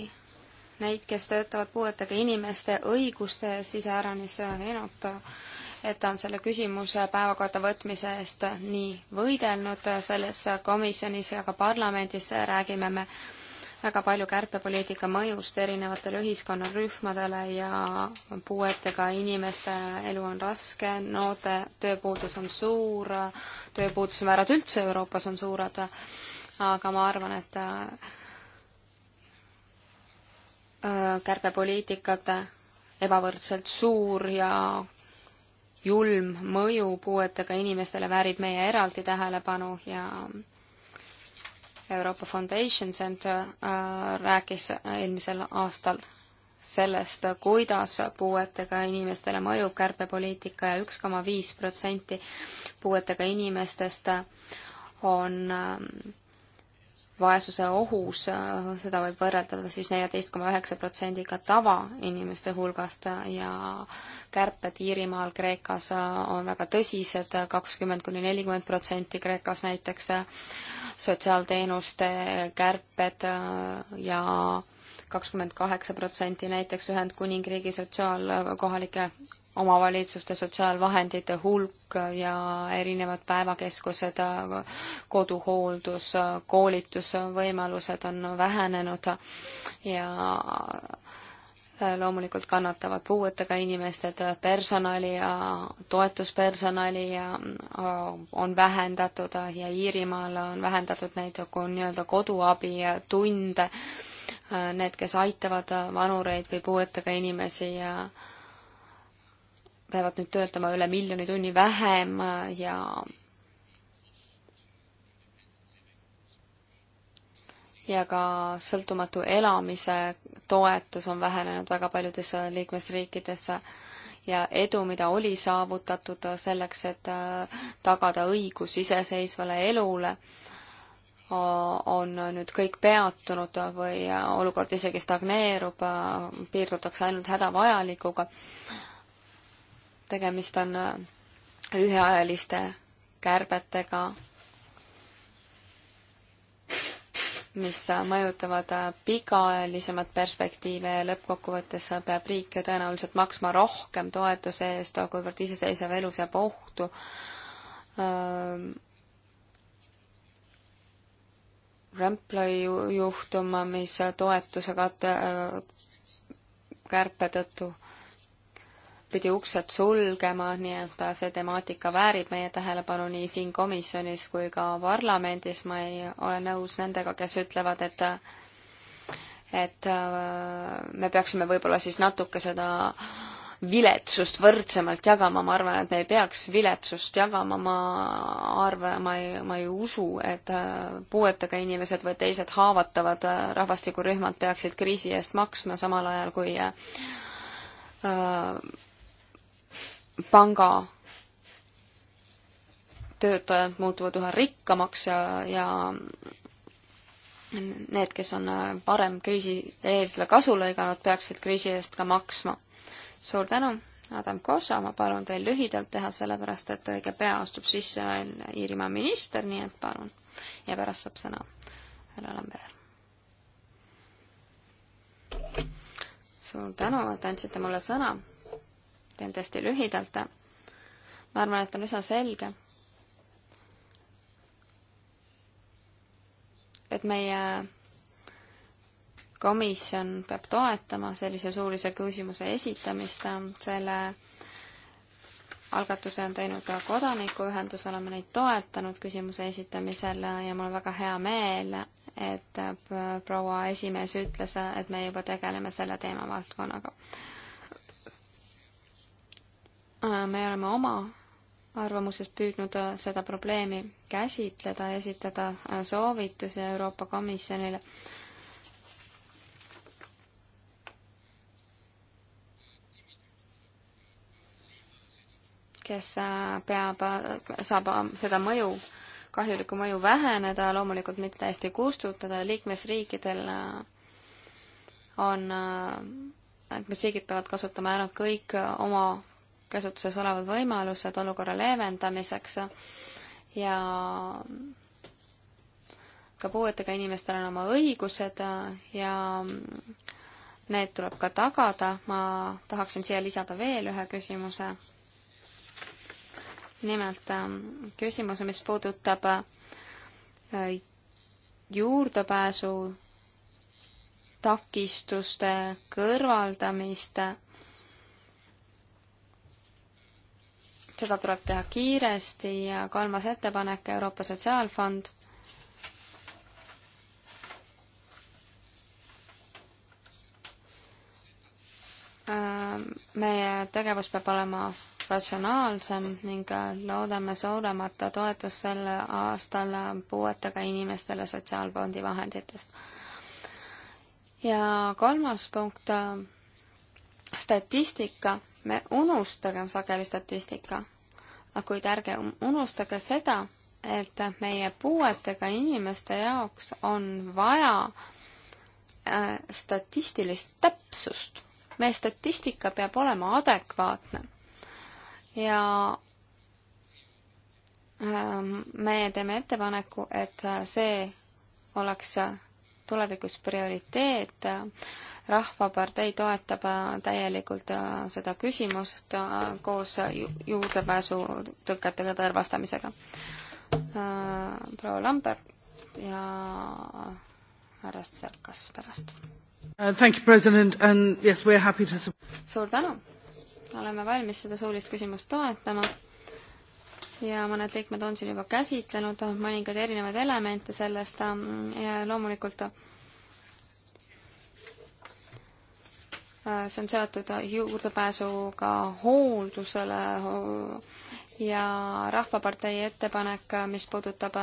neid, kes töötavad puuetega inimeste õiguste eest, iseäranis Enot et ta on selle küsimuse päevakorda võtmise eest nii võidelnud selles komisjonis ja ka parlamendis räägime me väga palju kärpepoliitika mõjust erinevatele ühiskonnarühmadele ja puuetega inimeste elu on raske, noorte tööpuudus on suur, tööpuuduse määrad üldse Euroopas on suured, aga ma arvan, et äh, kärbepoliitikate ebavõrdselt suur ja julm mõju puuetega inimestele väärib meie eraldi tähelepanu ja Euroopa Foundation Center äh, rääkis eelmisel aastal sellest, kuidas puuetega inimestele mõjub kärpepoliitika ja üks koma viis protsenti puuetega inimestest on ähm, vaesuse ohus, seda võib võrrelda siis neljateist koma üheksa protsendiga tavainimeste hulgast ja kärped Iirimaal, Kreekas on väga tõsised, kakskümmend kuni nelikümmend protsenti Kreekas näiteks, sotsiaalteenuste kärped ja kakskümmend kaheksa protsenti näiteks Ühendkuningriigi sotsiaal, kohalike omavalitsuste sotsiaalvahendite hulk ja erinevad päevakeskused, koduhooldus, koolitusvõimalused on vähenenud ja loomulikult kannatavad puuetega inimesed, personali ja toetuspersonali ja äh, on vähendatud ja Iirimaal on vähendatud neid nii-öelda koduabitunde. Äh, need, kes aitavad vanureid või puuetega inimesi ja peavad nüüd töötama üle miljoni tunni vähem ja ja ka sõltumatu elamise toetus on vähenenud väga paljudes liikmesriikides ja edu, mida oli saavutatud selleks, et tagada õigus iseseisvale elule, on nüüd kõik peatunud või olukord isegi stagneerub, piirdutakse ainult hädavajalikuga tegemist on äh, lühiajaliste kärbetega, mis äh, mõjutavad äh, pikaajalisemat perspektiive ja lõppkokkuvõttes peab riik tõenäoliselt maksma rohkem toetuse eest, kuivõrd iseseisev elu seab ohtu. Ähm, Rämplai juhtum, mis toetuse kat-, kärpe tõttu pidi uksed sulgema, nii et see temaatika väärib meie tähelepanu nii siin komisjonis kui ka parlamendis, ma ei ole nõus nendega, kes ütlevad, et et äh, me peaksime võib-olla siis natuke seda viletsust võrdsemalt jagama, ma arvan, et me ei peaks viletsust jagama, ma arvan, ma ei, ma ei usu, et äh, puuetega inimesed või teised haavatavad äh, rahvastikurühmad peaksid kriisi eest maksma, samal ajal kui äh, panga töötajad muutuvad üha rikkamaks ja, ja need, kes on varem äh, kriisieelsele kasu lõiganud, peaksid kriisi eest ka maksma. suur tänu, Adam Kosa, ma palun teil lühidalt teha, sellepärast et õige pea astub sisse veel Iirimaa minister, nii et palun. ja pärast saab sõna härra Lambert. suur tänu, et andsite mulle sõna teen tõesti lühidalt. ma arvan, et on üsna selge, et meie komisjon peab toetama sellise suulise küsimuse esitamist, selle algatuse on teinud ka kodanikuühendus, oleme neid toetanud küsimuse esitamisel ja mul on väga hea meel, et proua esimees ütles, et me juba tegeleme selle teemavaldkonnaga. Äh, me oleme oma arvamuses püüdnud äh, seda probleemi käsitleda, esitada äh, soovitusi Euroopa Komisjonile. kes peab, saab seda mõju, kahjulikku mõju väheneda, loomulikult mitte täiesti kustutada, liikmesriikidel on, liikmesriigid peavad kasutama ära kõik oma käsutuses olevad võimalused olukorra leevendamiseks ja ka puuetega inimestel on oma õigused ja need tuleb ka tagada. ma tahaksin siia lisada veel ühe küsimuse. nimelt ähm, küsimuse, mis puudutab äh, juurdepääsu takistuste kõrvaldamist seda tuleb teha kiiresti ja kolmas ettepanek, Euroopa Sotsiaalfond. Ähm, meie tegevus peab olema ratsionaalsem ning äh, loodame suuremat toetust sel aastal puuetega inimestele Sotsiaalfondi vahenditest. ja kolmas punkt, äh, statistika me unustagem sageli statistika, kuid ärge um-, unustage seda, et meie puuetega inimeste jaoks on vaja äh, statistilist täpsust. meie statistika peab olema adekvaatne ja ähm, me teeme ettepaneku, et see oleks tulevikus prioriteet. rahvapartei toetab äh, täielikult äh, seda küsimust äh, koos juurdepääsu tõketega tõrvastamisega. proua Lambert ja härra Serkas pärast. Uh, thank you, president and yes, we are happy to suur tänu, oleme valmis seda suulist küsimust toetama ja mõned liikmed on siin juba käsitlenud mõningaid erinevaid elemente sellest ähm, ja loomulikult äh, see on seotud juurdepääsuga hooldusele ja Rahvapartei ettepanek, mis puudutab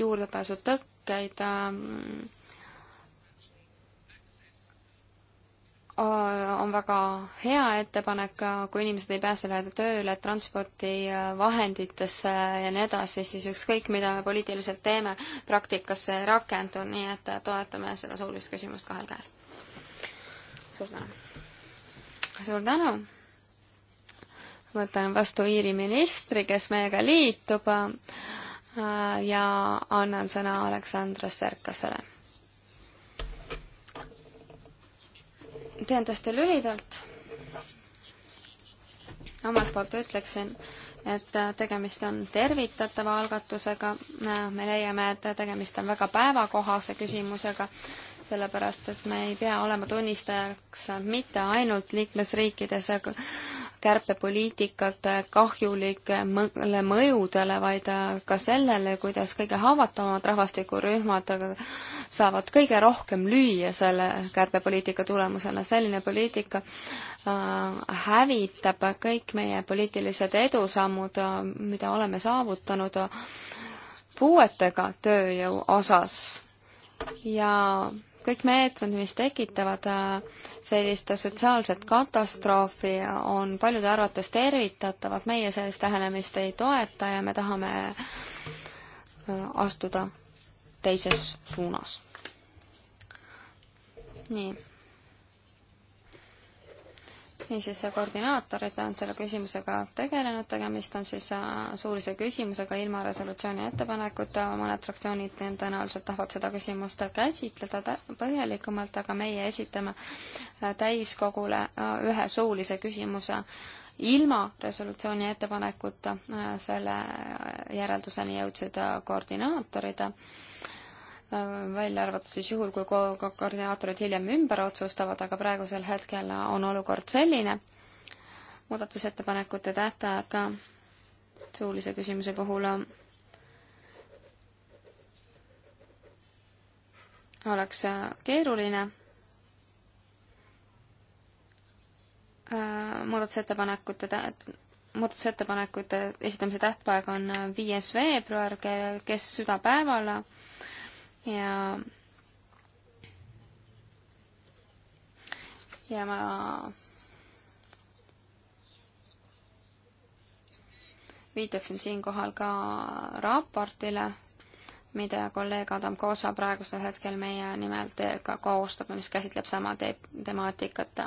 juurdepääsutõkkeid, ähm, on väga hea ettepanek, kui inimesed ei pääse tööle, transpordivahenditesse äh, ja nii edasi, siis ükskõik, mida me poliitiliselt teeme, praktikasse ei rakendu, nii et äh, toetame seda suulist küsimust kahel käel. suur tänu! suur tänu! võtan vastu Iiri ministri, kes meiega liitub äh, ja annan sõna Aleksandr Serkasele teen tõesti lühidalt. omalt poolt ütleksin, et tegemist on tervitatava algatusega, me leiame, et tegemist on väga päevakohase küsimusega, sellepärast et me ei pea olema tunnistajaks mitte ainult liikmesriikides kärpepoliitikate kahjulikele mõjudele, vaid äh, ka sellele, kuidas kõige haavatavamad rahvastikurühmad äh, saavad kõige rohkem lüüa selle kärpepoliitika tulemusena. selline poliitika äh, hävitab kõik meie poliitilised edusammud, mida oleme saavutanud puuetega tööjõu osas ja kõik meetmed, mis tekitavad äh, sellist sotsiaalset katastroofi, on paljude arvates tervitatavad, meie sellist lähenemist ei toeta ja me tahame äh, astuda teises suunas. nii niisiis, koordinaatorid on selle küsimusega tegelenud, tegemist on siis äh, suulise küsimusega ilma resolutsiooni ettepanekuta, mõned fraktsioonid tõenäoliselt tahavad seda küsimust käsitleda põhjalikumalt, aga meie esitame äh, täiskogule äh, ühe suulise küsimuse ilma resolutsiooni ettepanekuta, selle järelduseni jõudsid koordinaatorid välja arvatud siis juhul, kui ko-, ko koordinaatorid hiljem ümber otsustavad, aga praegusel hetkel on olukord selline. muudatusettepanekute tähtaeg suulise küsimuse puhul oleks keeruline. muudatusettepanekute täht-, muudatusettepanekute esitamise tähtpäev on viies veebruar, kes südapäeval ja ja ma viitaksin siinkohal ka raportile, mida kolleeg Adam Koosa praegusel hetkel meie nimel ka koostab ja mis käsitleb sama te temaatikat.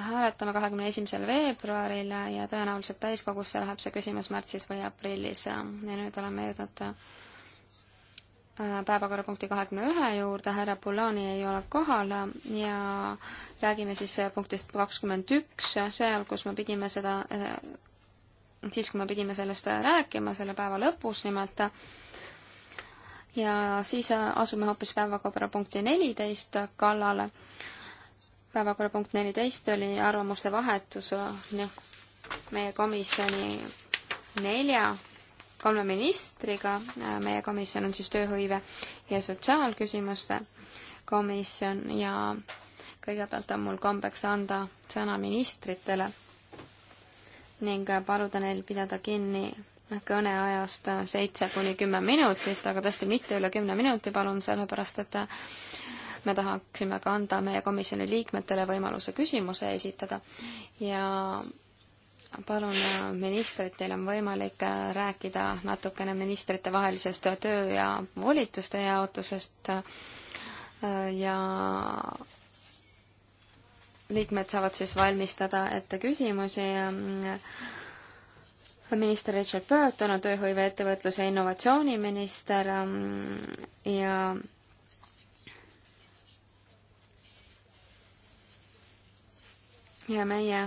hääletame kahekümne esimesel veebruaril ja tõenäoliselt täiskogusse läheb see küsimus märtsis või aprillis ja nüüd oleme jõudnud Äh, päevakorrapunkti kahekümne ühe juurde, härra Polani ei ole kohal ja räägime siis äh, punktist kakskümmend üks, seal, kus me pidime seda, äh, siis kui me pidime sellest rääkima selle päeva lõpus nimelt, ja siis asume hoopis päevakorrapunkti neliteist kallale. päevakorrapunkt neliteist oli arvamuste vahetus meie komisjoni nelja kolme ministriga, meie komisjon on siis tööhõive ja sotsiaalküsimuste komisjon ja kõigepealt on mul kombeks anda sõna ministritele ning paluda neil pidada kinni kõneajast seitse kuni kümme minutit, aga tõesti mitte üle kümne minuti, palun, sellepärast et me tahaksime ka anda meie komisjoni liikmetele võimaluse küsimuse esitada ja palun äh, ministrit, teil on võimalik äh, rääkida natukene ministritevahelisest töö ja volituste jaotusest äh, ja liikmed saavad siis valmistada ette küsimusi ähm, minister Richard Burton on tööhõive ettevõtluse innovatsiooniminister ähm, ja ja meie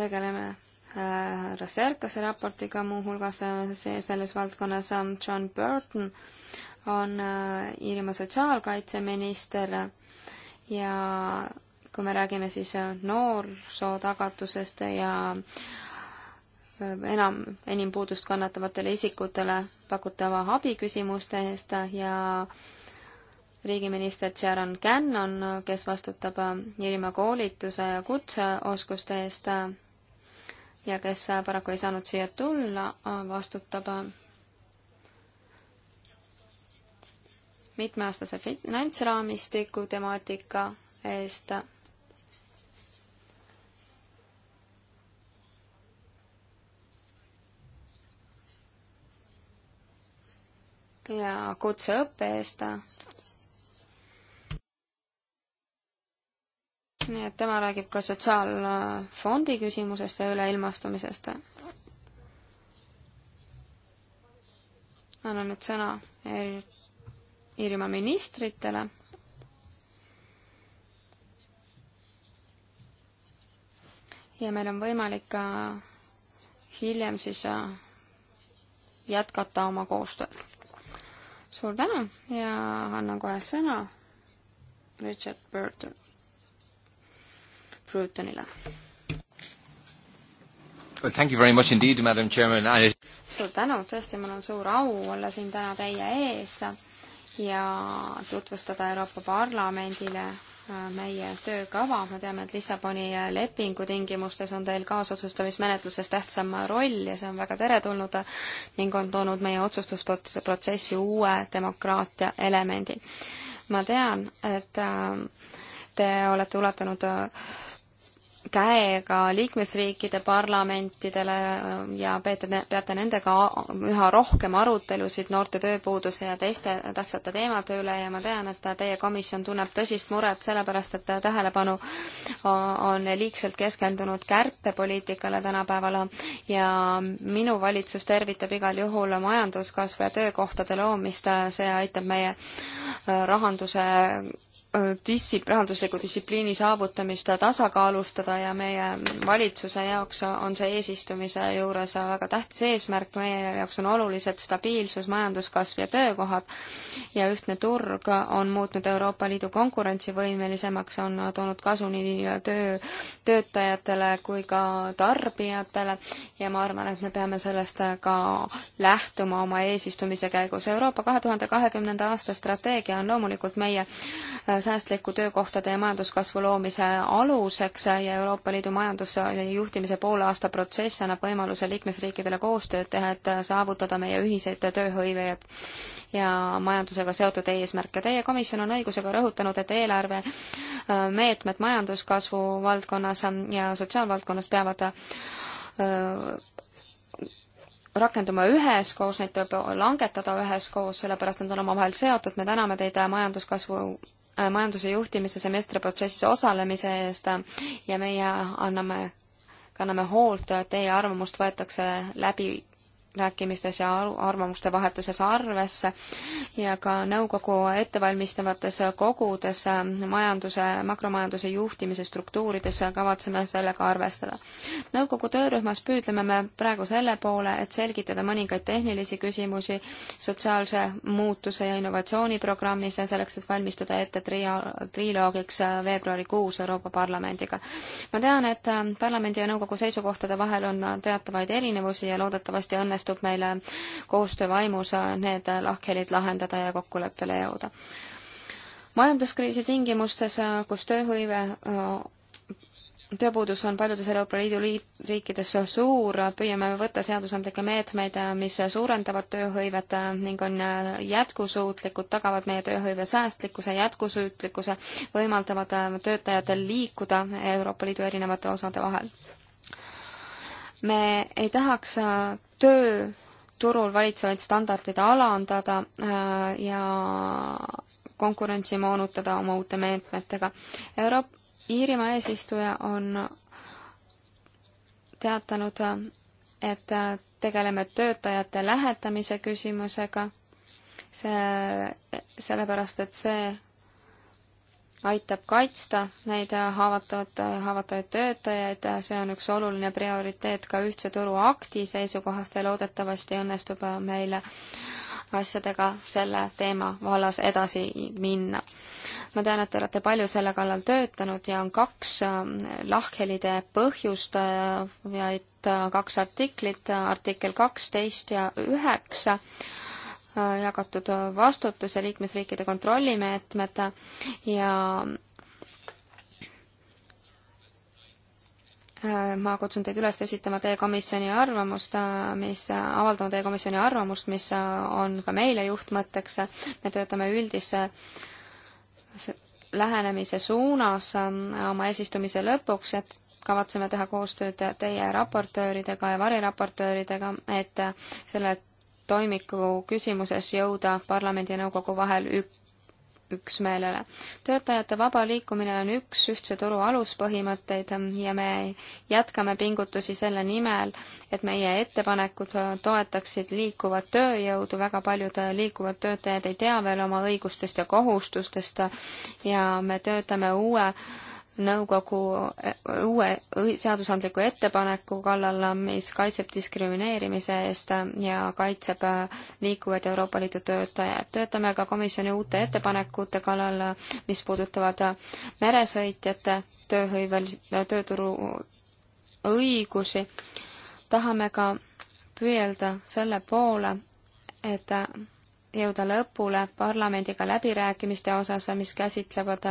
tegeleme äh, härra Serkase raportiga muuhulgas äh, see selles valdkonnas John Burton on äh, Iirimaa sotsiaalkaitseminister ja kui me räägime siis noorsootagatusest ja enam, enim puudust kannatavatele isikutele pakutava abi küsimuste eest ja riigiminister Sharon Cannon, kes vastutab Iirimaa koolituse ja kutseoskuste eest ja kes paraku ei saanud siia tulla, vastutab äh, mitmeaastase finantsraamistiku temaatika eest. ja kutseõppe eest nii et tema räägib ka sotsiaalfondi küsimusest ja üleilmastumisest. annan nüüd sõna Iirimaa ministritele. ja meil on võimalik ka hiljem siis äh, jätkata oma koostööd. suur tänu ja annan kohe sõna Richard Burton. Brutonile. Well, thank you very much indeed, Madam Chairman I.... suur tänu, tõesti, mul on suur au olla siin täna teie ees ja tutvustada Euroopa Parlamendile äh, meie töökava, me teame, et Lissaboni äh, lepingu tingimustes on teil kaasotsustamismenetluses tähtsam roll ja see on väga teretulnud ning on toonud meie otsustusprotsessi uue demokraatia elemendi. ma tean, et äh, te olete ulatanud käega liikmesriikide parlamentidele äh, ja peete, peate nendega üha rohkem arutelusid noorte tööpuuduse ja teiste tähtsate teemade üle ja ma tean, et teie komisjon tunneb tõsist muret sellepärast, et tähelepanu on liigselt keskendunud kärpepoliitikale tänapäeval ja minu valitsus tervitab igal juhul majanduskasvu ja töökohtade loomist, see aitab meie äh, rahanduse Äh, dissi-, rahandusliku distsipliini saavutamist tasakaalustada ja meie valitsuse jaoks on see eesistumise juures väga tähtis eesmärk, meie jaoks on olulised stabiilsus, majanduskasv ja töökohad ja ühtne turg on muutnud Euroopa Liidu konkurentsivõimelisemaks, on toonud kasu nii töö, töötajatele kui ka tarbijatele ja ma arvan, et me peame sellest ka lähtuma oma eesistumise käigus. Euroopa kahe tuhande kahekümnenda aasta strateegia on loomulikult meie äh, säästliku töökohtade ja majanduskasvu loomise aluseks ja Euroopa Liidu majandusjuhtimise poolaasta protsess annab võimaluse liikmesriikidele koostööd teha, et saavutada meie ühiseid tööhõive ja, ja majandusega seotud eesmärke. Teie komisjon on õigusega rõhutanud, et eelarvemeetmed äh, majanduskasvu valdkonnas ja sotsiaalvaldkonnas peavad öö, äh, rakenduma üheskoos, neid tuleb langetada üheskoos, sellepärast nad on omavahel seotud, me täname teid majanduskasvu Äh, majanduse juhtimise semestriprotsessis osalemise eest ja meie anname, kanname hoolt, et teie arvamust võetakse läbi läbirääkimistes ja arvamuste vahetuses arvesse ja ka nõukogu ettevalmistavates kogudes majanduse, makromajanduse juhtimise struktuurides kavatseme sellega arvestada. nõukogu töörühmas püüdleme me praegu selle poole, et selgitada mõningaid tehnilisi küsimusi sotsiaalse muutuse ja innovatsiooniprogrammis ja selleks, et valmistuda ette tria-, triloogiks veebruarikuus Euroopa Parlamendiga. ma tean, et parlamendi ja nõukogu seisukohtade vahel on teatavaid erinevusi ja loodetavasti õnnestub õnnestub meil koostöö vaimus need lahkhelid lahendada ja kokkuleppele jõuda. majanduskriisi tingimustes, kus tööhõive tööpuudus on paljudes Euroopa Liidu riikides suur, püüame võtta seadusandlikke meetmeid, mis suurendavad tööhõivet ning on jätkusuutlikud, tagavad meie tööhõive säästlikkuse, jätkusuutlikkuse, võimaldavad töötajatel liikuda Euroopa Liidu erinevate osade vahel me ei tahaks äh, tööturul valitsevaid standardeid alandada äh, ja konkurentsi moonutada oma uute meetmetega. Euroop-, Iirimaa eesistuja on teatanud, et äh, tegeleme töötajate lähetamise küsimusega, see, sellepärast et see aitab kaitsta neid haavatavad, haavatavaid töötajaid, see on üks oluline prioriteet ka ühtse turu akti seisukohast ja loodetavasti õnnestub meil asjadega selle teema vallas edasi minna. ma tean, et te olete palju selle kallal töötanud ja on kaks ähm, lahkhelide põhjust ja äh, et äh, kaks artiklit, äh, artikkel kaksteist ja üheksa Äh, jagatud vastutus ja liikmesriikide kontrollimeetmed ja äh, ma kutsun teid üles esitama teie komisjoni arvamust, äh, mis, avaldama teie komisjoni arvamust, mis on ka meile juhtmõtteks. me töötame üldise lähenemise suunas oma eesistumise lõpuks, et kavatseme teha koostööd teie raportööridega ja variraportööridega, et selle toimiku küsimuses jõuda parlamendi ja nõukogu vahel ük-, üksmeelele. töötajate vaba liikumine on üks ühtse turu aluspõhimõtteid ja me jätkame pingutusi selle nimel, et meie ettepanekud toetaksid liikuvat tööjõudu, väga paljud liikuvad töötajad ei tea veel oma õigustest ja kohustustest ja me töötame uue nõukogu eh, uue seadusandliku ettepaneku kallal, mis kaitseb diskrimineerimise eest ja kaitseb eh, liikuvaid Euroopa Liidu töötajaid. töötame ka komisjoni uute ettepanekute kallal, mis puudutavad eh, meresõitjate tööhõivel, tööturu õigusi. tahame ka püüelda selle poole, et jõuda lõpule parlamendiga läbirääkimiste osas, mis käsitlevad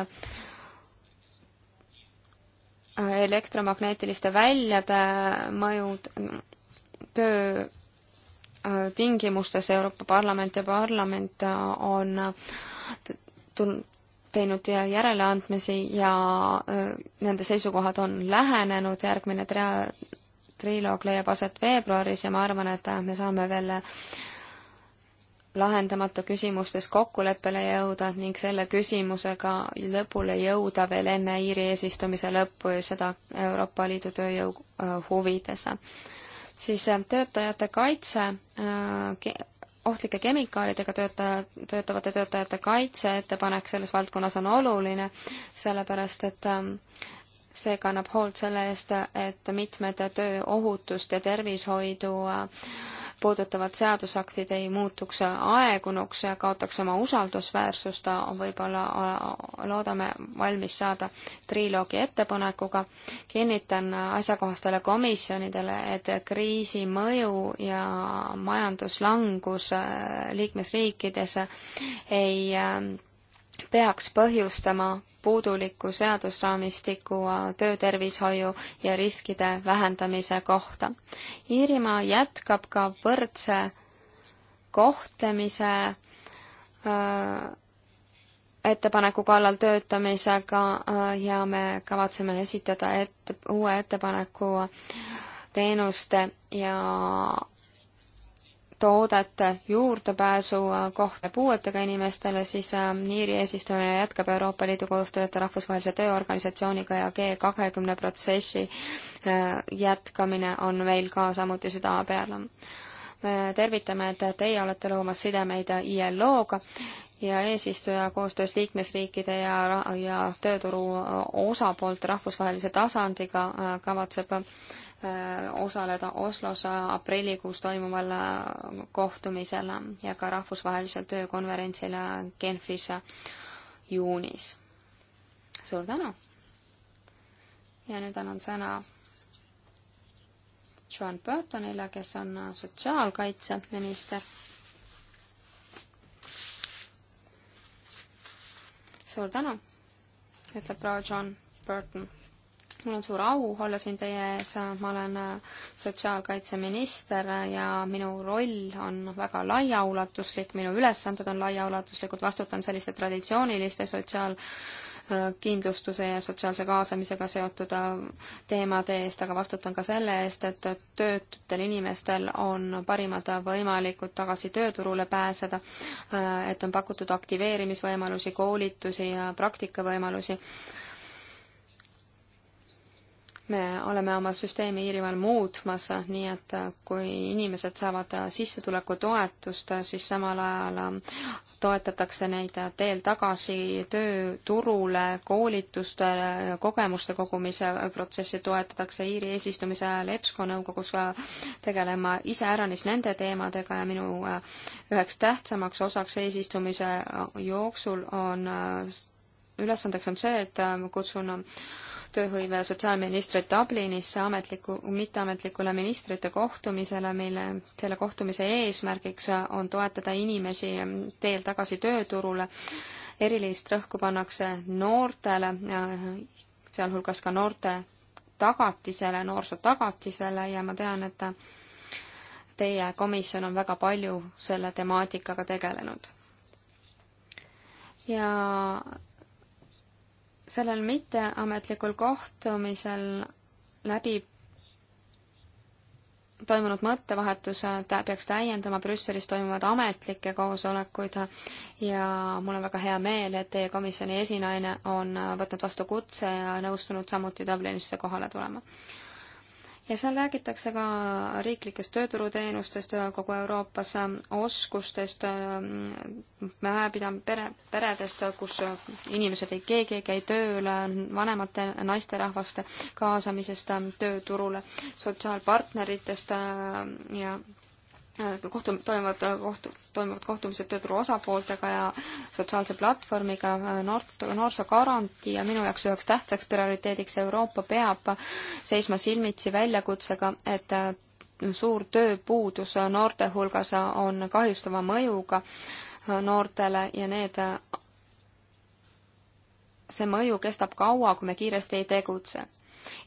elektromagnetiliste väljade mõjud töö äh, tingimustes Euroopa Parlament ja parlament äh, on äh, teinud järeleandmisi ja nende seisukohad on lähenenud, järgmine triloog leiab aset veebruaris ja ma arvan, et me saame veel lahendamata küsimustes kokkuleppele jõuda ning selle küsimusega lõpule jõuda veel enne Iiri eesistumise lõppu ja seda Euroopa Liidu tööjõu äh, huvides. siis äh, töötajate kaitse, äh, ohtlike kemikaalidega töötaja, töötavate töötajate kaitse ettepanek selles valdkonnas on oluline, sellepärast et see kannab hoolt selle eest, et mitmed tööohutust ja tervishoidu äh, puudutavad seadusaktid ei muutuks aegunuks ja kaotaks oma usaldusväärsust, võib-olla äh, loodame valmis saada triloogi ettepanekuga. kinnitan asjakohastele komisjonidele, et kriisi mõju ja majanduslangus äh, liikmesriikides ei äh, peaks põhjustama puuduliku seadusraamistiku töötervishoiu ja riskide vähendamise kohta. Iirimaa jätkab ka võrdse kohtlemise öö, äh, ettepaneku kallal töötamisega äh, ja me kavatseme esitada ette, uue ettepaneku teenuste ja toodete juurdepääsu äh, kohta puuetega inimestele, siis äh, Iiri eesistumine jätkab Euroopa Liidu koostööd Rahvusvahelise Tööorganisatsiooniga ja G kahekümne protsessi äh, jätkamine on meil ka samuti südame peal. me tervitame, et teie olete loomas sidemeid ILO-ga ja eesistuja koostöös liikmesriikide ja, ja tööturu osapoolte rahvusvahelise tasandiga kavatseb Äh, osaleda Oslos aprillikuus toimuval äh, kohtumisel ja ka rahvusvahelisel töökonverentsil äh, Genfis juunis. suur tänu! ja nüüd annan sõna John Burtonile, kes on sotsiaalkaitseminister. suur tänu, ütleb proua John Burton mul on suur au olla siin teie ees, ma olen äh, sotsiaalkaitseminister ja minu roll on väga laiaulatuslik, minu ülesanded on laiaulatuslikud, vastutan selliste traditsiooniliste sotsiaalkindlustuse äh, ja sotsiaalse kaasamisega seotud äh, teemade eest, aga vastutan ka selle eest, et töötutel inimestel on parimad võimalikud tagasi tööturule pääseda, et on pakutud aktiveerimisvõimalusi, koolitusi ja praktikavõimalusi me oleme oma süsteemi Iirimaal muutmas, nii et kui inimesed saavad sissetulekutoetust, siis samal ajal toetatakse neid teel tagasi tööturule, koolitustele, kogemuste kogumise protsessi toetatakse Iiri eesistumise ajal EBSCO nõukogus tegelema iseäranis nende teemadega ja minu üheks tähtsamaks osaks eesistumise jooksul on ülesandeks on see, et kutsun tööhõive ja sotsiaalministrid Dublinisse ametliku, mitteametlikule ministrite kohtumisele, mille, selle kohtumise eesmärgiks on toetada inimesi teel tagasi tööturule. erilist rõhku pannakse noortele, sealhulgas ka noorte tagatisele, noorsootagatisele ja ma tean, et teie komisjon on väga palju selle temaatikaga tegelenud. ja sellel mitteametlikul kohtumisel läbi toimunud mõttevahetus peaks täiendama Brüsselis toimuvaid ametlikke koosolekuid ja mul on väga hea meel, et teie komisjoni esinaine on võtnud vastu kutse ja nõustunud samuti Dublinisse kohale tulema ja seal räägitakse ka riiklikest tööturuteenustest kogu Euroopas, oskustest, majapidam-, pere, peredest, kus inimesed ei, keegi ei käi tööl, vanemate naisterahvaste kaasamisest tööturule, sotsiaalpartneritest ja kohtum-, toimuvad kohtu-, toimuvad kohtumised tööturu osapooltega ja sotsiaalse platvormiga, noort, noorsoogarantii ja minu jaoks üheks tähtsaks prioriteediks Euroopa peab seisma silmitsi väljakutsega, et äh, suur tööpuudus noorte hulgas on kahjustava mõjuga äh, noortele ja need äh, see mõju kestab kaua, kui me kiiresti ei tegutse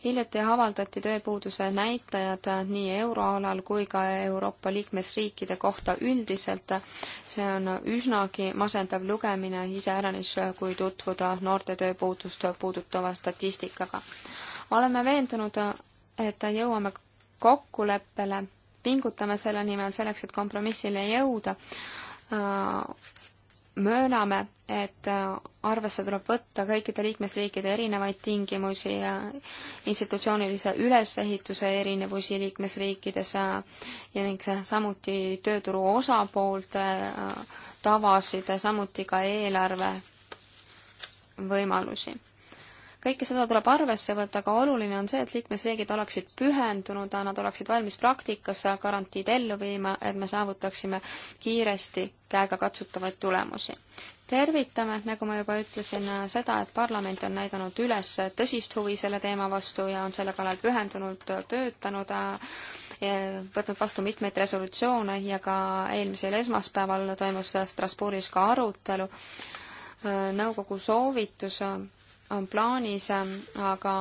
hiljuti avaldati tööpuuduse näitajad nii euroalal kui ka Euroopa liikmesriikide kohta üldiselt. see on üsnagi masendav lugemine iseäranis, kui tutvuda noorte tööpuudust puudutava statistikaga. oleme veendunud, et jõuame kokkuleppele, pingutame selle nimel selleks, et kompromissile jõuda mööname, et äh, arvesse tuleb võtta kõikide liikmesriikide erinevaid tingimusi ja institutsioonilise ülesehituse erinevusi liikmesriikides äh, ja ning samuti tööturu osapoolte äh, tavasid, samuti ka eelarve võimalusi kõike seda tuleb arvesse võtta, aga oluline on see, et liikmesriigid oleksid pühendunud, nad oleksid valmis praktikas garantiid ellu viima, et me saavutaksime kiiresti käegakatsutavaid tulemusi. tervitame, nagu ma juba ütlesin, seda, et parlament on näidanud üles tõsist huvi selle teema vastu ja on selle kallal pühendunult töötanud, võtnud vastu mitmeid resolutsioone ja ka eelmisel esmaspäeval toimus Strasbourgis ka arutelu nõukogu soovitus on plaanis, aga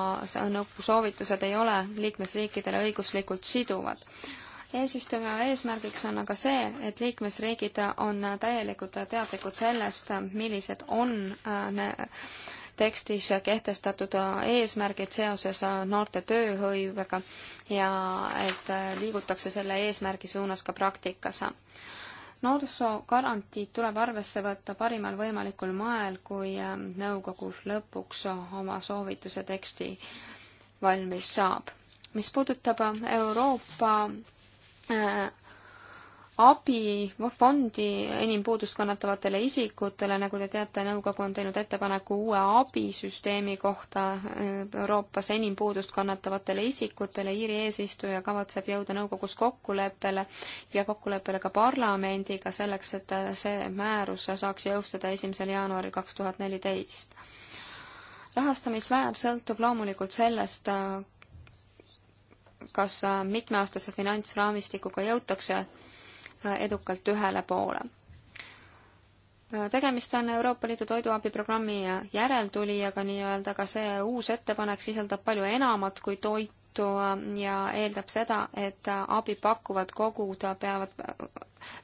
nõukogu soovitused ei ole liikmesriikidele õiguslikult siduvad. eesistuja eesmärgiks on aga see, et liikmesriigid on täielikult teadlikud sellest, millised on äh, tekstis kehtestatud äh, eesmärgid seoses äh, noorte tööhõivega ja et liigutakse selle eesmärgi suunas ka praktikas noorsoogarantiid tuleb arvesse võtta parimal võimalikul moel, kui ähm, nõukogu lõpuks oma soovituse teksti valmis saab. mis puudutab äh, Euroopa äh, abi fondi enim puudust kannatavatele isikutele, nagu te teate, nõukogu on teinud ettepaneku uue abisüsteemi kohta äh, Euroopas enim puudust kannatavatele isikutele. Iiri eesistuja kavatseb jõuda nõukogus kokkuleppele ja kokkuleppele ka parlamendiga selleks, et see määrus saaks jõustuda esimesel jaanuaril kaks tuhat neliteist. rahastamismäär sõltub loomulikult sellest, äh, kas mitmeaastase finantsraamistikuga jõutakse edukalt ühele poole. tegemist on Euroopa Liidu toiduabiprogrammi järeltulijaga nii-öelda, aga see uus ettepanek sisaldab palju enamat kui toitu ja eeldab seda, et abi pakkuvad kogud peavad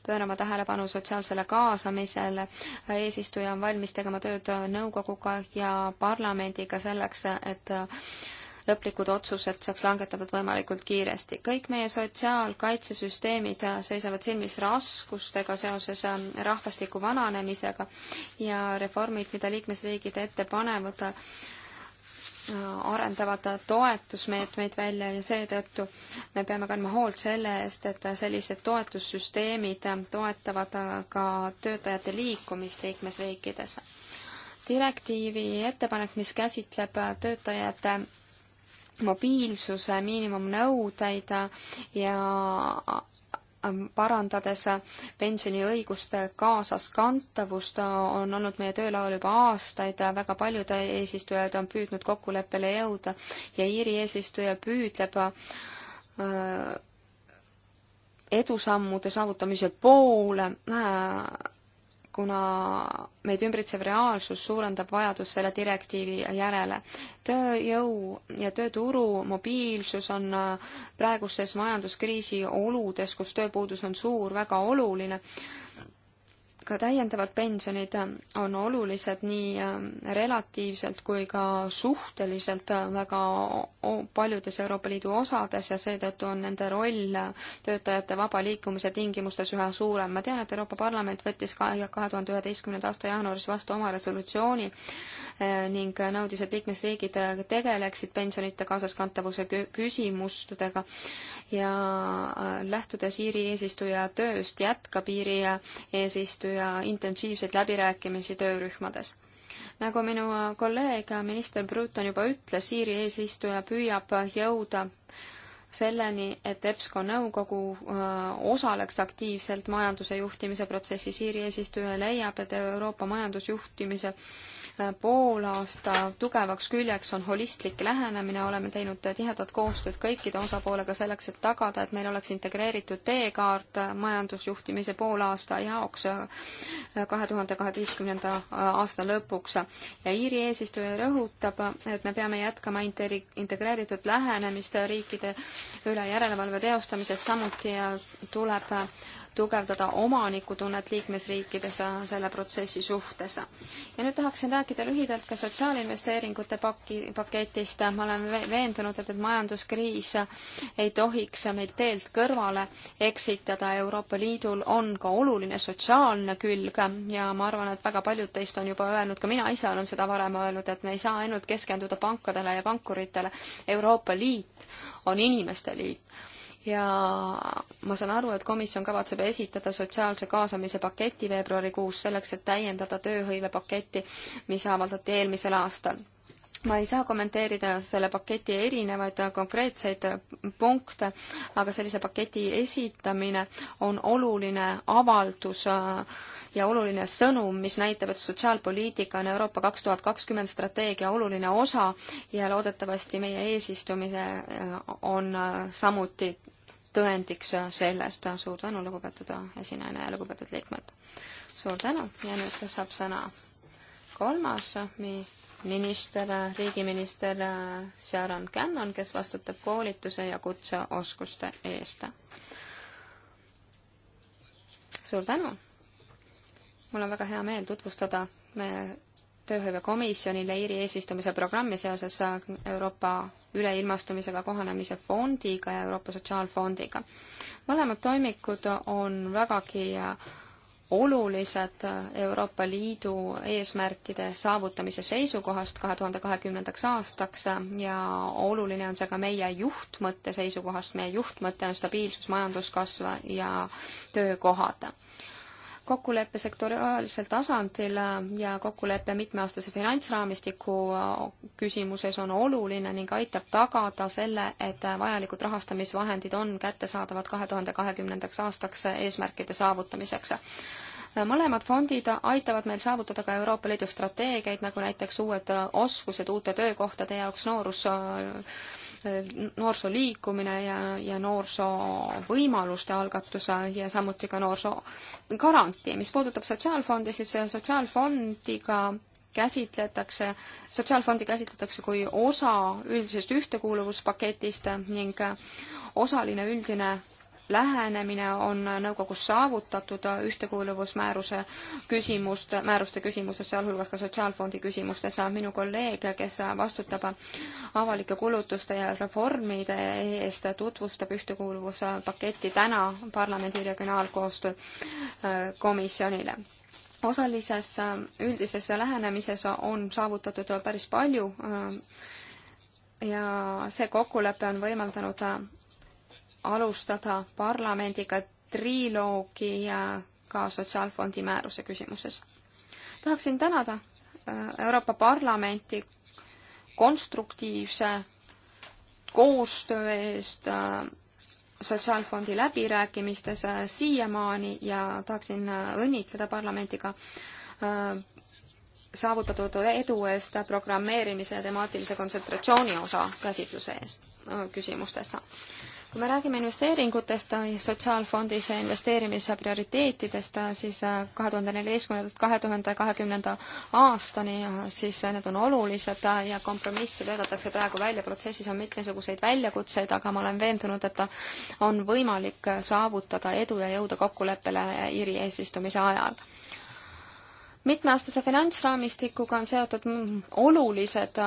pöörama tähelepanu sotsiaalsele kaasamisele. eesistuja on valmis tegema tööd nõukoguga ja parlamendiga selleks, et lõplikud otsused saaks langetatud võimalikult kiiresti. kõik meie sotsiaalkaitsesüsteemid äh, seisavad silmis raskustega seoses äh, rahvastiku vananemisega ja reformid, mida liikmesriigid ette panevad, äh, arendavad toetusmeetmeid välja ja seetõttu me peame kandma hoolt selle eest, et sellised toetussüsteemid toetavad ka töötajate liikumist liikmesriikides direktiivi ettepanek, mis käsitleb töötajate mobiilsuse miinimumnõudeid ja parandades pensioniõiguste kaasaskantavust, on olnud meie töölaul juba aastaid, väga paljud eesistujad on püüdnud kokkuleppele jõuda ja Iiri eesistuja püüdleb äh, edusammude saavutamise poole äh, kuna meid ümbritsev reaalsus suurendab vajadust selle direktiivi järele. tööjõu ja tööturu mobiilsus on äh, praeguses majanduskriisi oludes, kus tööpuudus on suur, väga oluline ka täiendavad pensionid on olulised nii äh, relatiivselt kui ka suhteliselt äh, väga paljudes Euroopa Liidu osades ja seetõttu on nende roll töötajate vaba liikumise tingimustes üha suurem. ma tean, et Euroopa Parlament võttis kahe tuhande üheteistkümnenda aasta jaanuaris vastu oma resolutsiooni Äh, ning nõudis, et liikmesriigid äh, tegeleksid pensionite kaasaskantavuse küsimustega ja äh, lähtudes Iiri eesistuja tööst, jätkab Iiri eesistuja intensiivseid läbirääkimisi töörühmades nagu minu kolleeg minister Bruton juba ütles, Iiri eesistuja püüab jõuda selleni, et EBSCO nõukogu osaleks aktiivselt majanduse juhtimise protsessis. Iiri eesistuja leiab, et Euroopa majandusjuhtimise poolaasta tugevaks küljeks on holistlik lähenemine, oleme teinud tihedat koostööd kõikide osapoolega selleks, et tagada, et meil oleks integreeritud teekaart majandusjuhtimise poolaasta jaoks kahe tuhande kaheteistkümnenda aasta lõpuks. ja Iiri eesistuja rõhutab, et me peame jätkama integreeritud lähenemist riikide üle järelevalve teostamises, samuti tuleb tugevdada omanikutunnet liikmesriikides selle protsessi suhtes. ja nüüd tahaksin rääkida lühidalt ka sotsiaalinvesteeringute pakki, paketist. ma olen veendunud, et, et majanduskriis ei tohiks meid teelt kõrvale eksitada. Euroopa Liidul on ka oluline sotsiaalne külg ja ma arvan, et väga paljud teist on juba öelnud, ka mina ise olen seda varem öelnud, et me ei saa ainult keskenduda pankadele ja pankuritele. Euroopa Liit on inimeste liit ja ma saan aru, et komisjon kavatseb esitada sotsiaalse kaasamise paketi veebruarikuus selleks, et täiendada tööhõivepaketti, mis avaldati eelmisel aastal ma ei saa kommenteerida selle paketi erinevaid konkreetseid punkte, aga sellise paketi esitamine on oluline avaldus ja oluline sõnum, mis näitab, et sotsiaalpoliitika on Euroopa kaks tuhat kakskümmend strateegia oluline osa ja loodetavasti meie eesistumise on samuti tõendiks sellest. suur tänu, lugupeetud esinaine ja lugupeetud liikmed. suur tänu ja nüüd saab sõna kolmas minister, riigiminister Sharon Cannon, kes vastutab koolituse ja kutseoskuste eest. suur tänu! mul on väga hea meel tutvustada meie tööhõivekomisjonile Iiri eesistumise programmi seoses Euroopa üleilmastumisega kohanemise fondiga ja Euroopa Sotsiaalfondiga. mõlemad toimikud on vägagi olulised Euroopa Liidu eesmärkide saavutamise seisukohast kahe tuhande kahekümnendaks aastaks ja oluline on see ka meie juhtmõtte seisukohast, meie juhtmõte on stabiilsus, majanduskasv ja töökohad kokkulepe sektoriaalsel tasandil ja kokkulepe mitmeaastase finantsraamistiku küsimuses on oluline ning aitab tagada selle, et vajalikud rahastamisvahendid on kättesaadavad kahe tuhande kahekümnendaks aastaks eesmärkide saavutamiseks mõlemad fondid aitavad meil saavutada ka Euroopa Liidu strateegiaid, nagu näiteks uued oskused uute töökohtade jaoks, noorus noorsooliikumine ja, ja noorsoovõimaluste algatuse ja samuti ka noorsoogarantii. mis puudutab Sotsiaalfondi, siis Sotsiaalfondiga käsitletakse, Sotsiaalfondi käsitletakse kui osa üldisest ühtekuuluvuspaketist ning osaline üldine lähenemine on nõukogus saavutatud ühtekuuluvusmääruse küsimust, määruste küsimuses, sealhulgas ka Sotsiaalfondi küsimustes. minu kolleeg, kes vastutab avalike kulutuste ja reformide eest, tutvustab ühtekuuluvuspaketti täna parlamendi regionaalkoostöö äh, komisjonile osalises äh, üldises lähenemises on saavutatud päris palju äh, ja see kokkulepe on võimaldanud alustada parlamendiga triloogi ja ka Sotsiaalfondi määruse küsimuses. tahaksin tänada äh, Euroopa Parlamenti konstruktiivse koostöö eest äh, Sotsiaalfondi läbirääkimistes äh, siiamaani ja tahaksin õnnitleda parlamenti ka saavutatud edu eest programmeerimise ja temaatilise kontsentratsiooni osa käsitluse eest, küsimustesse kui me räägime investeeringutest, sotsiaalfondis investeerimise prioriteetidest, siis äh, kahe tuhande neljateistkümnendast kahe tuhande kahekümnenda aastani, äh, siis äh, need on olulised ja kompromisse töötatakse praegu välja, protsessis on mitmesuguseid väljakutseid, aga ma olen veendunud, et on võimalik saavutada edu ja jõuda kokkuleppele Iiri eesistumise ajal mitmeaastase finantsraamistikuga on seotud mm, olulised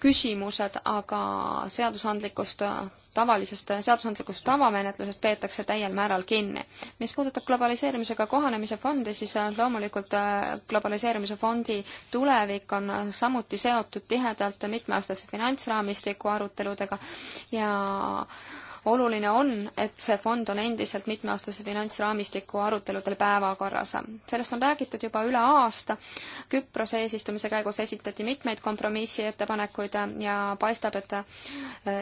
küsimused, aga seadusandlikust tavalisest seadusandlikust tavamenetlusest peetakse täiel määral kinni. mis puudutab globaliseerimisega kohanemise fondi, siis äh, loomulikult äh, globaliseerimise fondi tulevik on äh, samuti seotud tihedalt mitmeaastase finantsraamistiku aruteludega ja oluline on, et see fond on endiselt mitmeaastase finantsraamistiku aruteludel päevakorras. sellest on räägitud juba üle aasta, Küprose eesistumise käigus esitati mitmeid kompromissiettepanekuid ja paistab, et äh,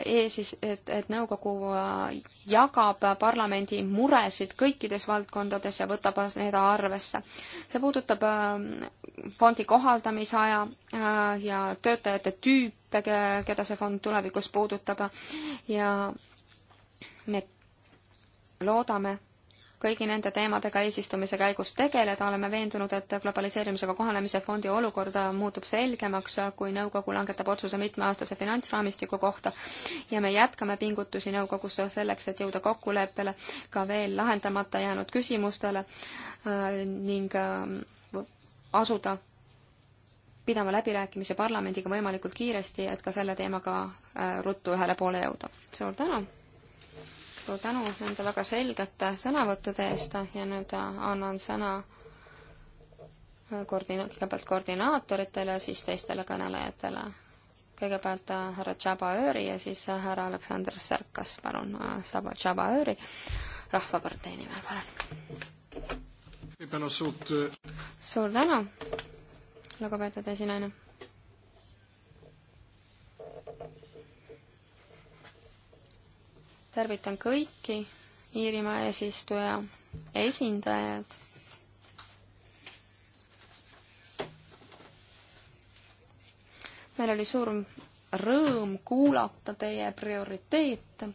eesis-, et, et nõukogu äh, jagab parlamendi muresid kõikides valdkondades ja võtab need arvesse. see puudutab äh, fondi kohaldamise aja ja töötajate tüüpi, keda see fond tulevikus puudutab ja me loodame kõigi nende teemadega eesistumise käigus tegeleda, oleme veendunud, et globaliseerimisega kohanemise fondi olukord muutub selgemaks, kui nõukogu langetab otsuse mitmeaastase finantsraamistiku kohta ja me jätkame pingutusi nõukogus selleks, et jõuda kokkuleppele ka veel lahendamata jäänud küsimustele äh, ning äh, asuda pidama läbirääkimisi parlamendiga võimalikult kiiresti, et ka selle teemaga äh, ruttu ühele poole jõuda. suur tänu! suur tänu nende väga selgete sõnavõttude eest ja nüüd annan sõna koordina-, kõigepealt koordinaatoritele ja siis teistele kõnelejatele. kõigepealt äh, härra Tšabaööri ja siis äh, härra Aleksander Särkas, palun, Tšaba, äh, Tšabaööri Rahvapartei nimel, palun. suur tänu, lugupeetud esinaine tervitan kõiki Iirimaa eesistuja esindajad. meil oli suur rõõm kuulata teie prioriteete.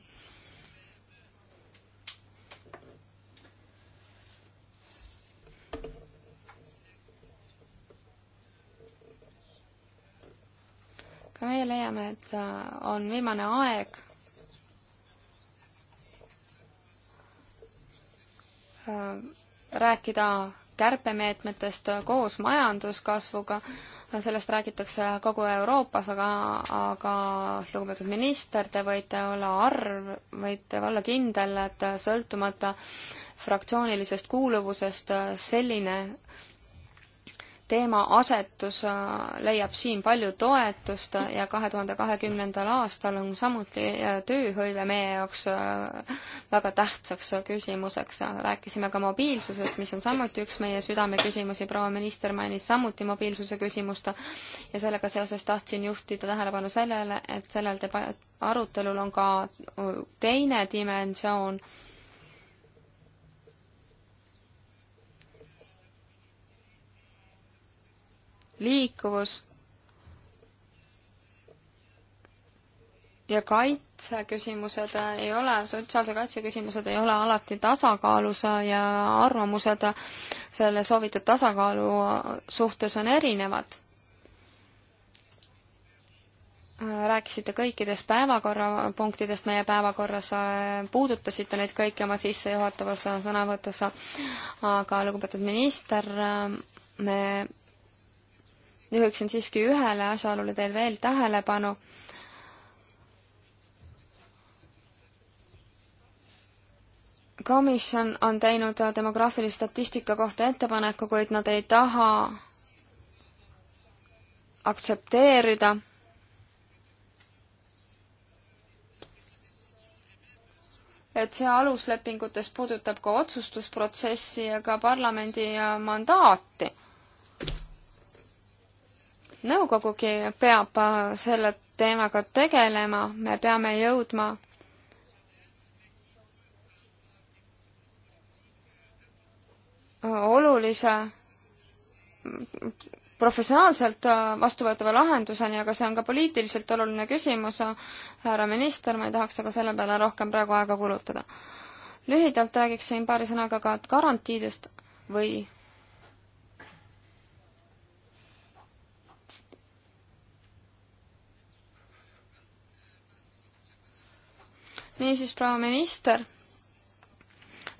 ka meie leiame, et äh, on viimane aeg rääkida kärpemeetmetest koos majanduskasvuga, sellest räägitakse kogu Euroopas, aga, aga lugupeetud minister, te võite olla arv, võite olla kindel, et sõltumata fraktsioonilisest kuuluvusest selline teemaasetus äh, leiab siin palju toetust ja kahe tuhande kahekümnendal aastal on samuti äh, tööhõive meie jaoks äh, väga tähtsaks küsimuseks. rääkisime ka mobiilsusest, mis on samuti üks meie südameküsimusi, proua minister mainis samuti mobiilsuse küsimust ja sellega seoses tahtsin juhtida tähelepanu sellele, et sellel deba-, arutelul on ka teine dimensioon, liikuvus ja kaitseküsimused ei ole, sotsiaalse kaitse küsimused ei ole alati tasakaalus ja arvamused selle soovitud tasakaalu suhtes on erinevad. rääkisite kõikidest päevakorrapunktidest meie päevakorras, puudutasite neid kõiki oma sissejuhatavas sõnavõtus, aga lugupeetud minister, me juhiksin siiski ühele asjaolule teil veel tähelepanu. komisjon on teinud demograafilise statistika kohta ettepaneku, kuid nad ei taha aktsepteerida et see aluslepingutes puudutab ka otsustusprotsessi ja ka parlamendi mandaati nõukogugi peab äh, selle teemaga tegelema, me peame jõudma olulise professionaalselt äh, vastuvõetava lahenduseni, aga see on ka poliitiliselt oluline küsimus. Äh, härra minister, ma ei tahaks aga selle peale rohkem praegu aega kulutada. lühidalt räägiksin paari sõnaga ka garantiidest või niisiis, proua minister,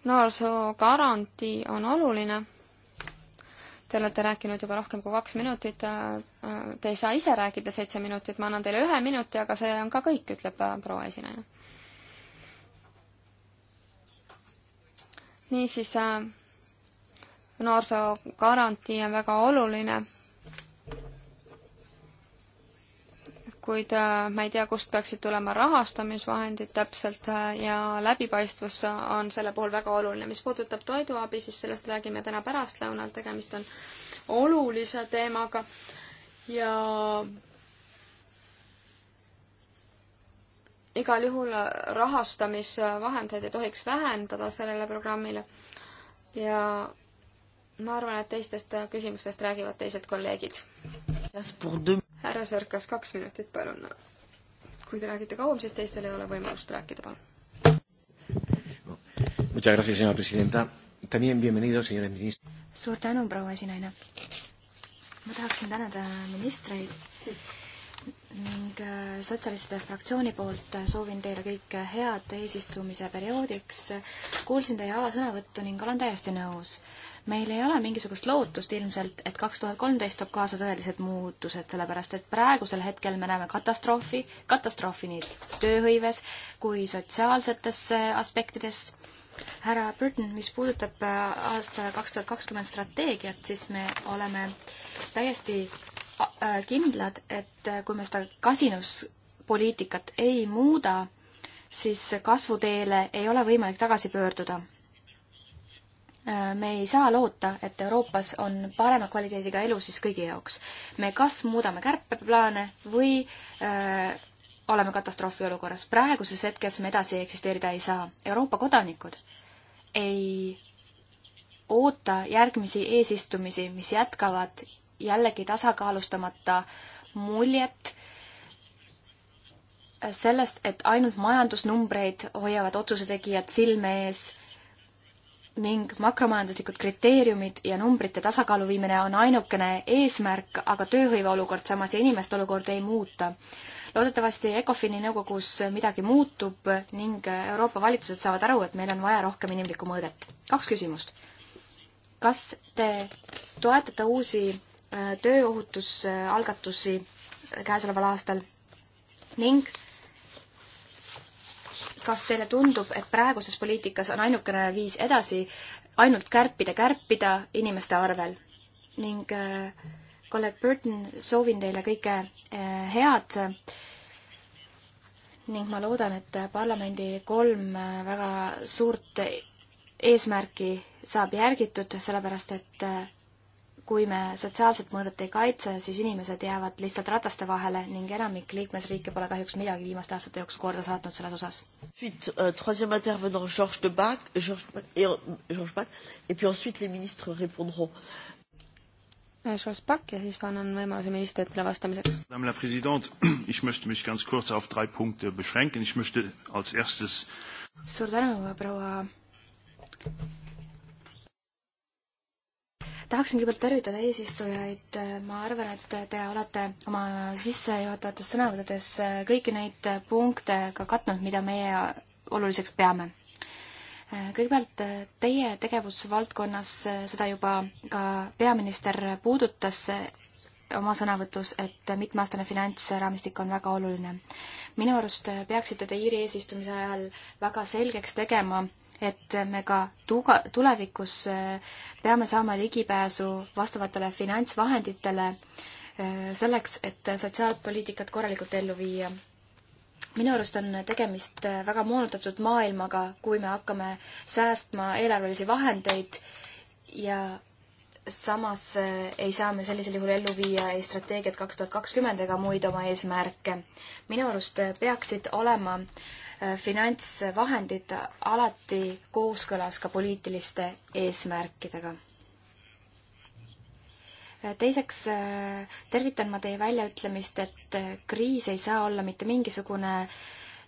noorsoogarantii on oluline. Te olete rääkinud juba rohkem kui kaks minutit. Äh, te ei saa ise rääkida seitse minutit, ma annan teile ühe minuti, aga see on ka kõik, ütleb äh, proua esinaine. niisiis, äh, noorsoogarantii on väga oluline kuid äh, ma ei tea, kust peaksid tulema rahastamisvahendid täpselt äh, ja läbipaistvus on selle puhul väga oluline. mis puudutab toiduabi, siis sellest räägime täna pärastlõunal, tegemist on olulise teemaga ja igal juhul rahastamisvahendeid ei tohiks vähendada sellele programmile ja ma arvan, et teistest küsimustest räägivad teised kolleegid härra Sõrkas, kaks minutit, palun. kui te räägite kauem, siis teistel ei ole võimalust rääkida, palun. suur tänu, proua esinaine. ma tahaksin tänada ministreid ning äh, sotsialistide fraktsiooni poolt äh, soovin teile kõike head eesistumise perioodiks. kuulsin teie avasõnavõttu ning olen täiesti nõus. meil ei ole mingisugust lootust ilmselt, et kaks tuhat kolmteist toob kaasa tõelised muutused, sellepärast et praegusel hetkel me näeme katastroofi, katastroofi nii tööhõives kui sotsiaalsetes äh, aspektides härra Burton, mis puudutab aasta kaks tuhat kakskümmend strateegiat, siis me oleme täiesti kindlad, et kui me seda kasinuspoliitikat ei muuda, siis kasvuteele ei ole võimalik tagasi pöörduda. me ei saa loota, et Euroopas on parema kvaliteediga elu siis kõigi jaoks. me kas muudame kärpeplaane või öö, äh, oleme katastroofi olukorras. praeguses hetkes me edasi eksisteerida ei saa. Euroopa kodanikud ei oota järgmisi eesistumisi, mis jätkavad jällegi tasakaalustamata muljet sellest, et ainult majandusnumbreid hoiavad otsuse tegijad silme ees ning makromajanduslikud kriteeriumid ja numbrite tasakaalu viimine on ainukene eesmärk, aga tööhõive olukord samas ja inimeste olukord ei muuta. loodetavasti ECOFIN-i nõukogus midagi muutub ning Euroopa valitsused saavad aru, et meil on vaja rohkem inimlikku mõõdet. kaks küsimust. kas te toetate uusi Äh, tööohutusalgatusi käesoleval aastal ning kas teile tundub, et praeguses poliitikas on ainukene viis edasi ainult kärpida, kärpida inimeste arvel ning äh, kolleeg Burton, soovin teile kõike äh, head ning ma loodan, et parlamendi kolm äh, väga suurt eesmärki saab järgitud, sellepärast et äh, kui me sotsiaalset mõõdet ei kaitse, siis inimesed jäävad lihtsalt rataste vahele ning enamik liikmesriike pole kahjuks midagi viimaste aastate jooksul korda saatnud selles osas. Euh, troisième intervenant Georges de Bac, Georges Bac et euh, Georges Bac et puis ensuite les ministres répondront. Euh, Georges Bac ja siis ma annan võimaluse ministritele vastamiseks. Madame la présidente, [coughs] ich möchte mich ganz kurz auf drei punkte beschränken, ich möchte als erstes suur tänu, proua tahaksin kõigepealt tervitada eesistujaid, ma arvan, et te olete oma sissejuhatavates sõnavõttudes kõiki neid punkte ka katnud, mida meie oluliseks peame. kõigepealt teie tegevusvaldkonnas, seda juba ka peaminister puudutas oma sõnavõtus, et mitmeaastane finantsraamistik on väga oluline. minu arust peaksite te Iiri eesistumise ajal väga selgeks tegema, et me ka tuga-, tulevikus äh, peame saama ligipääsu vastavatele finantsvahenditele äh, selleks, et sotsiaalpoliitikat korralikult ellu viia. minu arust on tegemist äh, väga moonutatud maailmaga, kui me hakkame säästma eelarvelisi vahendeid ja samas ei saa me sellisel juhul ellu viia ei strateegiat kaks tuhat kakskümmend ega muid oma eesmärke. minu arust peaksid olema äh, finantsvahendid alati kooskõlas ka poliitiliste eesmärkidega. teiseks tervitan ma teie väljaütlemist, et kriis ei saa olla mitte mingisugune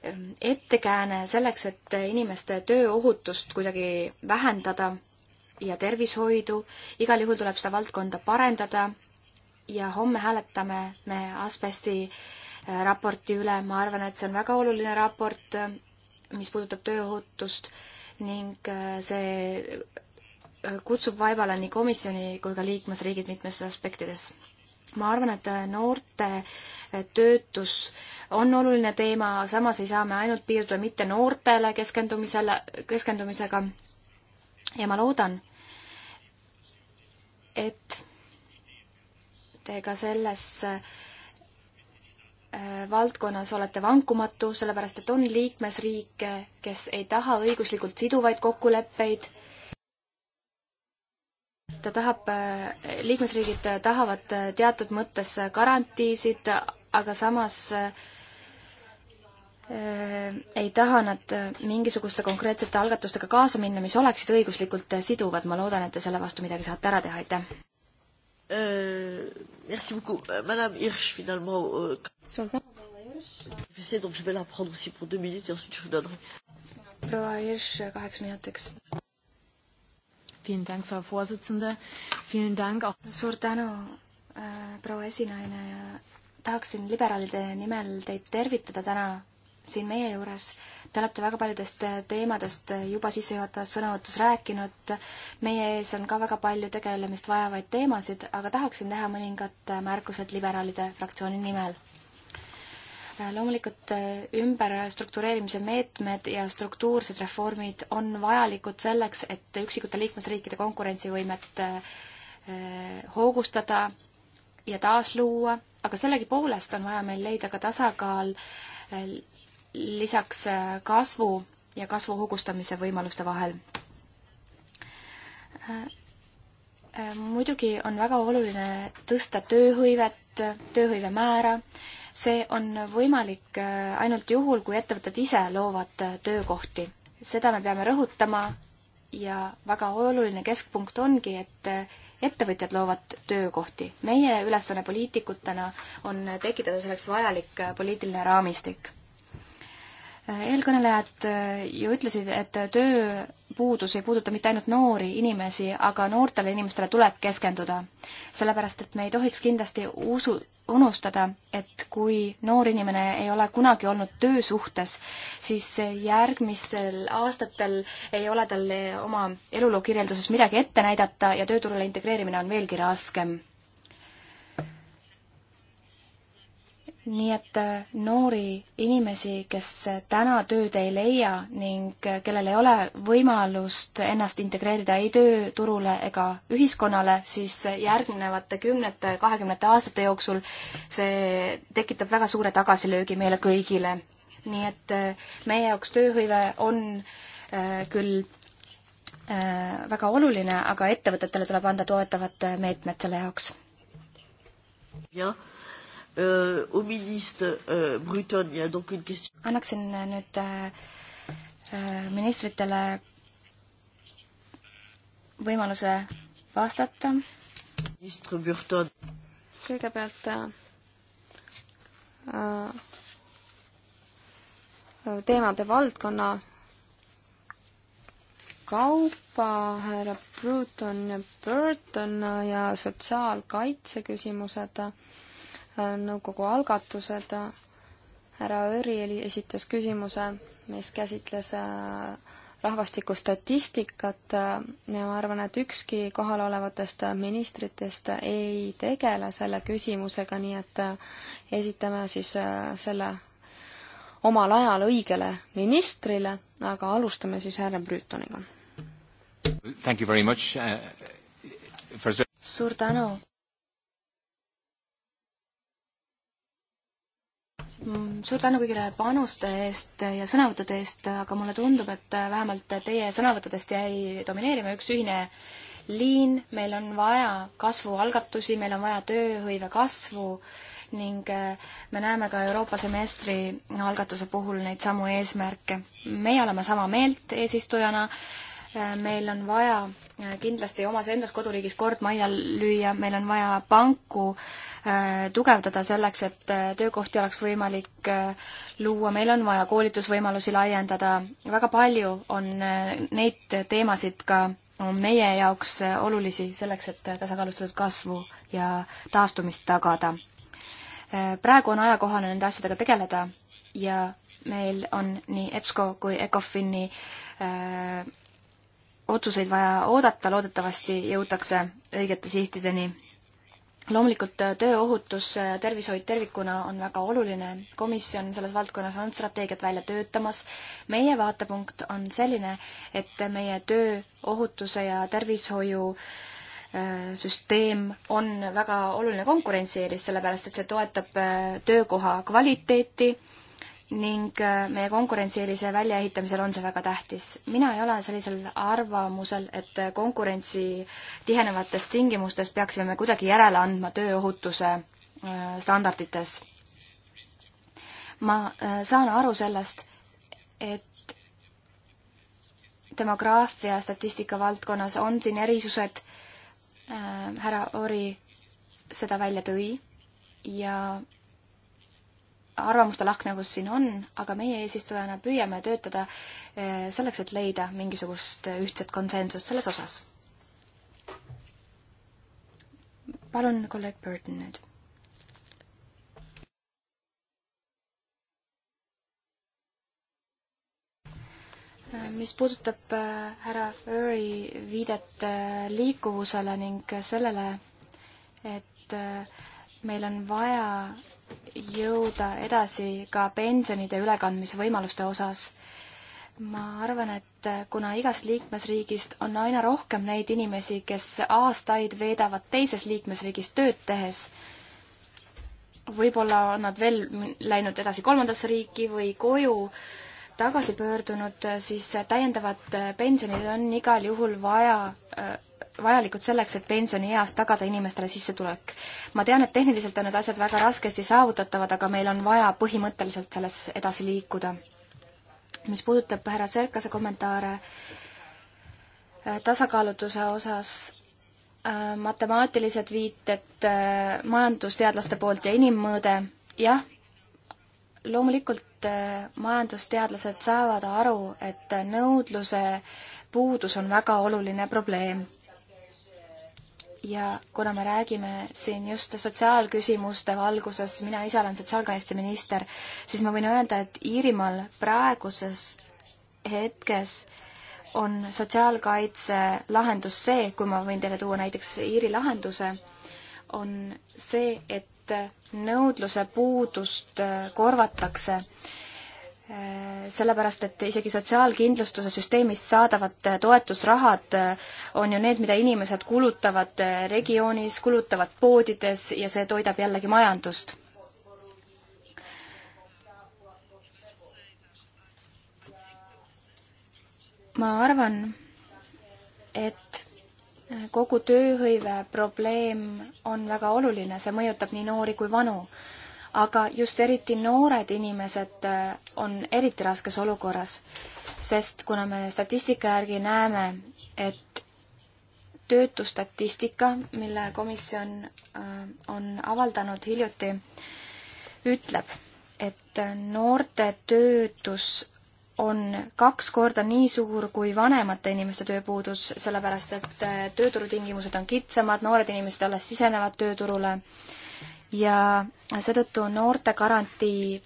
ehm, ettekääne selleks, et inimeste tööohutust kuidagi vähendada ja tervishoidu, igal juhul tuleb seda valdkonda parendada ja homme hääletame me asbesti äh, Äh, raporti üle, ma arvan, et see on väga oluline raport, äh, mis puudutab tööohutust ning äh, see kutsub vaevale nii komisjoni kui ka liikmesriigid mitmes aspektides. ma arvan, et noorte töötus on oluline teema, samas ei saa me ainult piirduda mitte noortele keskendumisele, keskendumisega ja ma loodan, et te ka selles äh, Äh, valdkonnas olete vankumatu, sellepärast et on liikmesriike, kes ei taha õiguslikult siduvaid kokkuleppeid. ta tahab, äh, liikmesriigid tahavad äh, teatud mõttes garantiisid, aga samas ei taha nad mingisuguste konkreetsete algatustega kaasa minna, mis oleksid õiguslikult siduvad. ma loodan, et te selle vastu midagi saate ära teha, aitäh! Euh, merci beaucoup. Euh, Madame Hirsch, finalement. Euh, suur tänu, proua Hirsch. donc je vais la prendre aussi pour deux minutes et ensuite je vous donnerai. proua Hirsch, kaheks minutiks. Vielen Dank, Frau Vorsitzende. Vielen Dank auch. suur tänu äh,, proua esinaine ja tahaksin liberaalide nimel teid tervitada täna siin meie juures. Te olete väga paljudest teemadest juba sissejuhatavas sõnavõtus rääkinud. meie ees on ka väga palju tegelemist vajavaid teemasid, aga tahaksin teha mõningad märkused liberaalide fraktsiooni nimel. loomulikult äh, ümberstruktureerimise meetmed ja struktuursed reformid on vajalikud selleks, et üksikute liikmesriikide konkurentsivõimet äh, äh, hoogustada ja taasluua, aga sellegipoolest on vaja meil leida ka tasakaal lisaks äh, kasvu ja kasvu hoogustamise võimaluste vahel. Äh, äh, muidugi on väga oluline tõsta tööhõivet, tööhõive määra. see on võimalik ainult juhul, kui ettevõtted ise loovad töökohti. seda me peame rõhutama ja väga oluline keskpunkt ongi, et ettevõtjad loovad töökohti. meie ülesanne poliitikutena on tekitada selleks vajalik poliitiline raamistik eelkõnelejad äh, ju ütlesid, et tööpuudus ei puuduta mitte ainult noori inimesi, aga noortele inimestele tuleb keskenduda. sellepärast, et me ei tohiks kindlasti usu, unustada, et kui noor inimene ei ole kunagi olnud töösuhtes, siis järgmistel aastatel ei ole tal oma eluloo kirjelduses midagi ette näidata ja tööturule integreerimine on veelgi raskem nii et äh, noori inimesi, kes äh, täna tööd ei leia ning äh, kellel ei ole võimalust ennast integreerida ei tööturule ega ühiskonnale, siis järgnevate kümnete, kahekümnete aastate jooksul see tekitab väga suure tagasilöögi meile kõigile. nii et meie jaoks tööhõive on küll väga oluline, aga ettevõtetele tuleb anda toetavad meetmed selle jaoks. jah euh, au ministre euh, Bruton. Il y a donc une question. Annaksin euh, nüüd äh, äh, ministritele võimaluse vastata. Ministre Burton. Kõigepealt äh, äh teemade valdkonna kaupa härra Bruton ja Burton ja sotsiaalkaitse küsimused äh, nõukogu algatused. härra Öri esitas küsimuse, mis käsitles äh, rahvastikustatistikat ja ma arvan, et ükski kohalolevatest ministritest ei tegele selle küsimusega, nii et äh, esitame siis äh, selle omal ajal õigele ministrile, aga alustame siis härra Brütoniga. suur tänu! suur tänu kõigile panuste eest ja sõnavõttude eest, aga mulle tundub, et vähemalt teie sõnavõttudest jäi domineerima üks ühine liin, meil on vaja kasvualgatusi, meil on vaja tööhõive kasvu ning eh, me näeme ka Euroopa semestri algatuse puhul neid samu eesmärke. meie oleme sama meelt eesistujana meil on vaja äh, kindlasti omas endas koduriigis kord majja lüüa, meil on vaja panku äh, tugevdada selleks, et äh, töökohti oleks võimalik luua, meil on vaja koolitusvõimalusi laiendada, väga palju on neid teemasid ka meie jaoks olulisi selleks, et tasakaalustatud kasvu ja taastumist tagada. praegu on ajakohane nende asjadega tegeleda ja meil on nii EBSCO kui ECOFIN-i äh, otsuseid vaja oodata, loodetavasti jõutakse õigete sihtideni. loomulikult äh, tööohutus, äh, tervishoid tervikuna on väga oluline, komisjon selles valdkonnas on strateegiat välja töötamas. meie vaatepunkt on selline, et meie tööohutuse ja tervishoiu äh, süsteem on väga oluline konkurentsieelis, sellepärast et see toetab töökoha kvaliteeti ning äh, meie konkurentsieelise väljaehitamisel on see väga tähtis. mina ei ole sellisel arvamusel, et äh, konkurentsi tihenevates tingimustes peaksime me kuidagi järele andma tööohutuse äh, standardites. ma saan aru sellest, et demograafia statistika valdkonnas on siin erisused, härra Ori seda välja tõi ja arvamuste lahknevus siin on, aga meie eesistujana püüame töötada eh, selleks, et leida mingisugust ühtset konsensust selles osas. palun, kolleeg Burton nüüd. Eh, mis puudutab eh, härra Furry viidet liikuvusele ning sellele, et meil on vaja jõuda edasi ka pensionide ülekandmise võimaluste osas. ma arvan, et kuna igast liikmesriigist on aina rohkem neid inimesi, kes aastaid veedavad teises liikmesriigis tööd tehes, võib-olla on nad veel läinud edasi kolmandasse riiki või koju tagasi pöördunud, siis täiendavat pensionit on igal juhul vaja äh, vajalikud selleks, et pensionieas tagada inimestele sissetulek. ma tean, et tehniliselt on need asjad väga raskesti saavutatavad, aga meil on vaja põhimõtteliselt selles edasi liikuda. mis puudutab härra Serkase kommentaare äh, tasakaalutuse osas, äh, matemaatilised viited äh, majandusteadlaste poolt ja inimmõõde, jah, loomulikult majandusteadlased saavad aru, et nõudluse puudus on väga oluline probleem ja kuna me räägime siin just sotsiaalküsimuste valguses, mina ise olen sotsiaalkaitseminister, siis ma võin öelda, et Iirimaal praeguses hetkes on sotsiaalkaitse lahendus see, kui ma võin teile tuua näiteks Iiri lahenduse, on see, et nõudluse puudust korvatakse äh, Äh, sellepärast, et isegi sotsiaalkindlustuse süsteemis saadavad äh, toetusrahad äh, on ju need, mida inimesed kulutavad regioonis, kulutavad poodides ja see toidab jällegi majandust. ma arvan, et kogu tööhõive probleem on väga oluline, see mõjutab nii noori kui vanu aga just eriti noored inimesed äh, on eriti raskes olukorras, sest kuna me statistika järgi näeme, et töötustatistika, mille komisjon äh, on avaldanud hiljuti, ütleb, et noorte töötus on kaks korda nii suur kui vanemate inimeste tööpuudus, sellepärast et äh, tööturutingimused on kitsamad, noored inimesed alles sisenevad tööturule äh, ja seetõttu noortegarantii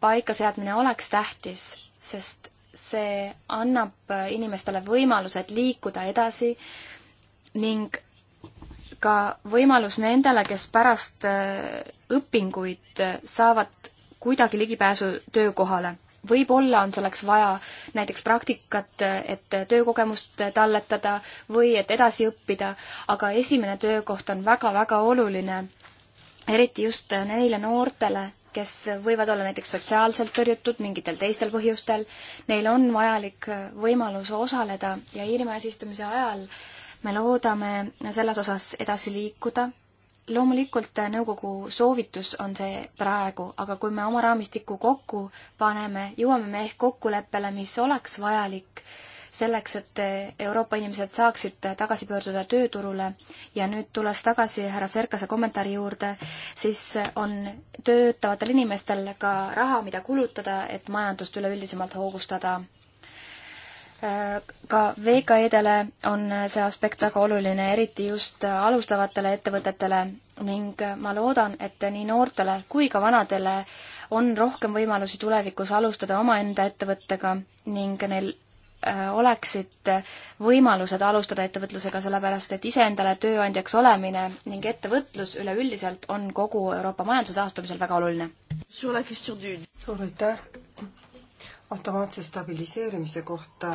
paikaseadmine oleks tähtis, sest see annab inimestele võimalused liikuda edasi ning ka võimalus nendele, kes pärast äh, õpinguid äh, saavad kuidagi ligipääsu töökohale. võib-olla on selleks vaja näiteks praktikat, äh, et töökogemust talletada või et edasi õppida, aga esimene töökoht on väga-väga oluline eriti just neile noortele, kes võivad olla näiteks sotsiaalselt tõrjutud mingitel teistel põhjustel, neil on vajalik võimalus osaleda ja Iirimaa eesistumise ajal me loodame selles osas edasi liikuda. loomulikult nõukogu soovitus on see praegu, aga kui me oma raamistiku kokku paneme, jõuame me ehk kokkuleppele, mis oleks vajalik äh, selleks, et Euroopa inimesed saaksid tagasi pöörduda tööturule ja nüüd tulles tagasi härra Serkase kommentaari juurde, siis on töötavatel inimestel ka raha, mida kulutada, et majandust üleüldisemalt hoogustada. Ka VKE-dele on see aspekt väga oluline, eriti just alustavatele ettevõtetele ning ma loodan, et nii noortele kui ka vanadele on rohkem võimalusi tulevikus alustada omaenda ettevõttega ning neil Äh, oleksid võimalused alustada ettevõtlusega, sellepärast et iseendale tööandjaks olemine ning ettevõtlus üleüldiselt on kogu Euroopa majanduse taastumisel väga oluline. suur aitäh automaatse stabiliseerimise kohta.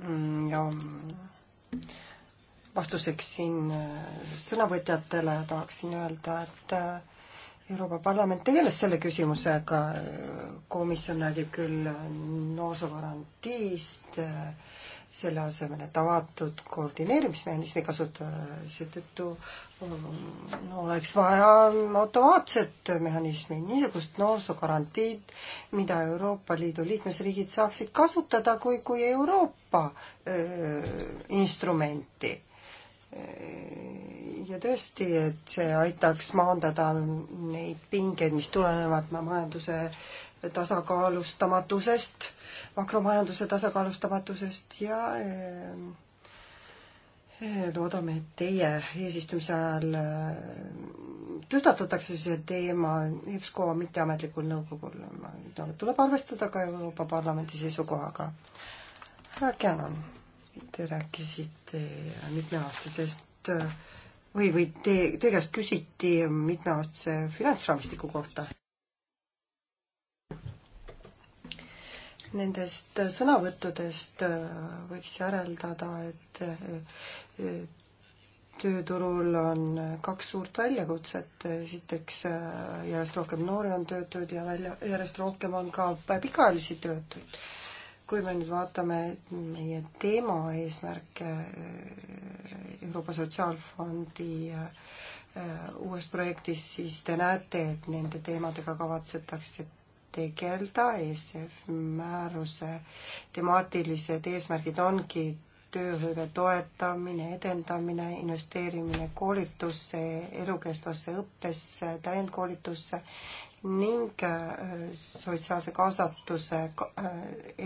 Mm, ja mm, vastuseks siin äh, sõnavõtjatele tahaksin öelda, et äh, Euroopa Parlament tegeles selle küsimusega, komisjon räägib küll noorsoogarantiist, selle asemel, et avatud koordineerimismehhanismi kasutada, seetõttu no, mm, oleks vaja automaatset mehhanismi, niisugust noorsoogarantiid, mida Euroopa Liidu liikmesriigid saaksid kasutada kui, kui Euroopa öö, instrumenti ja tõesti, et see aitaks maandada neid pingeid, mis tulenevad majanduse tasakaalustamatusest, makromajanduse tasakaalustamatusest ja eh, eh, loodame, et teie eesistumise ajal eh, tõstatatakse see teema EBSCO mitteametlikul nõukogul. tuleb arvestada ka Euroopa Parlamendi seisukohaga. härra Cannon Te rääkisite mitmeaastasest või, või te, teie käest küsiti mitmeaastase finantsraamistiku kohta. Nendest sõnavõttudest võiks järeldada, et tööturul on kaks suurt väljakutset, esiteks järjest rohkem noori on töötuid ja välja, järjest rohkem on ka pikaajalisi töötuid kui me nüüd vaatame meie teema eesmärke äh, Euroopa Sotsiaalfondi äh, äh, uues projektis, siis te näete, et nende teemadega kavatsetakse tegeleda, ESF määruse temaatilised eesmärgid ongi tööhõive toetamine, edendamine, investeerimine koolitusse, elukestvasse õppesse, täiendkoolitusse ning äh, sotsiaalse kaasatuse äh,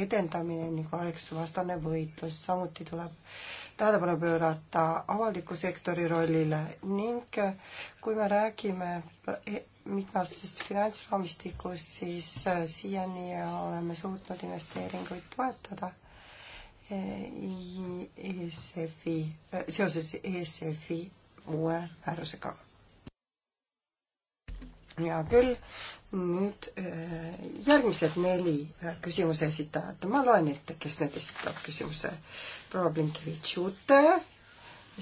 edendamine ning vaesusvastane võitlus. samuti tuleb tähelepanu pöörata avaliku sektori rollile ning äh, kui me räägime e, mitmest finantsraamistikust, siis siiani oleme suutnud investeeringuid toetada ESF-i, e seoses ESF-i uue määrusega hea küll, nüüd äh, järgmised neli äh, küsimuse esitajat, ma loen ette, kes need esitavad küsimuse. proua Blinkevitš-Jute,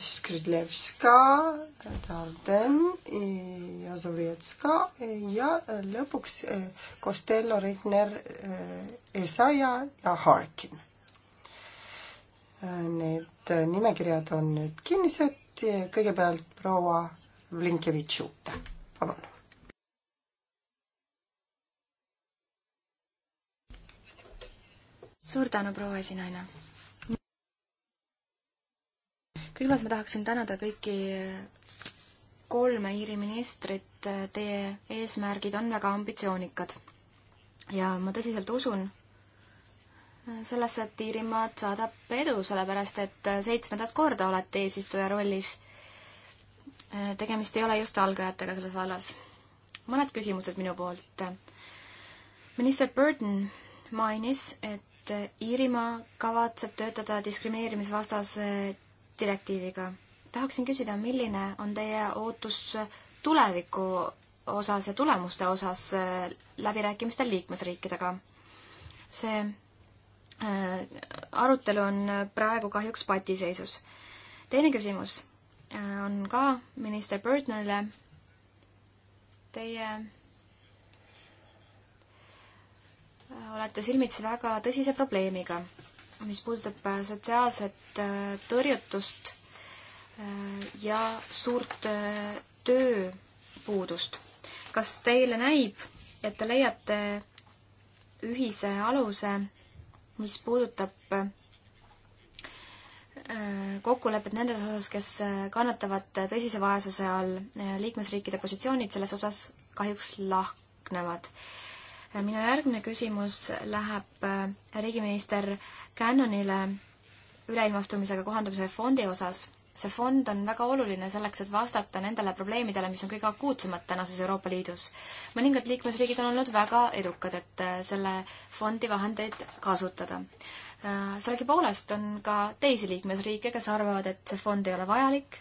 Skridlevska, Darden, Jazovjetska ja lõpuks äh, Costello, Regner, Esaja ja Harkin. Need nimekirjad on nüüd kinnised, kõigepealt proua Blinkevitš-Jute, palun suur tänu, proua esinaine. kõigepealt ma tahaksin tänada kõiki kolme Iiri ministrit, teie eesmärgid on väga ambitsioonikad. ja ma tõsiselt usun sellesse, et Iirimaad saadab edu, sellepärast et seitsmendat korda olete eesistuja rollis. tegemist ei ole just algajatega selles vallas. mõned küsimused minu poolt. minister Burton mainis, et et Iirimaa kavatseb töötada diskrimineerimisvastase direktiiviga. tahaksin küsida, milline on teie ootus tuleviku osas ja tulemuste osas äh, läbirääkimistel liikmesriikidega? see äh, arutelu on praegu kahjuks patiseisus. teine küsimus äh, on ka minister Birdnerile. Teie omaette silmitsi väga tõsise probleemiga, mis puudutab äh, sotsiaalset äh, tõrjutust äh, ja suurt tööpuudust. kas teile näib, et te leiate ühise aluse, mis puudutab kokkulepet nendes osas, kes kannatavad tõsise vaesuse all, liikmesriikide positsioonid selles osas kahjuks lahknevad minu järgmine küsimus läheb äh, riigiminister Cannonile üleilmastumisega kohandumise fondi osas. see fond on väga oluline selleks, et vastata nendele probleemidele, mis on kõige akuutsemad tänases Euroopa Liidus. mõningad liikmesriigid on olnud väga edukad, et äh, selle fondi vahendeid kasutada äh, sellegipoolest on ka teisi liikmesriike, kes arvavad, et see fond ei ole vajalik.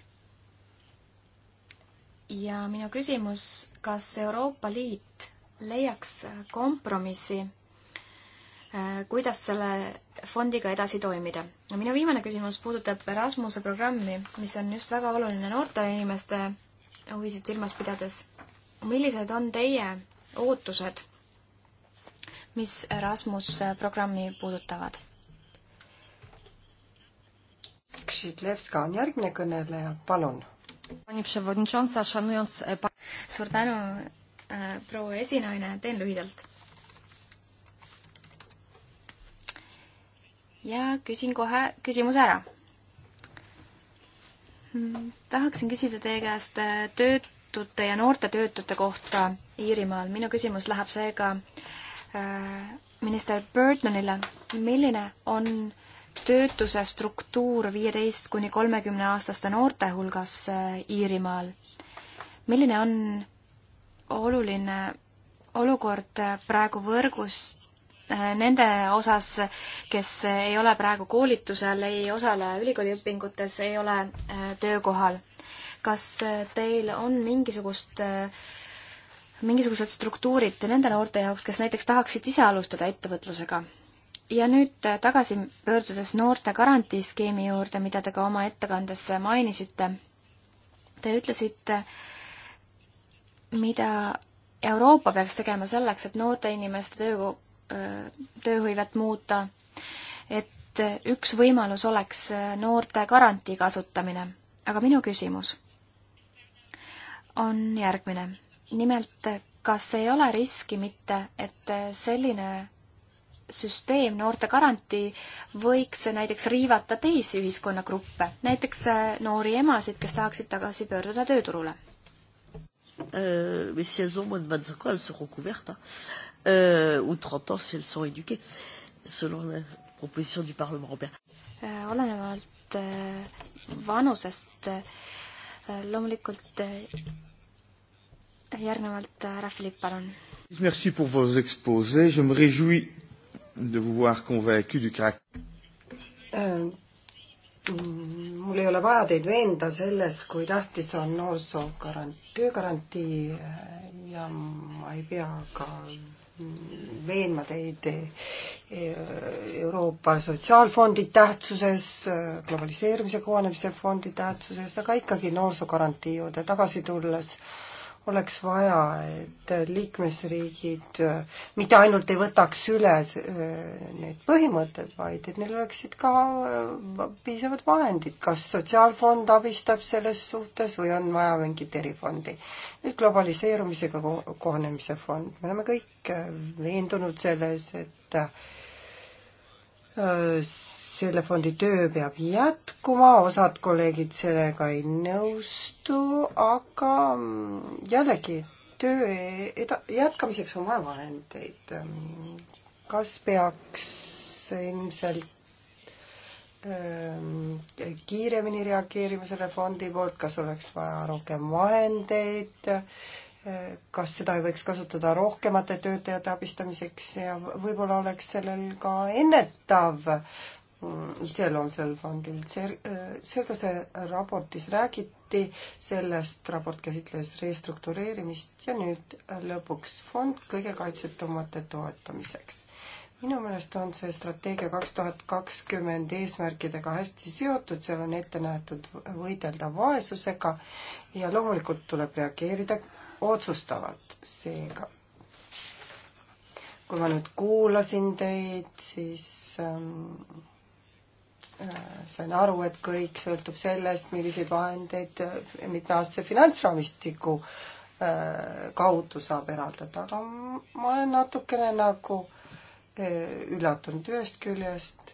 ja minu küsimus, kas Euroopa Liit leiaks kompromissi, äh, kuidas selle fondiga edasi toimida. minu viimane küsimus puudutab Erasmuse programmi, mis on just väga oluline noortele inimeste huvisid silmas pidades. millised on teie ootused, mis Erasmus programmi puudutavad? Skšitlevska on järgmine kõneleja, palun. E, suur tänu, Äh, proua esinaine, teen lühidalt. ja küsin kohe küsimuse ära. Hmm, tahaksin küsida teie käest äh, töötute ja noorte töötute kohta Iirimaal. minu küsimus läheb seega äh, minister Burtonile. milline on töötuse struktuur viieteist kuni kolmekümne aastaste noorte hulgas Iirimaal? milline on oluline olukord praegu võrgus eh, nende osas, kes ei ole praegu koolitusel, ei osale ülikooliõpingutes, ei ole eh, töökohal. kas eh, teil on mingisugust, mingisugused struktuurid nende noorte jaoks, kes näiteks tahaksid ise alustada ettevõtlusega? ja nüüd tagasi pöördudes noorte garantiiskeemi juurde, mida te ka oma ettekandes mainisite, te ütlesite, mida Euroopa peaks tegema selleks, et noorte inimeste töö, tööhõivet muuta, et üks võimalus oleks äh, noorte garantii kasutamine. aga minu küsimus on järgmine. nimelt, kas ei ole riski mitte, et äh, selline süsteem, noorte garantii, võiks näiteks riivata teisi ühiskonnagruppe, näiteks äh, noori emasid, kes tahaksid tagasi pöörduda tööturule? euh, mais si elles ont moins de 25 ans, elles seront couvertes, hein, euh, ou 30 ans si elles sont éduquées, selon la proposition du Parlement européen. Euh, olenevalt euh, vanusest euh, loomulikult euh, järgnevalt härra äh, Philipp, palun. Merci pour vos exposés, je me réjouis de vous voir convaincu du caractère euh, Mm, mul ei ole vaja teid veenda selles, kui tähtis on noorsoogarantii, töögarantii äh, ja ma ei pea ka veenma teid äh, Euroopa Sotsiaalfondi tähtsuses, äh, globaliseerumise kohanemise fondi tähtsuses, aga ikkagi noorsoogarantii juurde tagasi tulles äh, oleks vaja, et liikmesriigid äh, mitte ainult ei võtaks üle äh, neid põhimõtteid, vaid et neil oleksid ka äh, piisavad vahendid, kas sotsiaalfond abistab selles suhtes või on vaja mingit erifondi. nüüd globaliseerumisega kohanemise fond, me oleme kõik veendunud selles, et selle fondi töö peab jätkuma, osad kolleegid sellega ei nõustu, aga mm, jällegi, töö eda-, jätkamiseks on vaja vahendeid. kas peaks ilmselt ähm, kiiremini reageerima selle fondi poolt, kas oleks vaja rohkem vahendeid, äh, kas seda ei võiks kasutada rohkemate töötajate abistamiseks ja võib-olla oleks sellel ka ennetav Äh, iseloom sellel fondil. seega äh, see raportis räägiti, sellest raport käsitles restruktureerimist ja nüüd lõpuks fond kõige kaitsetumate toetamiseks. minu meelest on see strateegia kaks tuhat kakskümmend eesmärkidega hästi seotud, seal on ette nähtud võidelda vaesusega ja loomulikult tuleb reageerida otsustavalt seega kui ma nüüd kuulasin teid, siis ähm, Äh, sain aru, et kõik sõltub sellest, milliseid vahendeid äh, mitmeaastase finantsraamistiku äh, kaudu saab eraldada, aga ma olen natukene nagu üllatunud ühest küljest.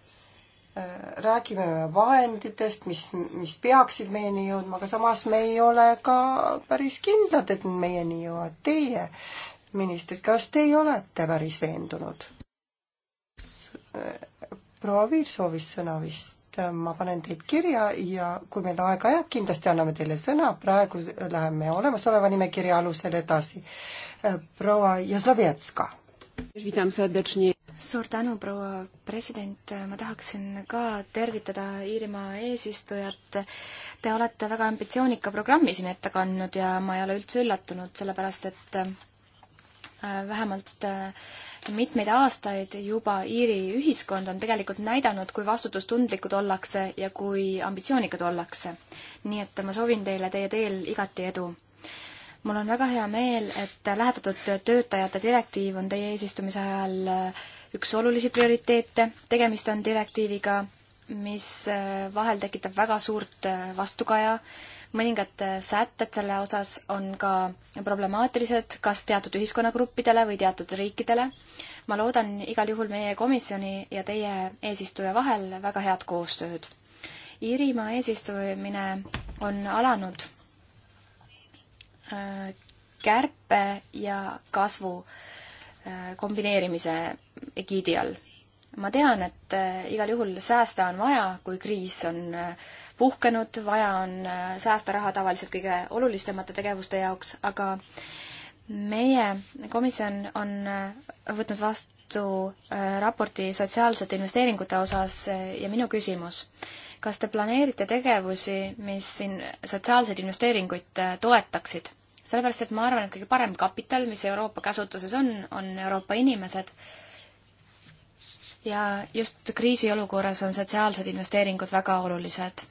räägime vahenditest, mis, mis peaksid meieni jõudma, aga samas me ei ole ka päris kindlad, et meieni jõuavad. Teie, ministrid, kas teie olete päris veendunud? proua Viir soovis sõna vist. Äh, ma panen teid kirja ja kui meil aega jääb, kindlasti anname teile sõna, praegu läheme olemasoleva nimekirja alusel edasi. Äh, proua Jaslovetska. suur tänu, proua president, ma tahaksin ka tervitada Iirimaa eesistujat. Te olete väga ambitsioonika programmi siin ette kandnud ja ma ei ole üldse üllatunud, sellepärast et Äh, vähemalt äh, mitmeid aastaid juba Iiri ühiskond on tegelikult näidanud, kui vastutustundlikud ollakse ja kui ambitsioonikad ollakse. nii et ma soovin teile teie teel igati edu. mul on väga hea meel, et lähetatud töötajate direktiiv on teie eesistumise ajal äh, üks olulisi prioriteete, tegemist on direktiiviga, mis vahel tekitab väga suurt vastukaja, mõningad äh, sätted selle osas on ka problemaatilised, kas teatud ühiskonnagruppidele või teatud riikidele. ma loodan igal juhul meie komisjoni ja teie eesistuja vahel väga head koostööd. Iirimaa eesistumine on alanud äh, kärpe ja kasvu äh, kombineerimise egiidi all ma tean, et igal juhul säästa on vaja, kui kriis on puhkenud, vaja on äh, säästa raha tavaliselt kõige olulisemate tegevuste jaoks, aga meie komisjon on äh, võtnud vastu äh, raporti sotsiaalsete investeeringute osas ja minu küsimus kas te planeerite tegevusi, mis siin sotsiaalseid investeeringuid toetaksid? sellepärast, et ma arvan, et kõige parem kapital, mis Euroopa käsutuses on, on Euroopa inimesed. ja just kriisiolukorras on sotsiaalsed investeeringud väga olulised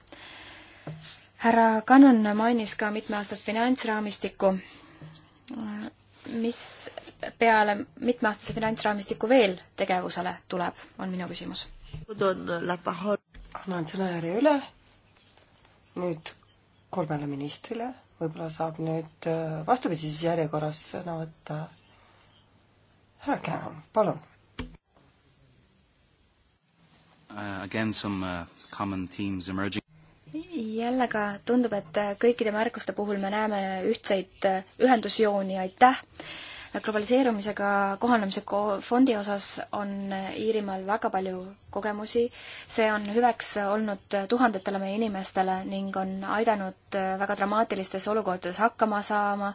härra Cannon mainis ka mitmeaastast finantsraamistikku, mis peale mitmeaastase finantsraamistiku veel tegevusele tuleb, on minu küsimus. annan sõnajärje üle nüüd kolmele ministrile, võib-olla saab nüüd äh, vastupidises järjekorras sõna võtta härra Cannon, palun uh,. Again some uh, common themes emerging jällega tundub, et kõikide märkuste puhul me näeme ühtseid äh, ühendusjooni, aitäh! globaliseerumisega kohanemise fondi osas on äh, Iirimaal väga palju kogemusi. see on hüveks olnud tuhandetele meie inimestele ning on aidanud äh, väga dramaatilistes olukordades hakkama saama,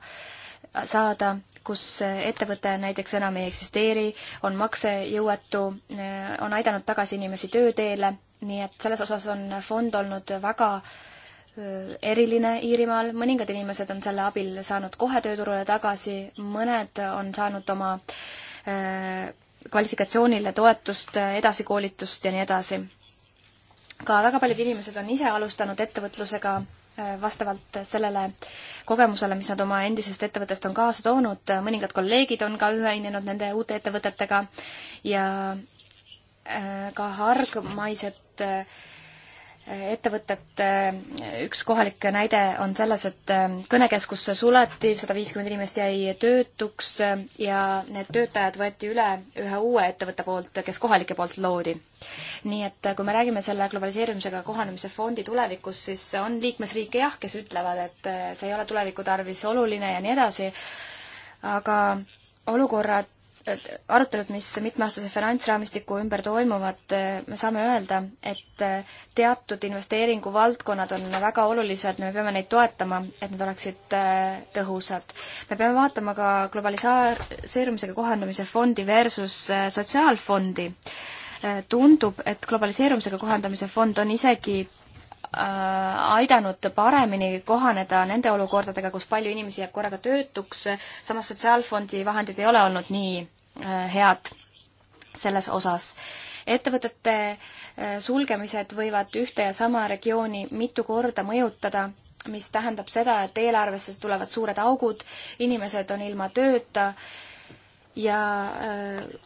saada, kus ettevõte näiteks enam ei eksisteeri, on maksejõuetu, on aidanud tagasi inimesi tööteele nii et selles osas on fond olnud väga eriline Iirimaal, mõningad inimesed on selle abil saanud kohe tööturule tagasi, mõned on saanud oma kvalifikatsioonile toetust, edasikoolitust ja nii edasi. ka väga paljud inimesed on ise alustanud ettevõtlusega vastavalt sellele kogemusele, mis nad oma endisest ettevõttest on kaasa toonud, mõningad kolleegid on ka ühinenud nende uute ettevõtetega ja ka hargmaised et äh, ettevõtet, äh, üks kohalik näide on selles, et äh, kõnekeskus suleti, sada viiskümmend inimest jäi töötuks ja need töötajad võeti üle ühe uue ettevõtte poolt, kes kohalike poolt loodi. nii et kui me räägime selle globaliseerimisega kohanemise fondi tulevikust, siis on liikmesriike jah, kes ütlevad, et see ei ole tuleviku tarvis oluline ja nii edasi, aga olukorrad arutelud, mis mitmeaastase finantsraamistiku ümber toimuvad, eh, me saame öelda, et eh, teatud investeeringuvaldkonnad on väga olulised, me peame neid toetama, et need oleksid eh, tõhusad. me peame vaatama ka globaliseerumisega kohandumise fondi versus sotsiaalfondi. tundub, et globaliseerumisega kohandamise fond on isegi Äh, aidanud paremini kohaneda nende olukordadega, kus palju inimesi jääb korraga töötuks, samas Sotsiaalfondi vahendid ei ole olnud nii äh, head selles osas. ettevõtete äh, sulgemised võivad ühte ja sama regiooni mitu korda mõjutada, mis tähendab seda, et eelarvesse tulevad suured augud, inimesed on ilma tööta ja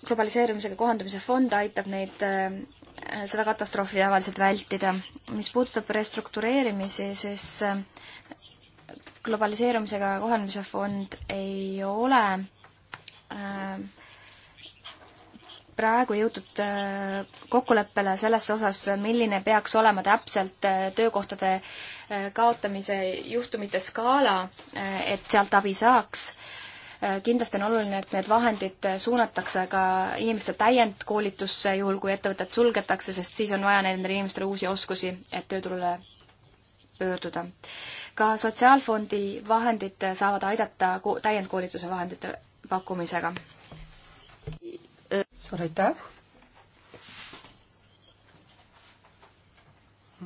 globaliseerumisega kohandumise fond aitab neid Äh, seda katastroofi tavaliselt vältida. mis puudutab restruktureerimisi, siis äh, globaliseerumisega kohanemise fond ei ole äh, praegu jõutud kokkuleppele selles osas, milline peaks olema täpselt töökohtade kaotamise juhtumite skaala, et sealt abi saaks Äh, kindlasti on oluline, et need vahendid äh, suunatakse ka inimeste täiendkoolitusse, juhul kui ettevõtet sulgetakse, sest siis on vaja nendele inimestele uusi oskusi, et tööturule pöörduda. ka Sotsiaalfondi vahendid äh, saavad aidata täiendkoolituse vahendite pakkumisega. suur aitäh!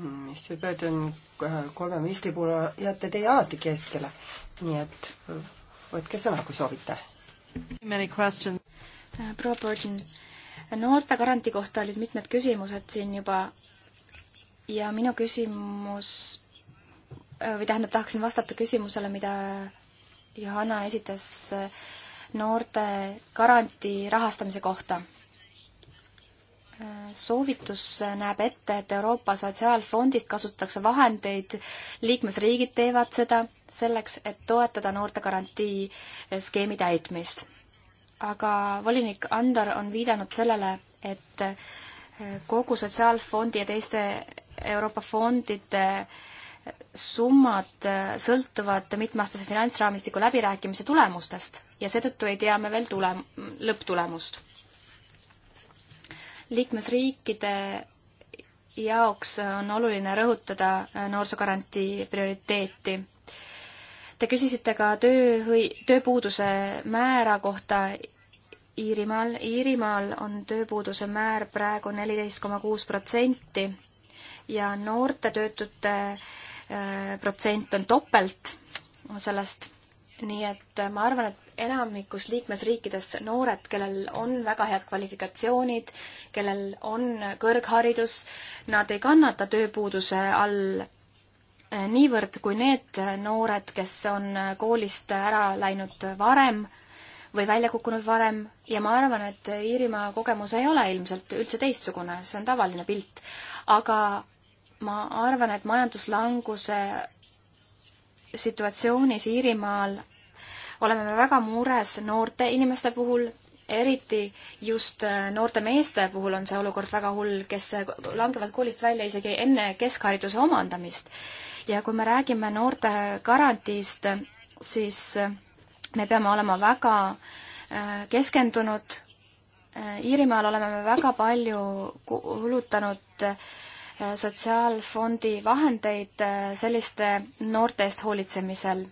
mis see pöörd on, kolme ministri puhul jääte teie alati keskele. nii et võtke sõna, kui soovite. Äh, proua Burton, noortegarantii kohta olid mitmed küsimused siin juba ja minu küsimus äh, või tähendab, tahaksin vastata küsimusele, mida Johanna esitas äh, noorte garantii rahastamise kohta soovitus näeb ette, et Euroopa Sotsiaalfondist kasutatakse vahendeid, liikmesriigid teevad seda selleks, et toetada noortegarantii skeemi täitmist. aga volinik Andor on viidanud sellele, et kogu Sotsiaalfondi ja teiste Euroopa fondide summad sõltuvad mitmeaastase finantsraamistiku läbirääkimise tulemustest ja seetõttu ei tea me veel tule-, lõpptulemust liikmesriikide jaoks on oluline rõhutada äh, noorsoogarantii prioriteeti. Te küsisite ka tööhõi-, tööpuuduse määra kohta Iirimaal. Iirimaal on tööpuuduse määr praegu neliteist koma kuus protsenti ja noorte töötute äh, protsent on topelt sellest nii et äh, ma arvan, et enamikus liikmesriikides noored, kellel on väga head kvalifikatsioonid, kellel on kõrgharidus, nad ei kannata tööpuuduse all äh, niivõrd kui need äh, noored, kes on koolist ära läinud varem või välja kukkunud varem ja ma arvan, et Iirimaa kogemus ei ole ilmselt üldse teistsugune, see on tavaline pilt. aga ma arvan, et majanduslanguse situatsioonis Iirimaal oleme me väga mures noorte inimeste puhul, eriti just äh, noorte meeste puhul on see olukord väga hull, kes äh, langevad koolist välja isegi enne keskhariduse omandamist. ja kui me räägime noorte garantiist, siis äh, me peame olema väga keskendunud. Iirimaal oleme me väga palju kulutanud Äh, sotsiaalfondi vahendeid äh, selliste noorte eest hoolitsemisel.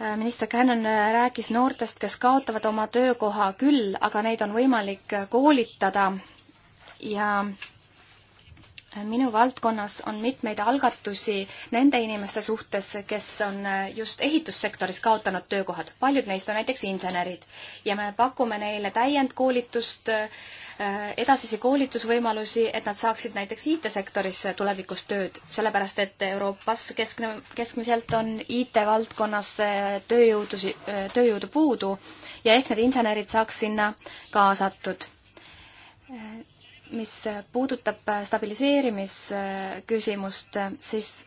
Äh, minister Cannon rääkis noortest, kes kaotavad oma töökoha küll, aga neid on võimalik koolitada ja minu valdkonnas on mitmeid algatusi nende inimeste suhtes, kes on äh, just ehitussektoris kaotanud töökohad. paljud neist on näiteks insenerid ja me pakume neile täiendkoolitust, äh, edasisi koolitusvõimalusi, et nad saaksid näiteks IT-sektoris tulevikus tööd, sellepärast et Euroopas keskne, keskmiselt on IT-valdkonnas äh, tööjõudu, tööjõudu puudu ja ehk need insenerid saaks sinna kaasatud mis puudutab stabiliseerimisküsimust, siis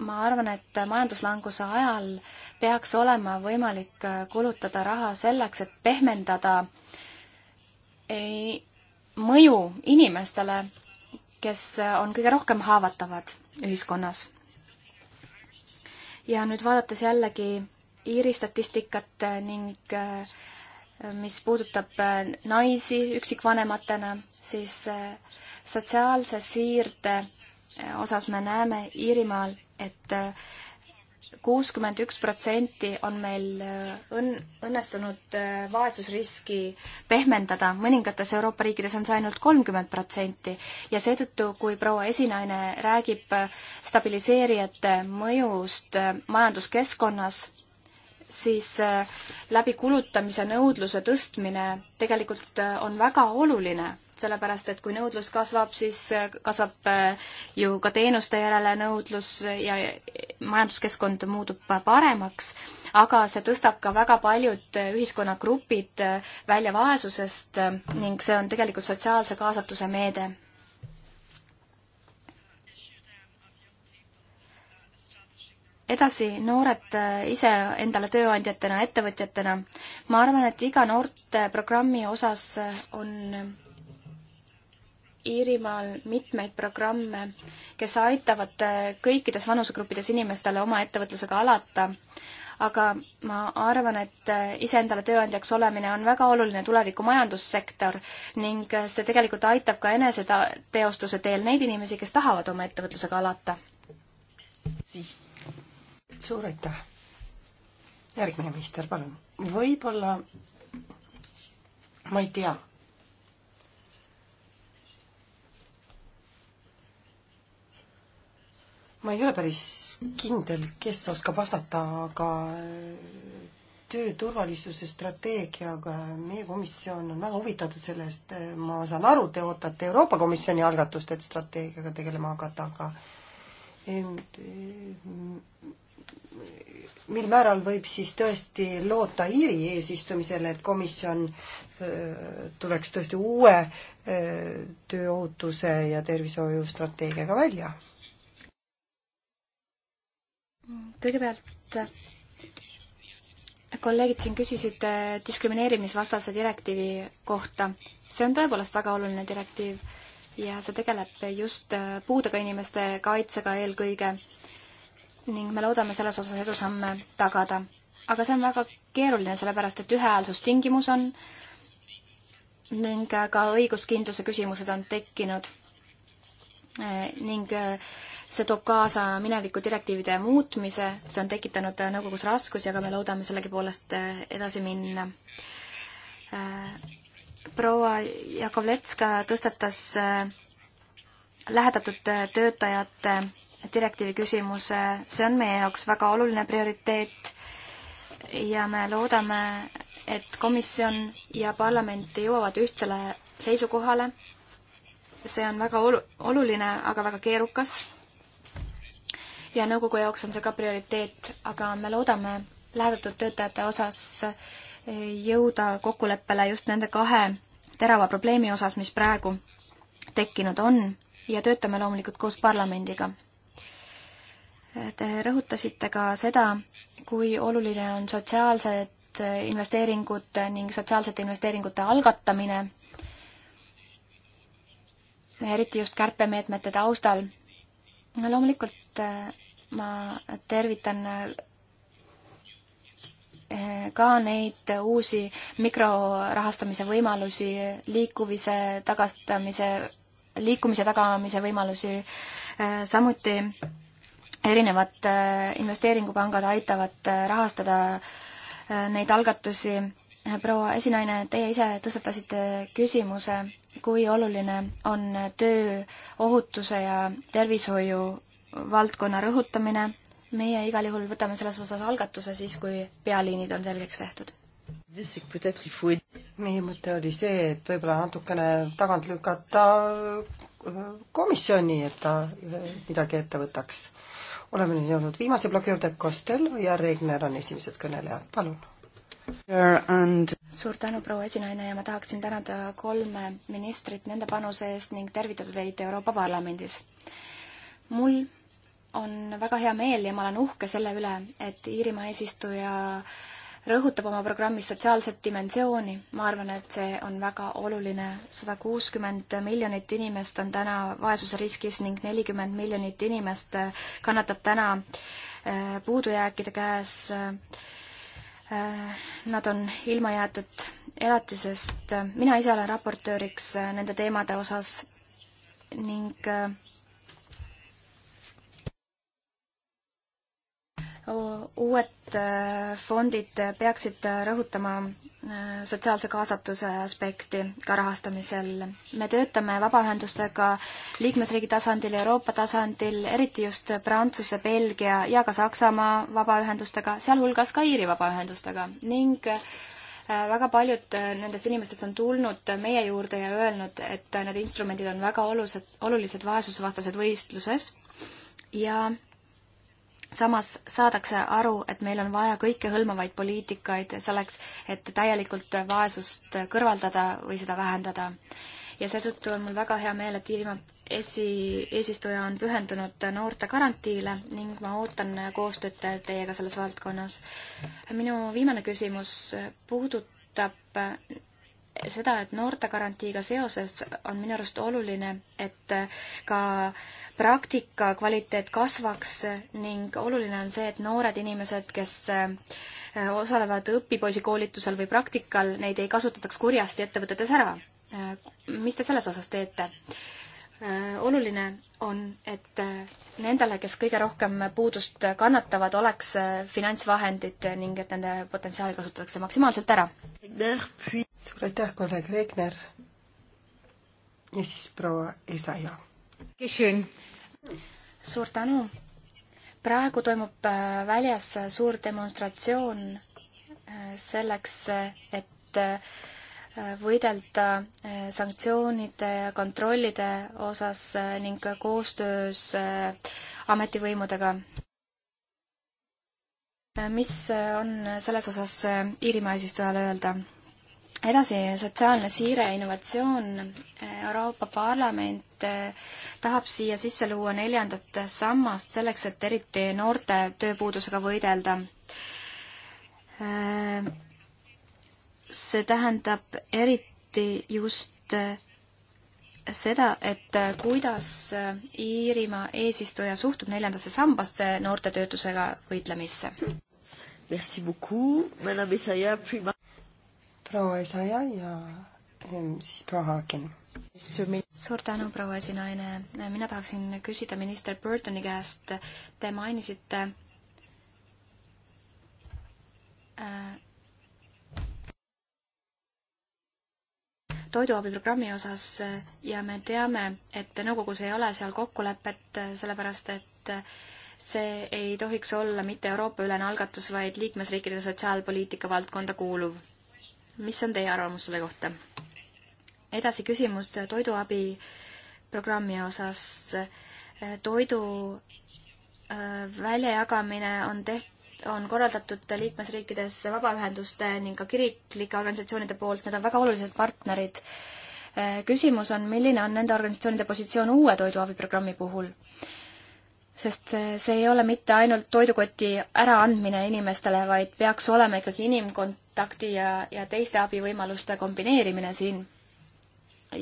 ma arvan, et majanduslanguse ajal peaks olema võimalik kulutada raha selleks, et pehmendada mõju inimestele, kes on kõige rohkem haavatavad ühiskonnas. ja nüüd vaadates jällegi Iiri statistikat ning mis puudutab äh, naisi üksikvanematena, siis äh, sotsiaalse siirde äh, osas me näeme Iirimaal et, et kuuskümmend üks protsenti on meil õnn, õnnestunud vaesusriski pehmendada, mõningates Euroopa riikides on see ainult kolmkümmend protsenti. ja seetõttu, kui proua esinaine räägib stabiliseerijate mõjust majanduskeskkonnas, siis äh, läbi kulutamise nõudluse tõstmine tegelikult äh, on väga oluline, sellepärast et kui nõudlus kasvab, siis äh, kasvab ju ka teenuste järele nõudlus ja majanduskeskkond muutub paremaks, aga see tõstab ka väga paljud ühiskonnagrupid välja vaesusest ning see on tegelikult sotsiaalse kaasatuse meede edasi, noored äh, ise endale tööandjatena, ettevõtjatena. ma arvan, et iga noorteprogrammi osas äh, on Iirimaal mitmeid programme, kes aitavad äh, kõikides vanusegruppides inimestele oma ettevõtlusega alata, aga ma arvan, et iseendale tööandjaks olemine on väga oluline tuleviku majandussektor ning see tegelikult aitab ka eneseteostuse teel neid inimesi, kes tahavad oma ettevõtlusega alata suur aitäh. järgmine minister, palun. võib-olla, ma ei tea. ma ei ole päris kindel, kes oskab vastata, aga äh, tööturvalisuse strateegiaga, meie komisjon on väga huvitatud sellest, ma saan aru, te ootate Euroopa Komisjoni algatust, et strateegiaga tegelema hakata, aga mil määral võib siis tõesti loota Iiri eesistumisele, et komisjon tuleks tõesti uue tööohutuse ja tervishoiustrateegiaga välja? kõigepealt kolleegid siin küsisid äh, diskrimineerimisvastase direktiivi kohta. see on tõepoolest väga oluline direktiiv ja see tegeleb just äh, puudega inimeste kaitsega eelkõige äh, ning me loodame selles osas edusamme tagada. aga see on väga keeruline, sellepärast et ühehäälsustingimus on ning ka õiguskindluse küsimused on tekkinud. E, ning e, see toob kaasa mineviku direktiivide muutmise, see on tekitanud nõukogus raskusi, aga me loodame sellegipoolest e, edasi minna. proua Jakovletska tõstatas lähedatud töötajate direktiivi küsimuse, see on meie jaoks väga oluline prioriteet ja me loodame, et komisjon ja parlament jõuavad ühtsele seisukohale. see on väga olu-, oluline, aga väga keerukas. ja nõukogu jaoks on see ka prioriteet, aga me loodame lähedatud töötajate osas jõuda kokkuleppele just nende kahe terava probleemi osas, mis praegu tekkinud on ja töötame loomulikult koos parlamendiga Te rõhutasite ka seda, kui oluline on sotsiaalsed investeeringud ning sotsiaalsete investeeringute algatamine, eriti just kärpemeetmete taustal. loomulikult eh, ma tervitan eh, ka neid uusi mikrorahastamise võimalusi, liikuvise tagastamise, liikumise tagamise võimalusi, eh, samuti erinevad äh, investeeringupangad aitavad äh, rahastada äh, neid algatusi. proua esinaine, teie ise tõstatasite küsimuse, kui oluline on tööohutuse ja tervishoiu valdkonna rõhutamine. meie igal juhul võtame selles osas algatuse siis, kui pealiinid on selgeks tehtud. meie mõte oli see, et võib-olla natukene tagant lükata komisjoni, et ta midagi ette võtaks oleme nüüd jõudnud viimase ploki juurde, Costello ja Regner on esimesed kõnelejad, palun. And... suur tänu, proua esinaine, ja ma tahaksin tänada kolme ministrit nende panuse eest ning tervitada teid Euroopa Parlamendis. mul on väga hea meel ja ma olen uhke selle üle, et Iirimaa eesistuja äh, rõhutab oma programmis sotsiaalset dimensiooni. ma arvan, et see on väga oluline. sada kuuskümmend miljonit inimest on täna vaesusriskis ning nelikümmend miljonit inimest kannatab täna äh, puudujääkide käes. Äh, nad on ilma jäetud elatisest. mina ise olen raportööriks äh, nende teemade osas ning uued äh, fondid peaksid äh, rõhutama äh, sotsiaalse kaasatuse aspekti ka rahastamisel. me töötame vabaühendustega liikmesriigi tasandil, Euroopa tasandil, eriti just Prantsuse, Belgia ja ka Saksamaa vabaühendustega, sealhulgas ka Iiri vabaühendustega ning väga paljud nendest inimestest on tulnud meie juurde ja öelnud, et need instrumendid on väga olulised, olulised vaesusvastases võistluses ja samas saadakse aru, et meil on vaja kõikehõlmavaid poliitikaid selleks, et täielikult vaesust kõrvaldada või seda vähendada. ja seetõttu on mul väga hea meel, et Iirimaa esi, eesistuja on pühendunud noorte garantiile ning ma ootan koostööd teiega selles valdkonnas. minu viimane küsimus puudutab seda, et noortegarantiiga seoses on minu arust oluline, et ka praktika kvaliteet kasvaks ning oluline on see, et noored inimesed, kes äh, osalevad õpipoisikoolitusel või praktikal, neid ei kasutataks kurjasti ettevõtetes ära. Äh, mis te selles osas teete? Äh, oluline on, et äh, nendele, kes kõige rohkem puudust kannatavad, oleks äh, finantsvahendid ning et nende potentsiaali kasutatakse maksimaalselt ära. suur aitäh, kolleeg Regner. ja siis proua Esaja. suur tänu. praegu toimub väljas suur demonstratsioon selleks, et võidelda eh, sanktsioonide ja kontrollide osas eh, ning koostöös eh, ametivõimudega. mis on selles osas Iirimaa eesistujale öelda? edasi, sotsiaalne siire ja innovatsioon. Euroopa Parlament tahab siia sisse luua neljandat sammast selleks, et eriti noorte tööpuudusega võidelda see tähendab eriti just äh, seda, et äh, kuidas äh, Iirimaa eesistuja suhtub neljandasse sambasse noorte töötusega võitlemisse. proua Esaja ja ähm, siis proua Harkin. suur tänu, proua esinaine. mina tahaksin küsida minister Burtoni käest. Te mainisite äh, toiduabiprogrammi osas ja me teame, et nõukogus ei ole seal kokkulepet, sellepärast et see ei tohiks olla mitte Euroopa-ülene algatus, vaid liikmesriikide sotsiaalpoliitika valdkonda kuuluv. mis on teie arvamus selle kohta? edasi küsimus toiduabiprogrammi osas. toidu äh, väljajagamine on teht-, on korraldatud liikmesriikides vabaühenduste ning ka kiriklike organisatsioonide poolt, need on väga olulised partnerid. Äh, küsimus on, milline on nende organisatsioonide positsioon uue toiduabiprogrammi puhul? sest see ei ole mitte ainult toidukoti äraandmine inimestele, vaid peaks olema ikkagi inimkontakti ja, ja teiste abivõimaluste kombineerimine siin.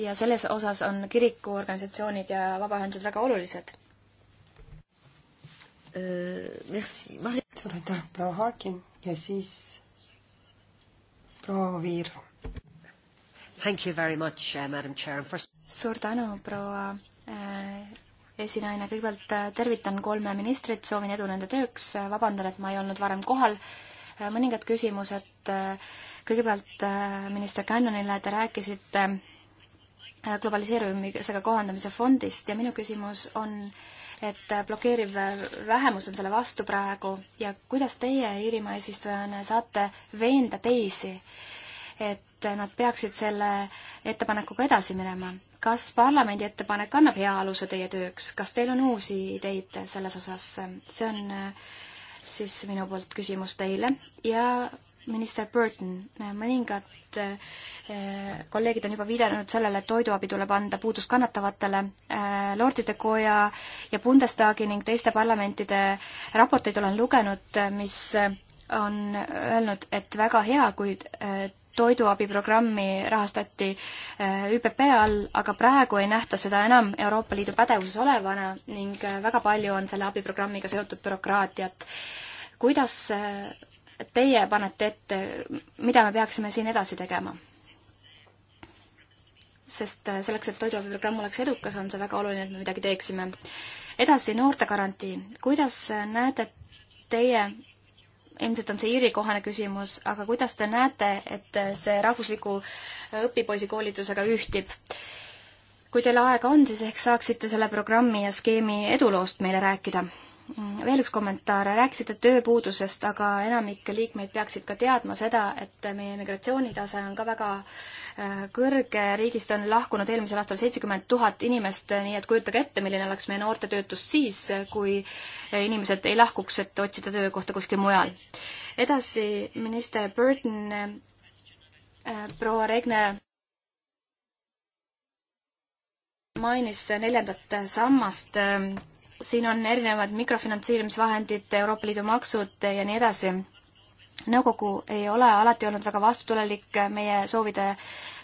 ja selles osas on kirikuorganisatsioonid ja vabaühendused väga olulised Euh, merci. suur aitäh, proua Harkin ja siis proua Viir. Thank you very much, uh, madam chair First.... suur tänu, proua äh, esinaine, kõigepealt äh, tervitan kolme ministrit, soovin edu nende tööks, äh, vabandan, et ma ei olnud varem kohal. mõningad küsimused. kõigepealt minister Cannonile, te rääkisite globaliseerumisega kohandamise fondist ja minu küsimus on äh, et blokeeriv vähemus on selle vastu praegu ja kuidas teie Iirimaa eesistujana saate veenda teisi, et nad peaksid selle ettepanekuga edasi minema? kas parlamendi ettepanek annab hea aluse teie tööks, kas teil on uusi ideid selles osas? see on äh, siis minu poolt küsimus teile ja minister Burton, mõningad eh, kolleegid on juba viidanud sellele, et toiduabi tuleb anda puudust kannatavatele. Eh, Lordide Koja ja Bundestagi ning teiste parlamentide raporteid olen lugenud, eh, mis on öelnud, et väga hea, kui toiduabiprogrammi rahastati ÜPP all, aga praegu ei nähta seda enam Euroopa Liidu pädevuses olevana ning väga palju on selle abiprogrammiga seotud bürokraatiat. kuidas teie panete ette, mida me peaksime siin edasi tegema? sest äh, selleks, et toiduabiprogramm oleks edukas, on see väga oluline, et me midagi teeksime. edasi, noortegarantii. kuidas äh, näete teie, ilmselt on see Iiri kohane küsimus, aga kuidas te näete, et äh, see rahvusliku õpipoisikoolitusega ühtib? kui teil aega on, siis ehk saaksite selle programmi ja skeemi eduloost meile rääkida Mm, veel üks kommentaar, rääkisite tööpuudusest, aga enamik liikmeid peaksid ka teadma seda, et meie migratsioonitase on ka väga äh, kõrge, riigist on lahkunud eelmisel aastal seitsekümmend tuhat inimest, nii et kujutage ette, milline oleks meie noorte töötus siis, kui inimesed ei lahkuks, et otsida töökohta kuskil mujal. edasi, minister Burton, äh, proua Regner mainis neljandat sammast ähm, siin on erinevad mikrofinantseerimisvahendid, Euroopa Liidu maksud ja nii edasi. nõukogu ei ole alati olnud väga vastutulelik meie soovide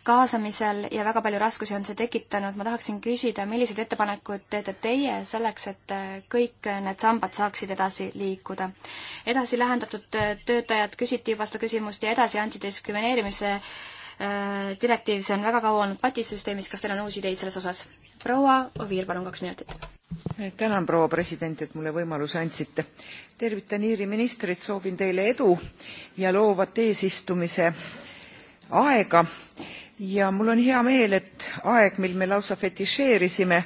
kaasamisel ja väga palju raskusi on see tekitanud. ma tahaksin küsida, milliseid ettepanekuid teete teie selleks, et kõik need sambad saaksid edasi liikuda? edasi lähendatud töötajad küsiti juba seda küsimust ja edasi antidiskrimineerimise Äh, direktiiv, see on väga kaua olnud patisüsteemis, kas teil on uusi ideid selles osas? proua Oviir, palun kaks minutit. tänan, proua president, et mulle võimaluse andsite. tervitan Iiri ministrit, soovin teile edu ja loovat eesistumise aega ja mul on hea meel, et aeg, mil me lausa fetišeerisime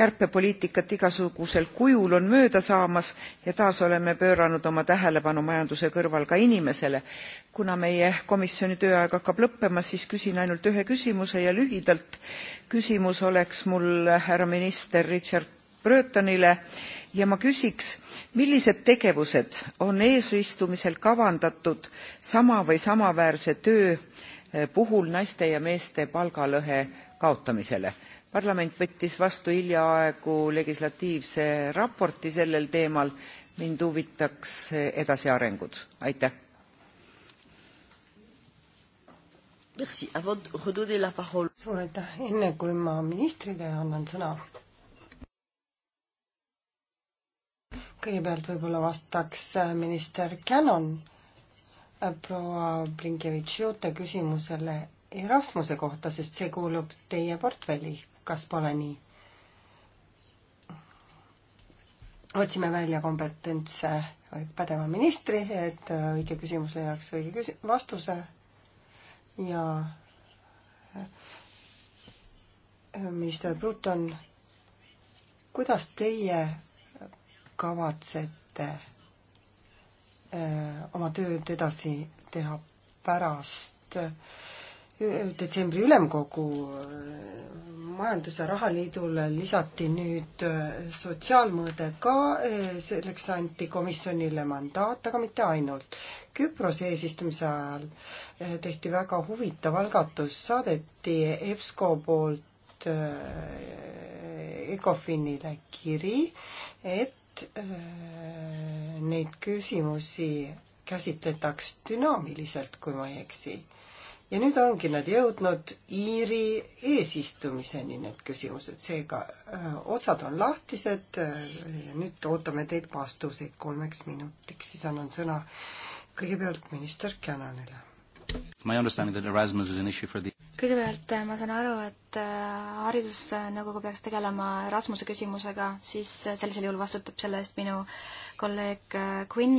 kärpepoliitikat igasugusel kujul on mööda saamas ja taas oleme pööranud oma tähelepanu majanduse kõrval ka inimesele. kuna meie komisjoni tööaeg hakkab lõppema siis küsin ainult ühe küsimuse ja lühidalt küsimus oleks mul härra minister richard brötonile ja ma küsiks millised tegevused on eesistumisel kavandatud sama või samaväärse töö puhul naiste ja meeste palgalõhe kaotamisele? parlament võttis vastu hiljaaegu legislatiivse raporti sellel teemal mind huvitaks edasiarengud aitäh suur aitäh enne kui ma ministrile annan sõna kõigepealt võib-olla vastaks minister Cannon proua Blinkevitš-Jute küsimusele Erasmuse kohta, sest see kuulub teie portfelli kas pole nii? otsime välja kompetentse või pädeva ministri, et äh, õige küsimus leiaks õige küsi-, vastuse ja äh, minister Bruton, kuidas teie kavatsete öö, äh, oma tööd edasi teha pärast öö, detsembri ülemkogu äh, majandus- ja rahaliidule lisati nüüd äh, sotsiaalmõõde ka, äh, selleks anti komisjonile mandaat, aga mitte ainult. Küprose eesistumise ajal tehti väga huvitav algatus, saadeti EBSCO poolt ECOFINile kiri, et neid küsimusi käsitletaks dünaamiliselt, kui ma ei eksi ja nüüd ongi nad jõudnud Iiri eesistumiseni, need küsimused, seega äh, otsad on lahtised äh, ja nüüd ootame teilt vastuseid kolmeks minutiks, siis annan sõna kõigepealt minister Cannonile. kõigepealt äh, ma saan aru, et haridusnõukogu peaks tegelema Erasmuse küsimusega, siis sellisel juhul vastutab selle eest minu kolleeg Quinn.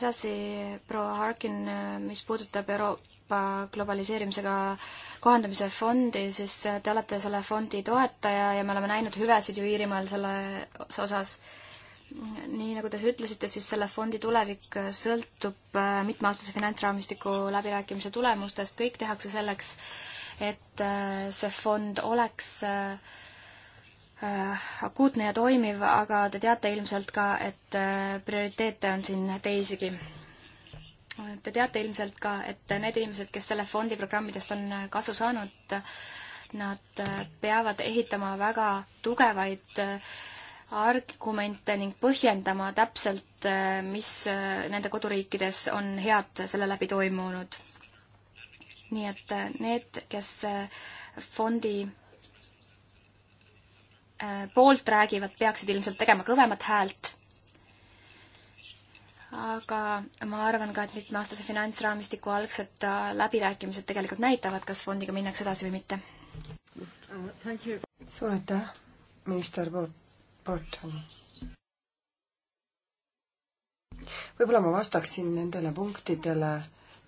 edasi proua Harkin, mis puudutab Euro-, Euroopa globaliseerimisega kohandamise fondi, siis äh, te olete selle fondi toetaja ja me oleme näinud hüvesid ju Iirimaal selles osas. nii nagu te ütlesite, siis selle fondi tulevik äh, sõltub äh, mitmeaastase finantsraamistiku läbirääkimise tulemustest, kõik tehakse selleks, et see fond oleks akuutne ja toimiv, aga te teate ilmselt ka, et prioriteete on siin teisigi Te teate ilmselt ka, et need inimesed, kes selle fondi programmidest on kasu saanud, nad peavad ehitama väga tugevaid argumente ning põhjendama täpselt, mis nende koduriikides on head selle läbi toimunud. nii et need, kes fondi eh, poolt räägivad, peaksid ilmselt tegema kõvemat häält aga ma arvan ka, et mitmeaastase finantsraamistiku algsed äh, läbirääkimised tegelikult näitavad, kas fondiga minnakse edasi või mitte. suur aitäh, minister Bolton. võib-olla ma vastaksin nendele punktidele,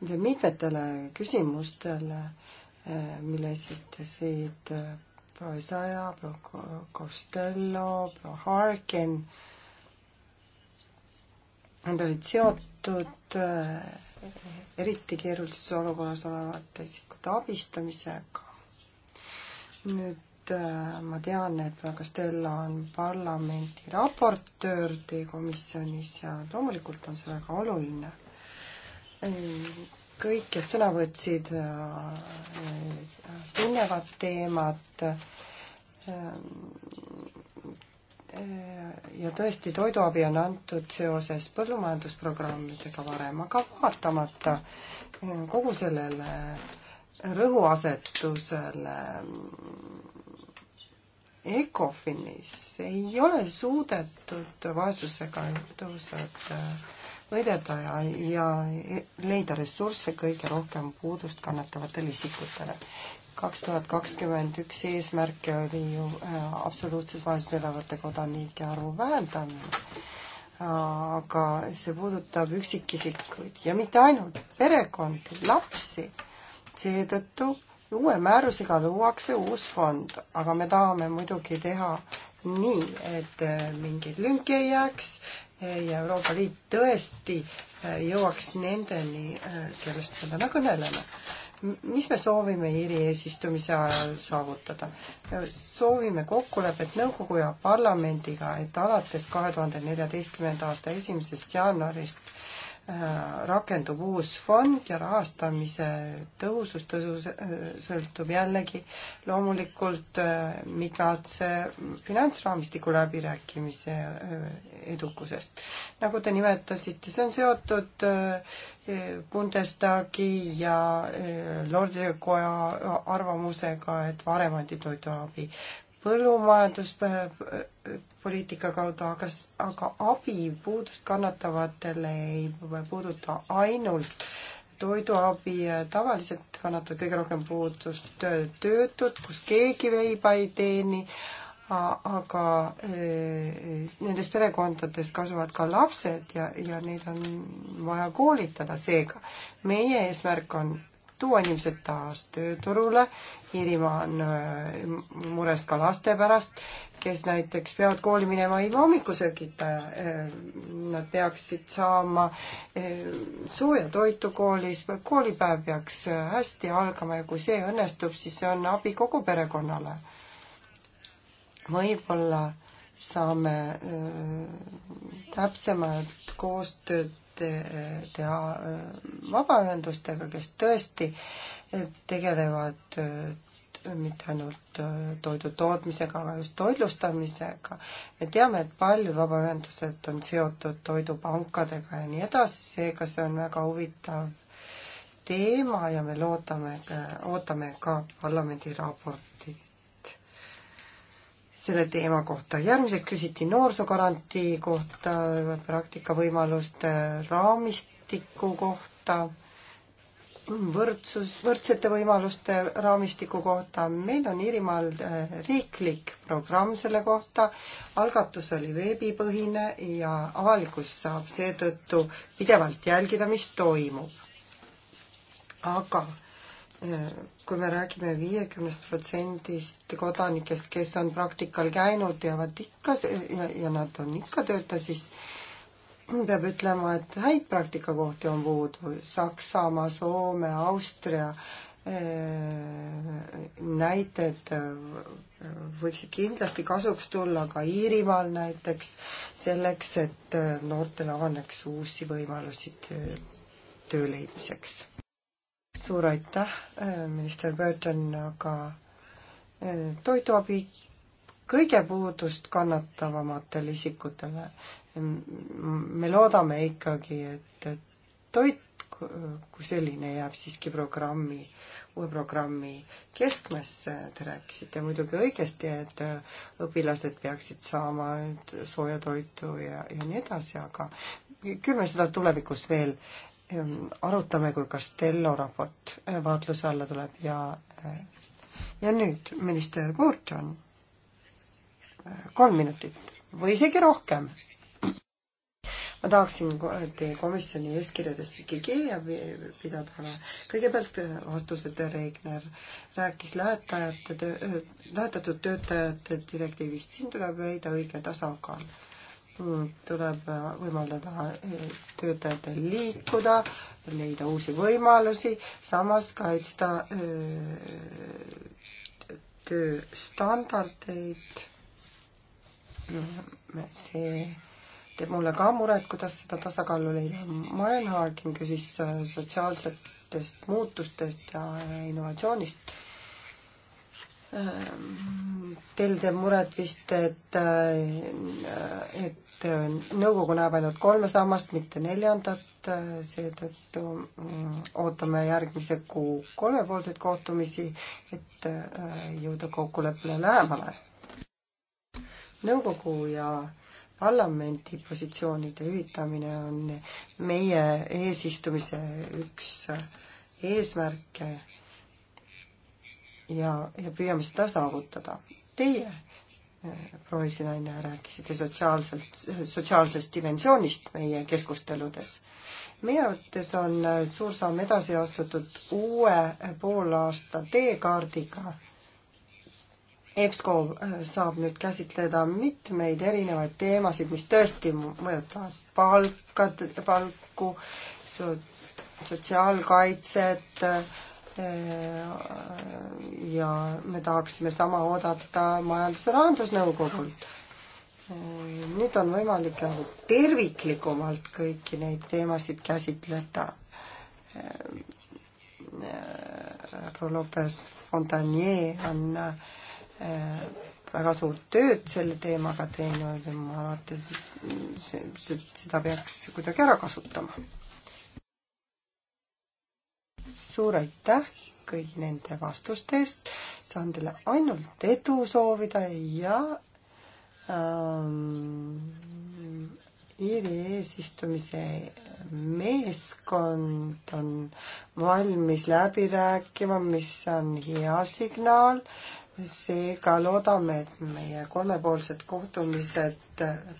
nendele mitmetele küsimustele, äh, mille esitasid äh, proua Isaja, proua Costello, proua Harkin Nad olid seotud äh, eriti keerulises olukorras olevate isikute abistamisega. nüüd äh, ma tean, et proua Costello on parlamendi raportöör teie komisjonis ja loomulikult on see väga oluline. kõik, kes sõna võtsid, äh, tunnevad teemat Äh, ja tõesti, toiduabi on antud seoses põllumajandusprogrammidega varem, aga vaatamata äh, kogu sellele rõhuasetusele mm, ECOFINis ei ole suudetud vaesusega tõhusalt äh, võidelda ja, ja leida ressursse kõige rohkem puudust kannatavatele isikutele kaks tuhat kakskümmend üks eesmärke oli ju äh, absoluutses vaesuses elavate kodanike arvu vähendamine. Äh, aga see puudutab üksikisikuid ja mitte ainult perekondi, lapsi. seetõttu uue määrusega luuakse uus fond, aga me tahame muidugi teha nii, et äh, mingeid lünki ei jääks ja Euroopa Liit tõesti jõuaks nendeni, kellest me täna kõneleme mis me soovime Iiri eesistumise ajal saavutada? soovime kokkulepet nõukogu ja parlamendiga, et alates kahe tuhande neljateistkümnenda aasta esimesest jaanuarist Äh, rakendub uus fond ja rahastamise tõhusus tõsus, äh, sõltub jällegi loomulikult äh, mitmeaastase finantsraamistiku läbirääkimise edukusest. nagu te nimetasite, see on seotud Bundestagi ja Lordide koja arvamusega, et varem anti toiduabi põllumajanduspoliitika kaudu, aga, aga abi puudust kannatavatele ei puuduta ainult toiduabi, tavaliselt kannatavad kõige rohkem puudust töötud, kus keegi leiba ei teeni, aga eh, nendes perekondades kasvavad ka lapsed ja, ja neid on vaja koolitada, seega meie eesmärk on tuua inimesed taas tööturule. Iirimaa on äh, mures ka laste pärast, kes näiteks peavad kooli minema ilma hommikusöögita. Äh, nad peaksid saama äh, sooja toitu koolis, koolipäev peaks hästi algama ja kui see õnnestub, siis see on abi kogu perekonnale. võib-olla saame täpsemalt koostööd teha äh, vabaühendustega, kes tõesti äh, tegelevad äh, mitte ainult toidu tootmisega, aga just toitlustamisega. me teame, et paljud vabaühendused on seotud toidupankadega ja nii edasi, seega see on väga huvitav teema ja me loodame, ootame ka parlamendi raporti selle teema kohta. järgmiseks küsiti noorsoogarantii kohta, praktikavõimaluste raamistiku kohta, võrdsus, võrdsete võimaluste raamistiku kohta. meil on Iirimaal eh, riiklik programm selle kohta, algatus oli veebipõhine ja avalikkus saab seetõttu pidevalt jälgida, mis toimub. aga äh, kui me räägime viiekümnest protsendist kodanikest, kes on praktikal käinud ja vaat ikka ja, ja nad on ikka tööta, siis peab ütlema, et häid praktikakohti on puudu. Saksamaa, Soome, Austria eh, näited eh, võiksid kindlasti kasuks tulla ka Iirimaal näiteks, selleks et eh, noortele avaneks uusi võimalusi töö, töö leidmiseks suur aitäh, äh, minister Burton, aga äh, toiduabi kõige puudust kannatavamatele isikutele. Äh, me loodame ikkagi, et toit kui selline jääb siiski programmi, uue programmi keskmesse. Te rääkisite muidugi õigesti, et õpilased peaksid saama sooja toitu ja, ja nii edasi, aga küll me seda tulevikus veel arutame, kui Castello raport äh, vaatluse alla tuleb ja äh, ja nüüd minister Burton, äh, kolm minutit või isegi rohkem. ma tahaksin teie komisjoni eeskirjadest ikkagi kirja pidada, aga kõigepealt vastused, Regner rääkis lähetajate töö, lähetatud töötajate direktiivist, siin tuleb leida õige tasakaal tuleb võimaldada eh, töötajatel liikuda, leida uusi võimalusi, samas kaitsta eh, tööstandardeid. see teeb mulle ka muret, kuidas seda tasakaalu leida. Maren Harkin küsis eh, sotsiaalsetest muutustest ja innovatsioonist Teil teeb muret vist, et, et et äh, nõukogu näeb ainult kolme sammast, mitte neljandat, äh, seetõttu mm, ootame järgmise kuu kolmepoolseid kohtumisi, et äh, jõuda kokkuleppele lähemale. nõukogu ja parlamendi positsioonide ühitamine on meie eesistumise üks eesmärke ja, ja püüame seda saavutada. Teie proua esinaine, rääkisite sotsiaalselt, sotsiaalsest dimensioonist meie keskusteludes. meie arvates on suur samm edasi astutud uue poolaasta teekaardiga. EBSCO saab nüüd käsitleda mitmeid erinevaid teemasid, mis tõesti mõjutavad palkade, palku, sotsiaalkaitset, Äh, ja me tahaksime sama oodata Majandus- ja Rahandusnõukogult. nüüd on võimalik nagu terviklikumalt kõiki neid teemasid käsitleda. proua Lopez Fontanier on äh, väga suurt tööd selle teemaga teinud ja ma arvan, et seda peaks kuidagi ära kasutama suur aitäh kõigi nende vastuste eest. saan teile ainult edu soovida ja ähm, Iiri eesistumise meeskond on valmis läbi rääkima, mis on hea signaal. seega loodame, et meie kolmepoolsed kohtumised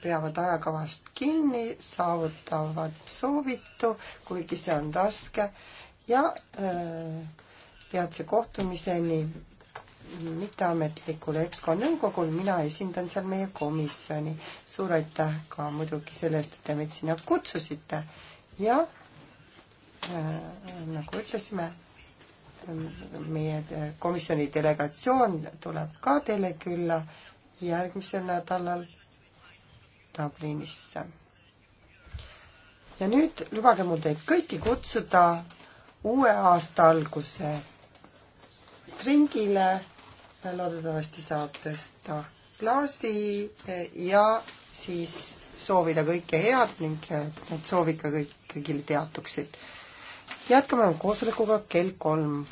peavad ajakavast kinni, saavutavad soovitu, kuigi see on raske ja äh, peatse kohtumiseni mitteametlikul EBSCO nõukogul, mina esindan seal meie komisjoni. suur aitäh ka muidugi selle eest, et te meid sinna kutsusite ja äh, nagu ütlesime, meie komisjoni delegatsioon tuleb ka teile külla järgmisel nädalal Dublinisse. ja nüüd lubage mul teid kõiki kutsuda uue aasta alguse ringile. loodetavasti saab tõsta klaasi eh, ja siis soovida kõike head ning need eh, soovid ka kõik kõigile teatuksid. jätkame koosolekuga kell kolm